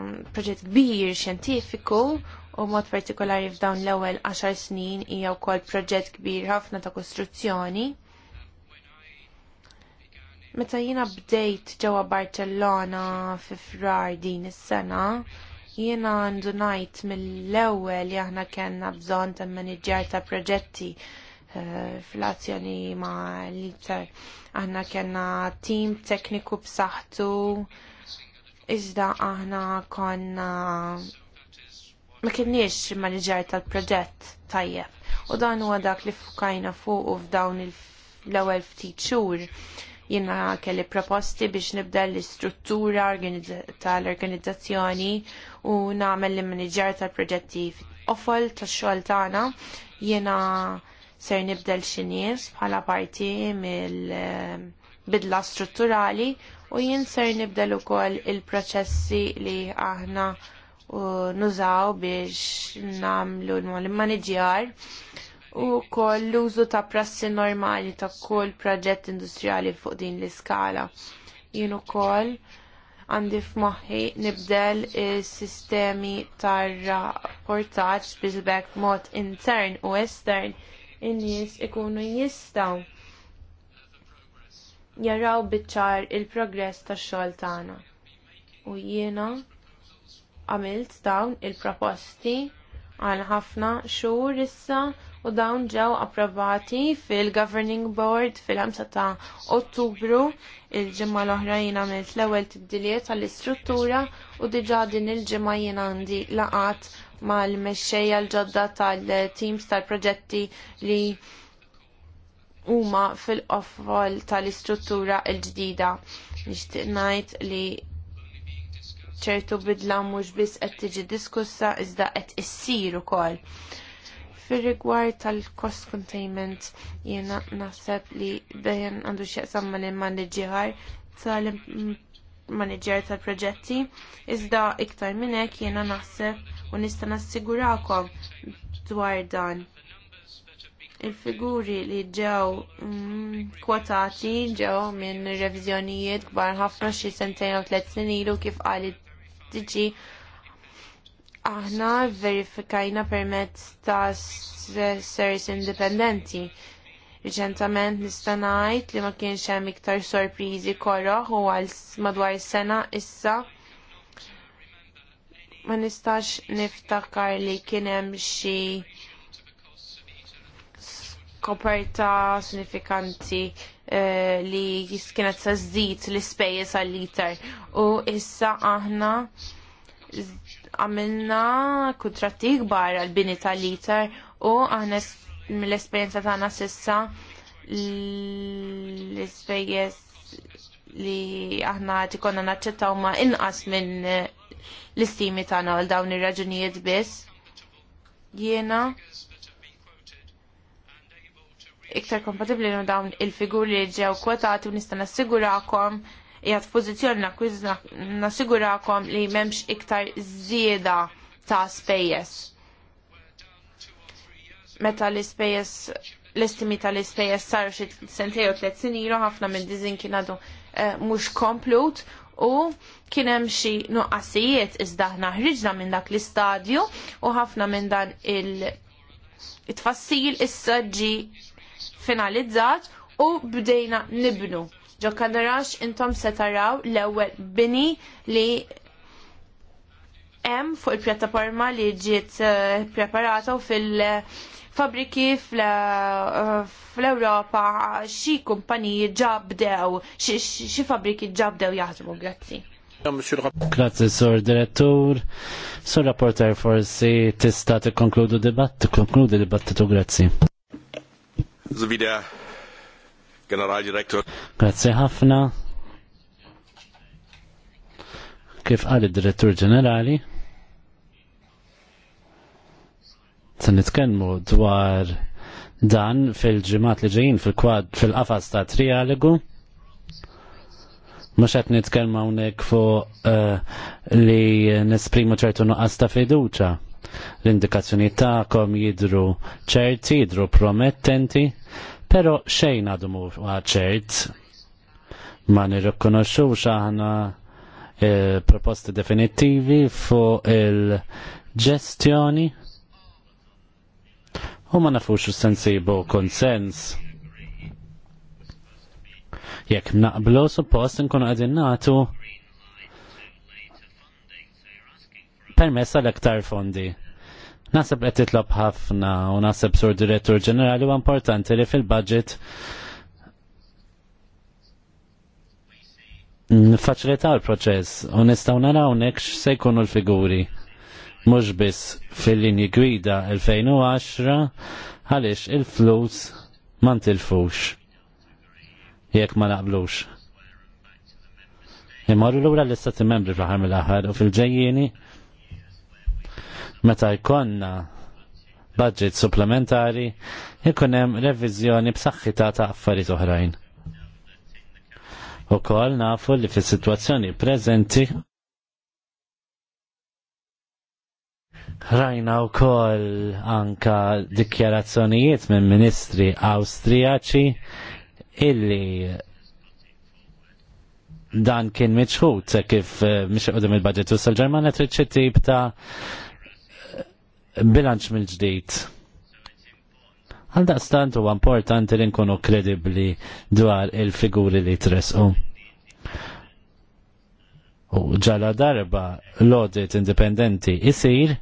ehm, proġett kbir xjentifiku u mod partikolari f'dawn l-ewwel 10 snin hija wkoll proġett kbir ħafna ta' kostruzzjoni. Meta jiena bdejt ġewwa Barcellona fi frar din is-sena, jiena għandu ngħid mill-ewwel li aħna kellna bżonn ta' maniġġjar ta' proġetti Eh, fl-azzjoni ma' l-iter. Aħna kena tim tekniku b'saħħtu, iżda aħna konna ma kienniex manager tal-proġett tajjeb. U dan huwa dak li fukajna fuq u f'dawn l-ewwel ftit xhur jiena kelli proposti biex nibda l-istruttura tal-organizzazzjoni u nagħmel l-manager tal-proġetti ofol tax-xogħol tagħna jiena ser nibdel xi nies bħala parti mill-bidla eh, strutturali u jien ser nibdel ukoll il-proċessi li aħna nużaw biex namlu l-manager u koll l-użu ta' prassi normali ta' kull proġett industrijali fuq din l-iskala. Jien ukoll għandi f'moħħi nibdel is-sistemi tar-rapportaġġ biżbek mod intern u estern in-nies ikunu jistaw jaraw biċċar il-progress tax-xogħol tagħna. U jiena għamilt dawn il-proposti għal ħafna xhur issa u dawn ġew approvati fil-Governing Board fil-5 ta' Ottubru il-ġimgħa l-oħra jien għamilt l-ewwel tibdiliet għall-istruttura u diġà din il-ġimgħa jien għandi laqat mal-mexxejja l-ġodda tal-teams tal-proġetti li huma fil-qofol tal-istruttura l-ġdida. Nixtieq ngħid li ċertu bidla mhux biss qed tiġi diskussa iżda qed issir ukoll. Fir-rigward tal-cost containment jiena naħseb li dejjem għandu x'jaqsam mal-imman li ġieħar tal manager tal-proġetti, iżda iktar minn hekk jiena naħseb u nista' nassigurakom dwar dan. Il-figuri li ġew mm, kwotati ġew minn reviżjonijiet kbar ħafna xi sentejn u tliet snin ilu kif qal tiġi aħna verifikajna permezz ta' sers indipendenti Riċentament nista' ngħid li ma kienx hemm iktar sorpriżi korroħ u għal madwar sena issa ma nistax niftakar li kien hemm xi koperta sinifikanti eh, li kienet sa żdid l-ispejjeż għall-liter u issa aħna għamilna kuntratti kbar għall-bini tal-liter u aħna mill-esperienza tagħna sissa l-ispejjeż li aħna tikonna naċċettaw ma inqas minn l-istimi tagħna għal dawn ir-raġunijiet biss. Jiena iktar kompatibbli nu dawn il-figuri li ġew kwotati u nista' nassigurakom jgħat pożizzjoni nassigurakom li m'hemmx iktar żieda ta' spejjeż meta l-ispejjeż l-istimi tal-ispejjeż saru xi sentej u tliet sin ilu ħafna minn diżin kien għadu eh, mhux komplut u kien hemm xi nuqqasijiet iżda aħna ħriġna minn dak l-istadju u ħafna minn dan il-tfassil issa ġi finalizzat u bdejna nibnu. Ġo kadarax intom se taraw l-ewwel bini li hemm fuq il-pjattaforma li ġiet eh, preparata u fil- uh, fabriki eh, fl-Europa xi kumpaniji ġabdew, xi fabriki ġabdew jaħdmu, grazzi. Grazie, Sor Direttur. Sor Rapporter, forsi tista tikkonkludu dibattitu, konkludi dibattitu, grazzi. Zvida, General Direttur. Grazie ħafna. Kif għal id-Direttur Ġenerali? se nitkellmu dwar dan fil-ġimat li ġejjin fil-kwad fil-qafas ta' trialegu. Mux għet nitkellmu għonek fu eh, li nesprimu ċertu nuqqas ta' fiduċa. L-indikazzjoni kom jidru ċerti, jidru promettenti, pero xejn għadu mu ċert. Ma nirrikonoxxu xaħna eh, proposti definitivi fu il-ġestjoni u ma nafux u sensibu konsens. Jekk naqblu suppost nkunu għadin natu permessa l-ektar fondi. Nasib qed titlob ħafna u nasib sur direttur ġenerali u importanti li fil-budget nfaċilitaw il-proċess u nistgħu narawnek x-sejkunu jkunu l-figuri mhux biss fil-linji gwida 2010 għaliex il-flus ma ntilfux jekk ma naqblux. Imorru lura l-istati membri fl-ħar u fil ġejjini meta jkonna budget supplementari ikun hemm reviżjoni b'saħħitha ta' affarijiet oħrajn. kol nafu li fis-sitwazzjoni preżenti Rajna u koll anka dikjarazzjonijiet minn ministri Awstrijaċi illi dan kien miċħut kif eh, miex qudiem il-budget u sal-Ġermana trid xi tip ta' bilanċ mill-ġdid. Għal daqstant huwa importanti li nkunu kredibbli dwar il-figuri li tresqu. U ġala darba l-audit indipendenti isir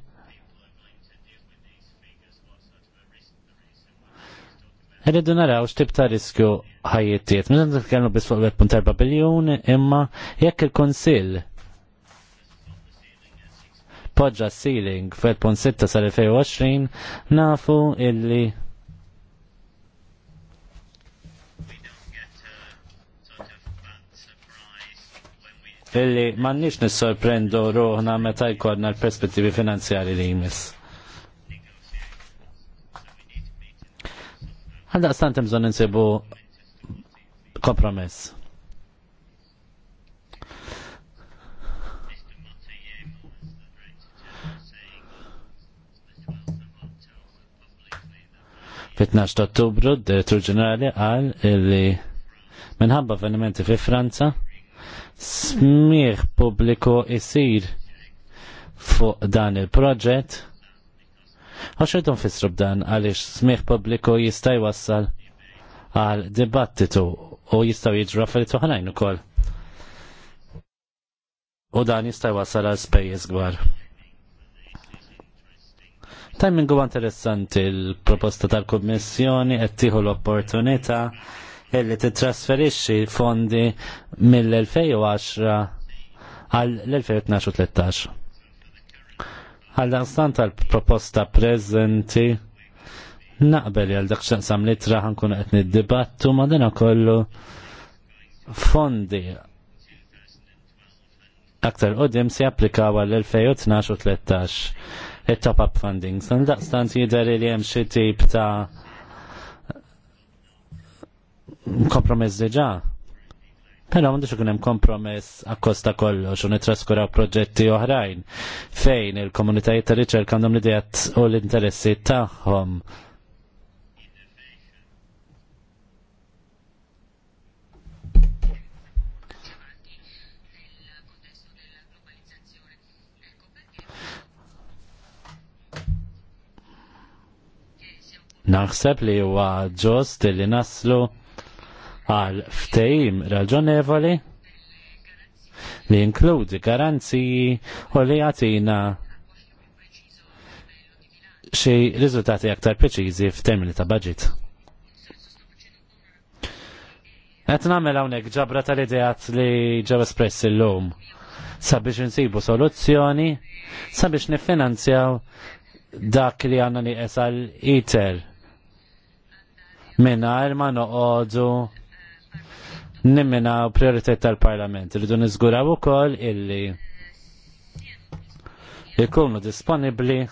Rridu naraw x'tib ta' riskju ħajjittiet. Minn nitkellmu biss fuq 1.4 biljun imma jekk il-Kunsill poġġa ceiling f'1.6 sal-2020 nafu illi illi mannix nissorprendu ruħna meta jkollna l-perspettivi finanzjari li jmiss. Għal daqstant imżon nsibu kompromess. Fit-12 ottobru, d-direttur ġenerali għal illi minħabba avvenimenti fi Franza, smieħ pubbliku jisir fuq dan il-proġett Għaxħed fissrub dan għaliex smieħ pubbliku jista' jwassal għal dibattitu u jistaw jiġra affarijiet oħrajn ukoll. U dan jista' jwassal għal spejjeż gbar. minn huwa interessanti l-proposta tal-Kummissjoni qed tieħu l-opportunità illi titrasferixxi fondi mill-2010 għal l-2012 13. Għal-danstan tal-proposta prezenti naqbel għal dak xaqsam li traħan kun qed niddibattu ma dina kollu fondi aktar qudiem si applikaw għal 2012 u 13 it-top up funding. San stant jidher li hemm xi tip ta' kompromess diġà Pero għandu xukun hemm kompromess akkosta kollox u nitraskura proġetti oħrajn fejn il-komunitajiet ta' riċerka għandhom l-idejat u l-interessi tagħhom. Naħseb li huwa ġost li naslu għal ftehim raġonevoli li inkludi garanziji u li jagħtina xi riżultati aktar preċiżi f'termini ta' budget. Qed nagħmel hawnhekk ġabra tal-ideat li ġew espressi llum sabiex insibu soluzzjoni sabiex niffinanzjaw dak li għanna nieqes għal iter minnar ma noqogħdu nimmina prioritet tal-Parlament. Rridu niżguraw ukoll illi ikunu disponibbli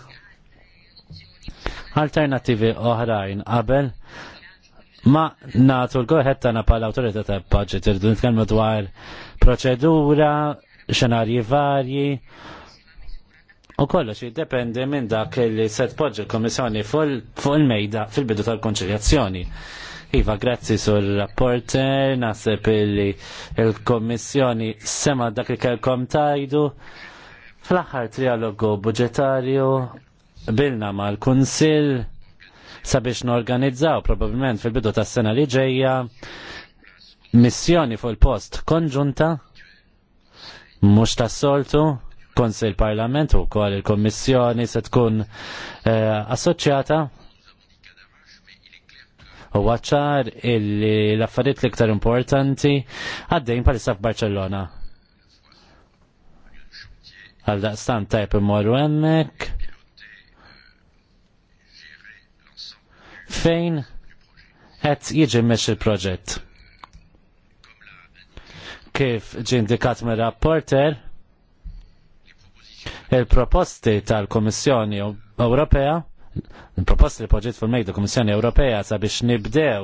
alternativi oħrajn qabel ma natu l-goħed tagħna pal awtorità tal-budget irridu nitkellmu dwar proċedura, xenarji varji, U kollox jiddependi minn dak li se tpoġġi l-Komissjoni fuq il-mejda fil-bidu tal-konċiljazzjoni. Iva, grazzi sur rapport, nasib li il-Kommissjoni sema dak li kelkom tajdu. Fl-aħħar trialogu budgetarju bilna mal-Kunsil sabiex norganizzaw probabilment fil-bidu tas sena li ġejja missjoni fuq il-post konġunta mhux tas-soltu kunsill parlament u kol il-kommissjoni se tkun eh, assoċjata U għacċar l-affarijiet l-iktar importanti għaddejn palissa f'Barcellona. Għal daqstan tajb immorru hemmhekk. Fejn qed jiġi mexxi il-proġett kif ġindikat me rapporter il-proposti tal-Komissjoni Ewropea il-proposti li poġġiet fuq mejda Kummissjoni Ewropea sabiex nibdew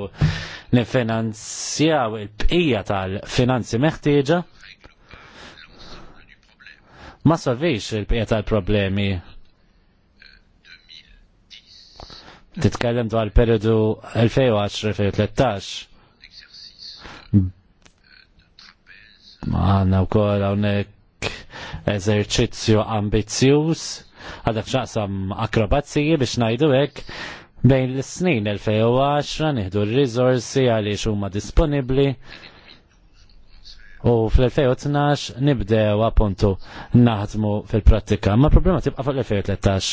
nifinanzjaw il-bqija tal-finanzi meħtieġa ma solvix il-bqija tal-problemi. Titkellem dwar il-periodu 2010-2013. Ma għanna u kol għonek eżerċizzju ambizjuż għadak xaqsam akrobazzi biex najdu hekk bejn l-snin 2010 nieħdu r-rizorsi għaliex huma disponibbli u fl-2012 nibdew appuntu naħdmu fil-prattika. Ma problema tibqa fl-2013.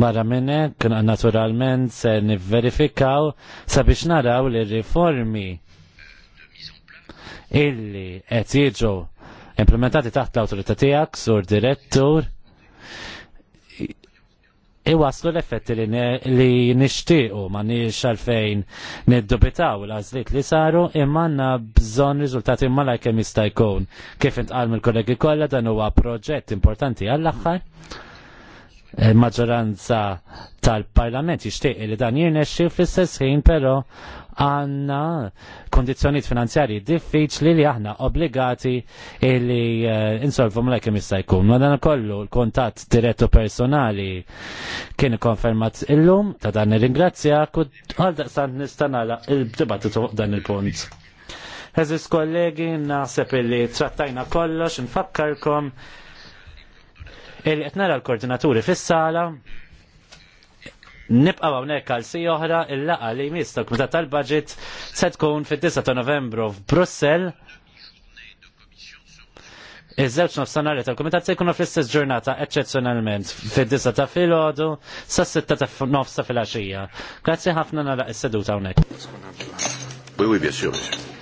Barra minnek, naturalment, se nivverifikaw sabiex naraw li riformi illi qed jiġu implementati taħt l-autorità tiegħek sur direttur iwaslu l-effetti li nishtiqu ma nix għalfejn niddubitaw l-għazlit li saru imma għanna bżon rizultati imma lajke kem jista' jkun. Kif intqal mill-kollegi kollha dan huwa proġett importanti għall-aħħar. Eh, maġġoranza tal-Parlament jixtieq li dan jirnexxi fl-istess ħin però għanna kondizjoniet finanzjari diffiċli li aħna obbligati li eh, insolvu mela kem jista' jkun. Madan kollu l-kontatt direttu personali kien konfermat illum ta' dan ir-ringrazzjak u għaldaqstant nistanala il-dibattitu dan il-punt. Eżis kollegi, naħseb li trattajna kollox, nfakkarkom il-etnara l-koordinaturi fis-sala, Nibqa' hawnhekk għal si oħra il-laqa li jmiss mta tal-Budget se tkun fit-9 ta' Novembru f'Brussell. Iż-żewġ nofsanari tal komitat se jkunu fl-istess ġurnata eċċezzjonalment fid-9 ta' filgħodu sas-6 ta' nofsa fil-għaxija. Grazzi ħafna nara s-seduta hawnhekk. Oui, oui, bien sûr,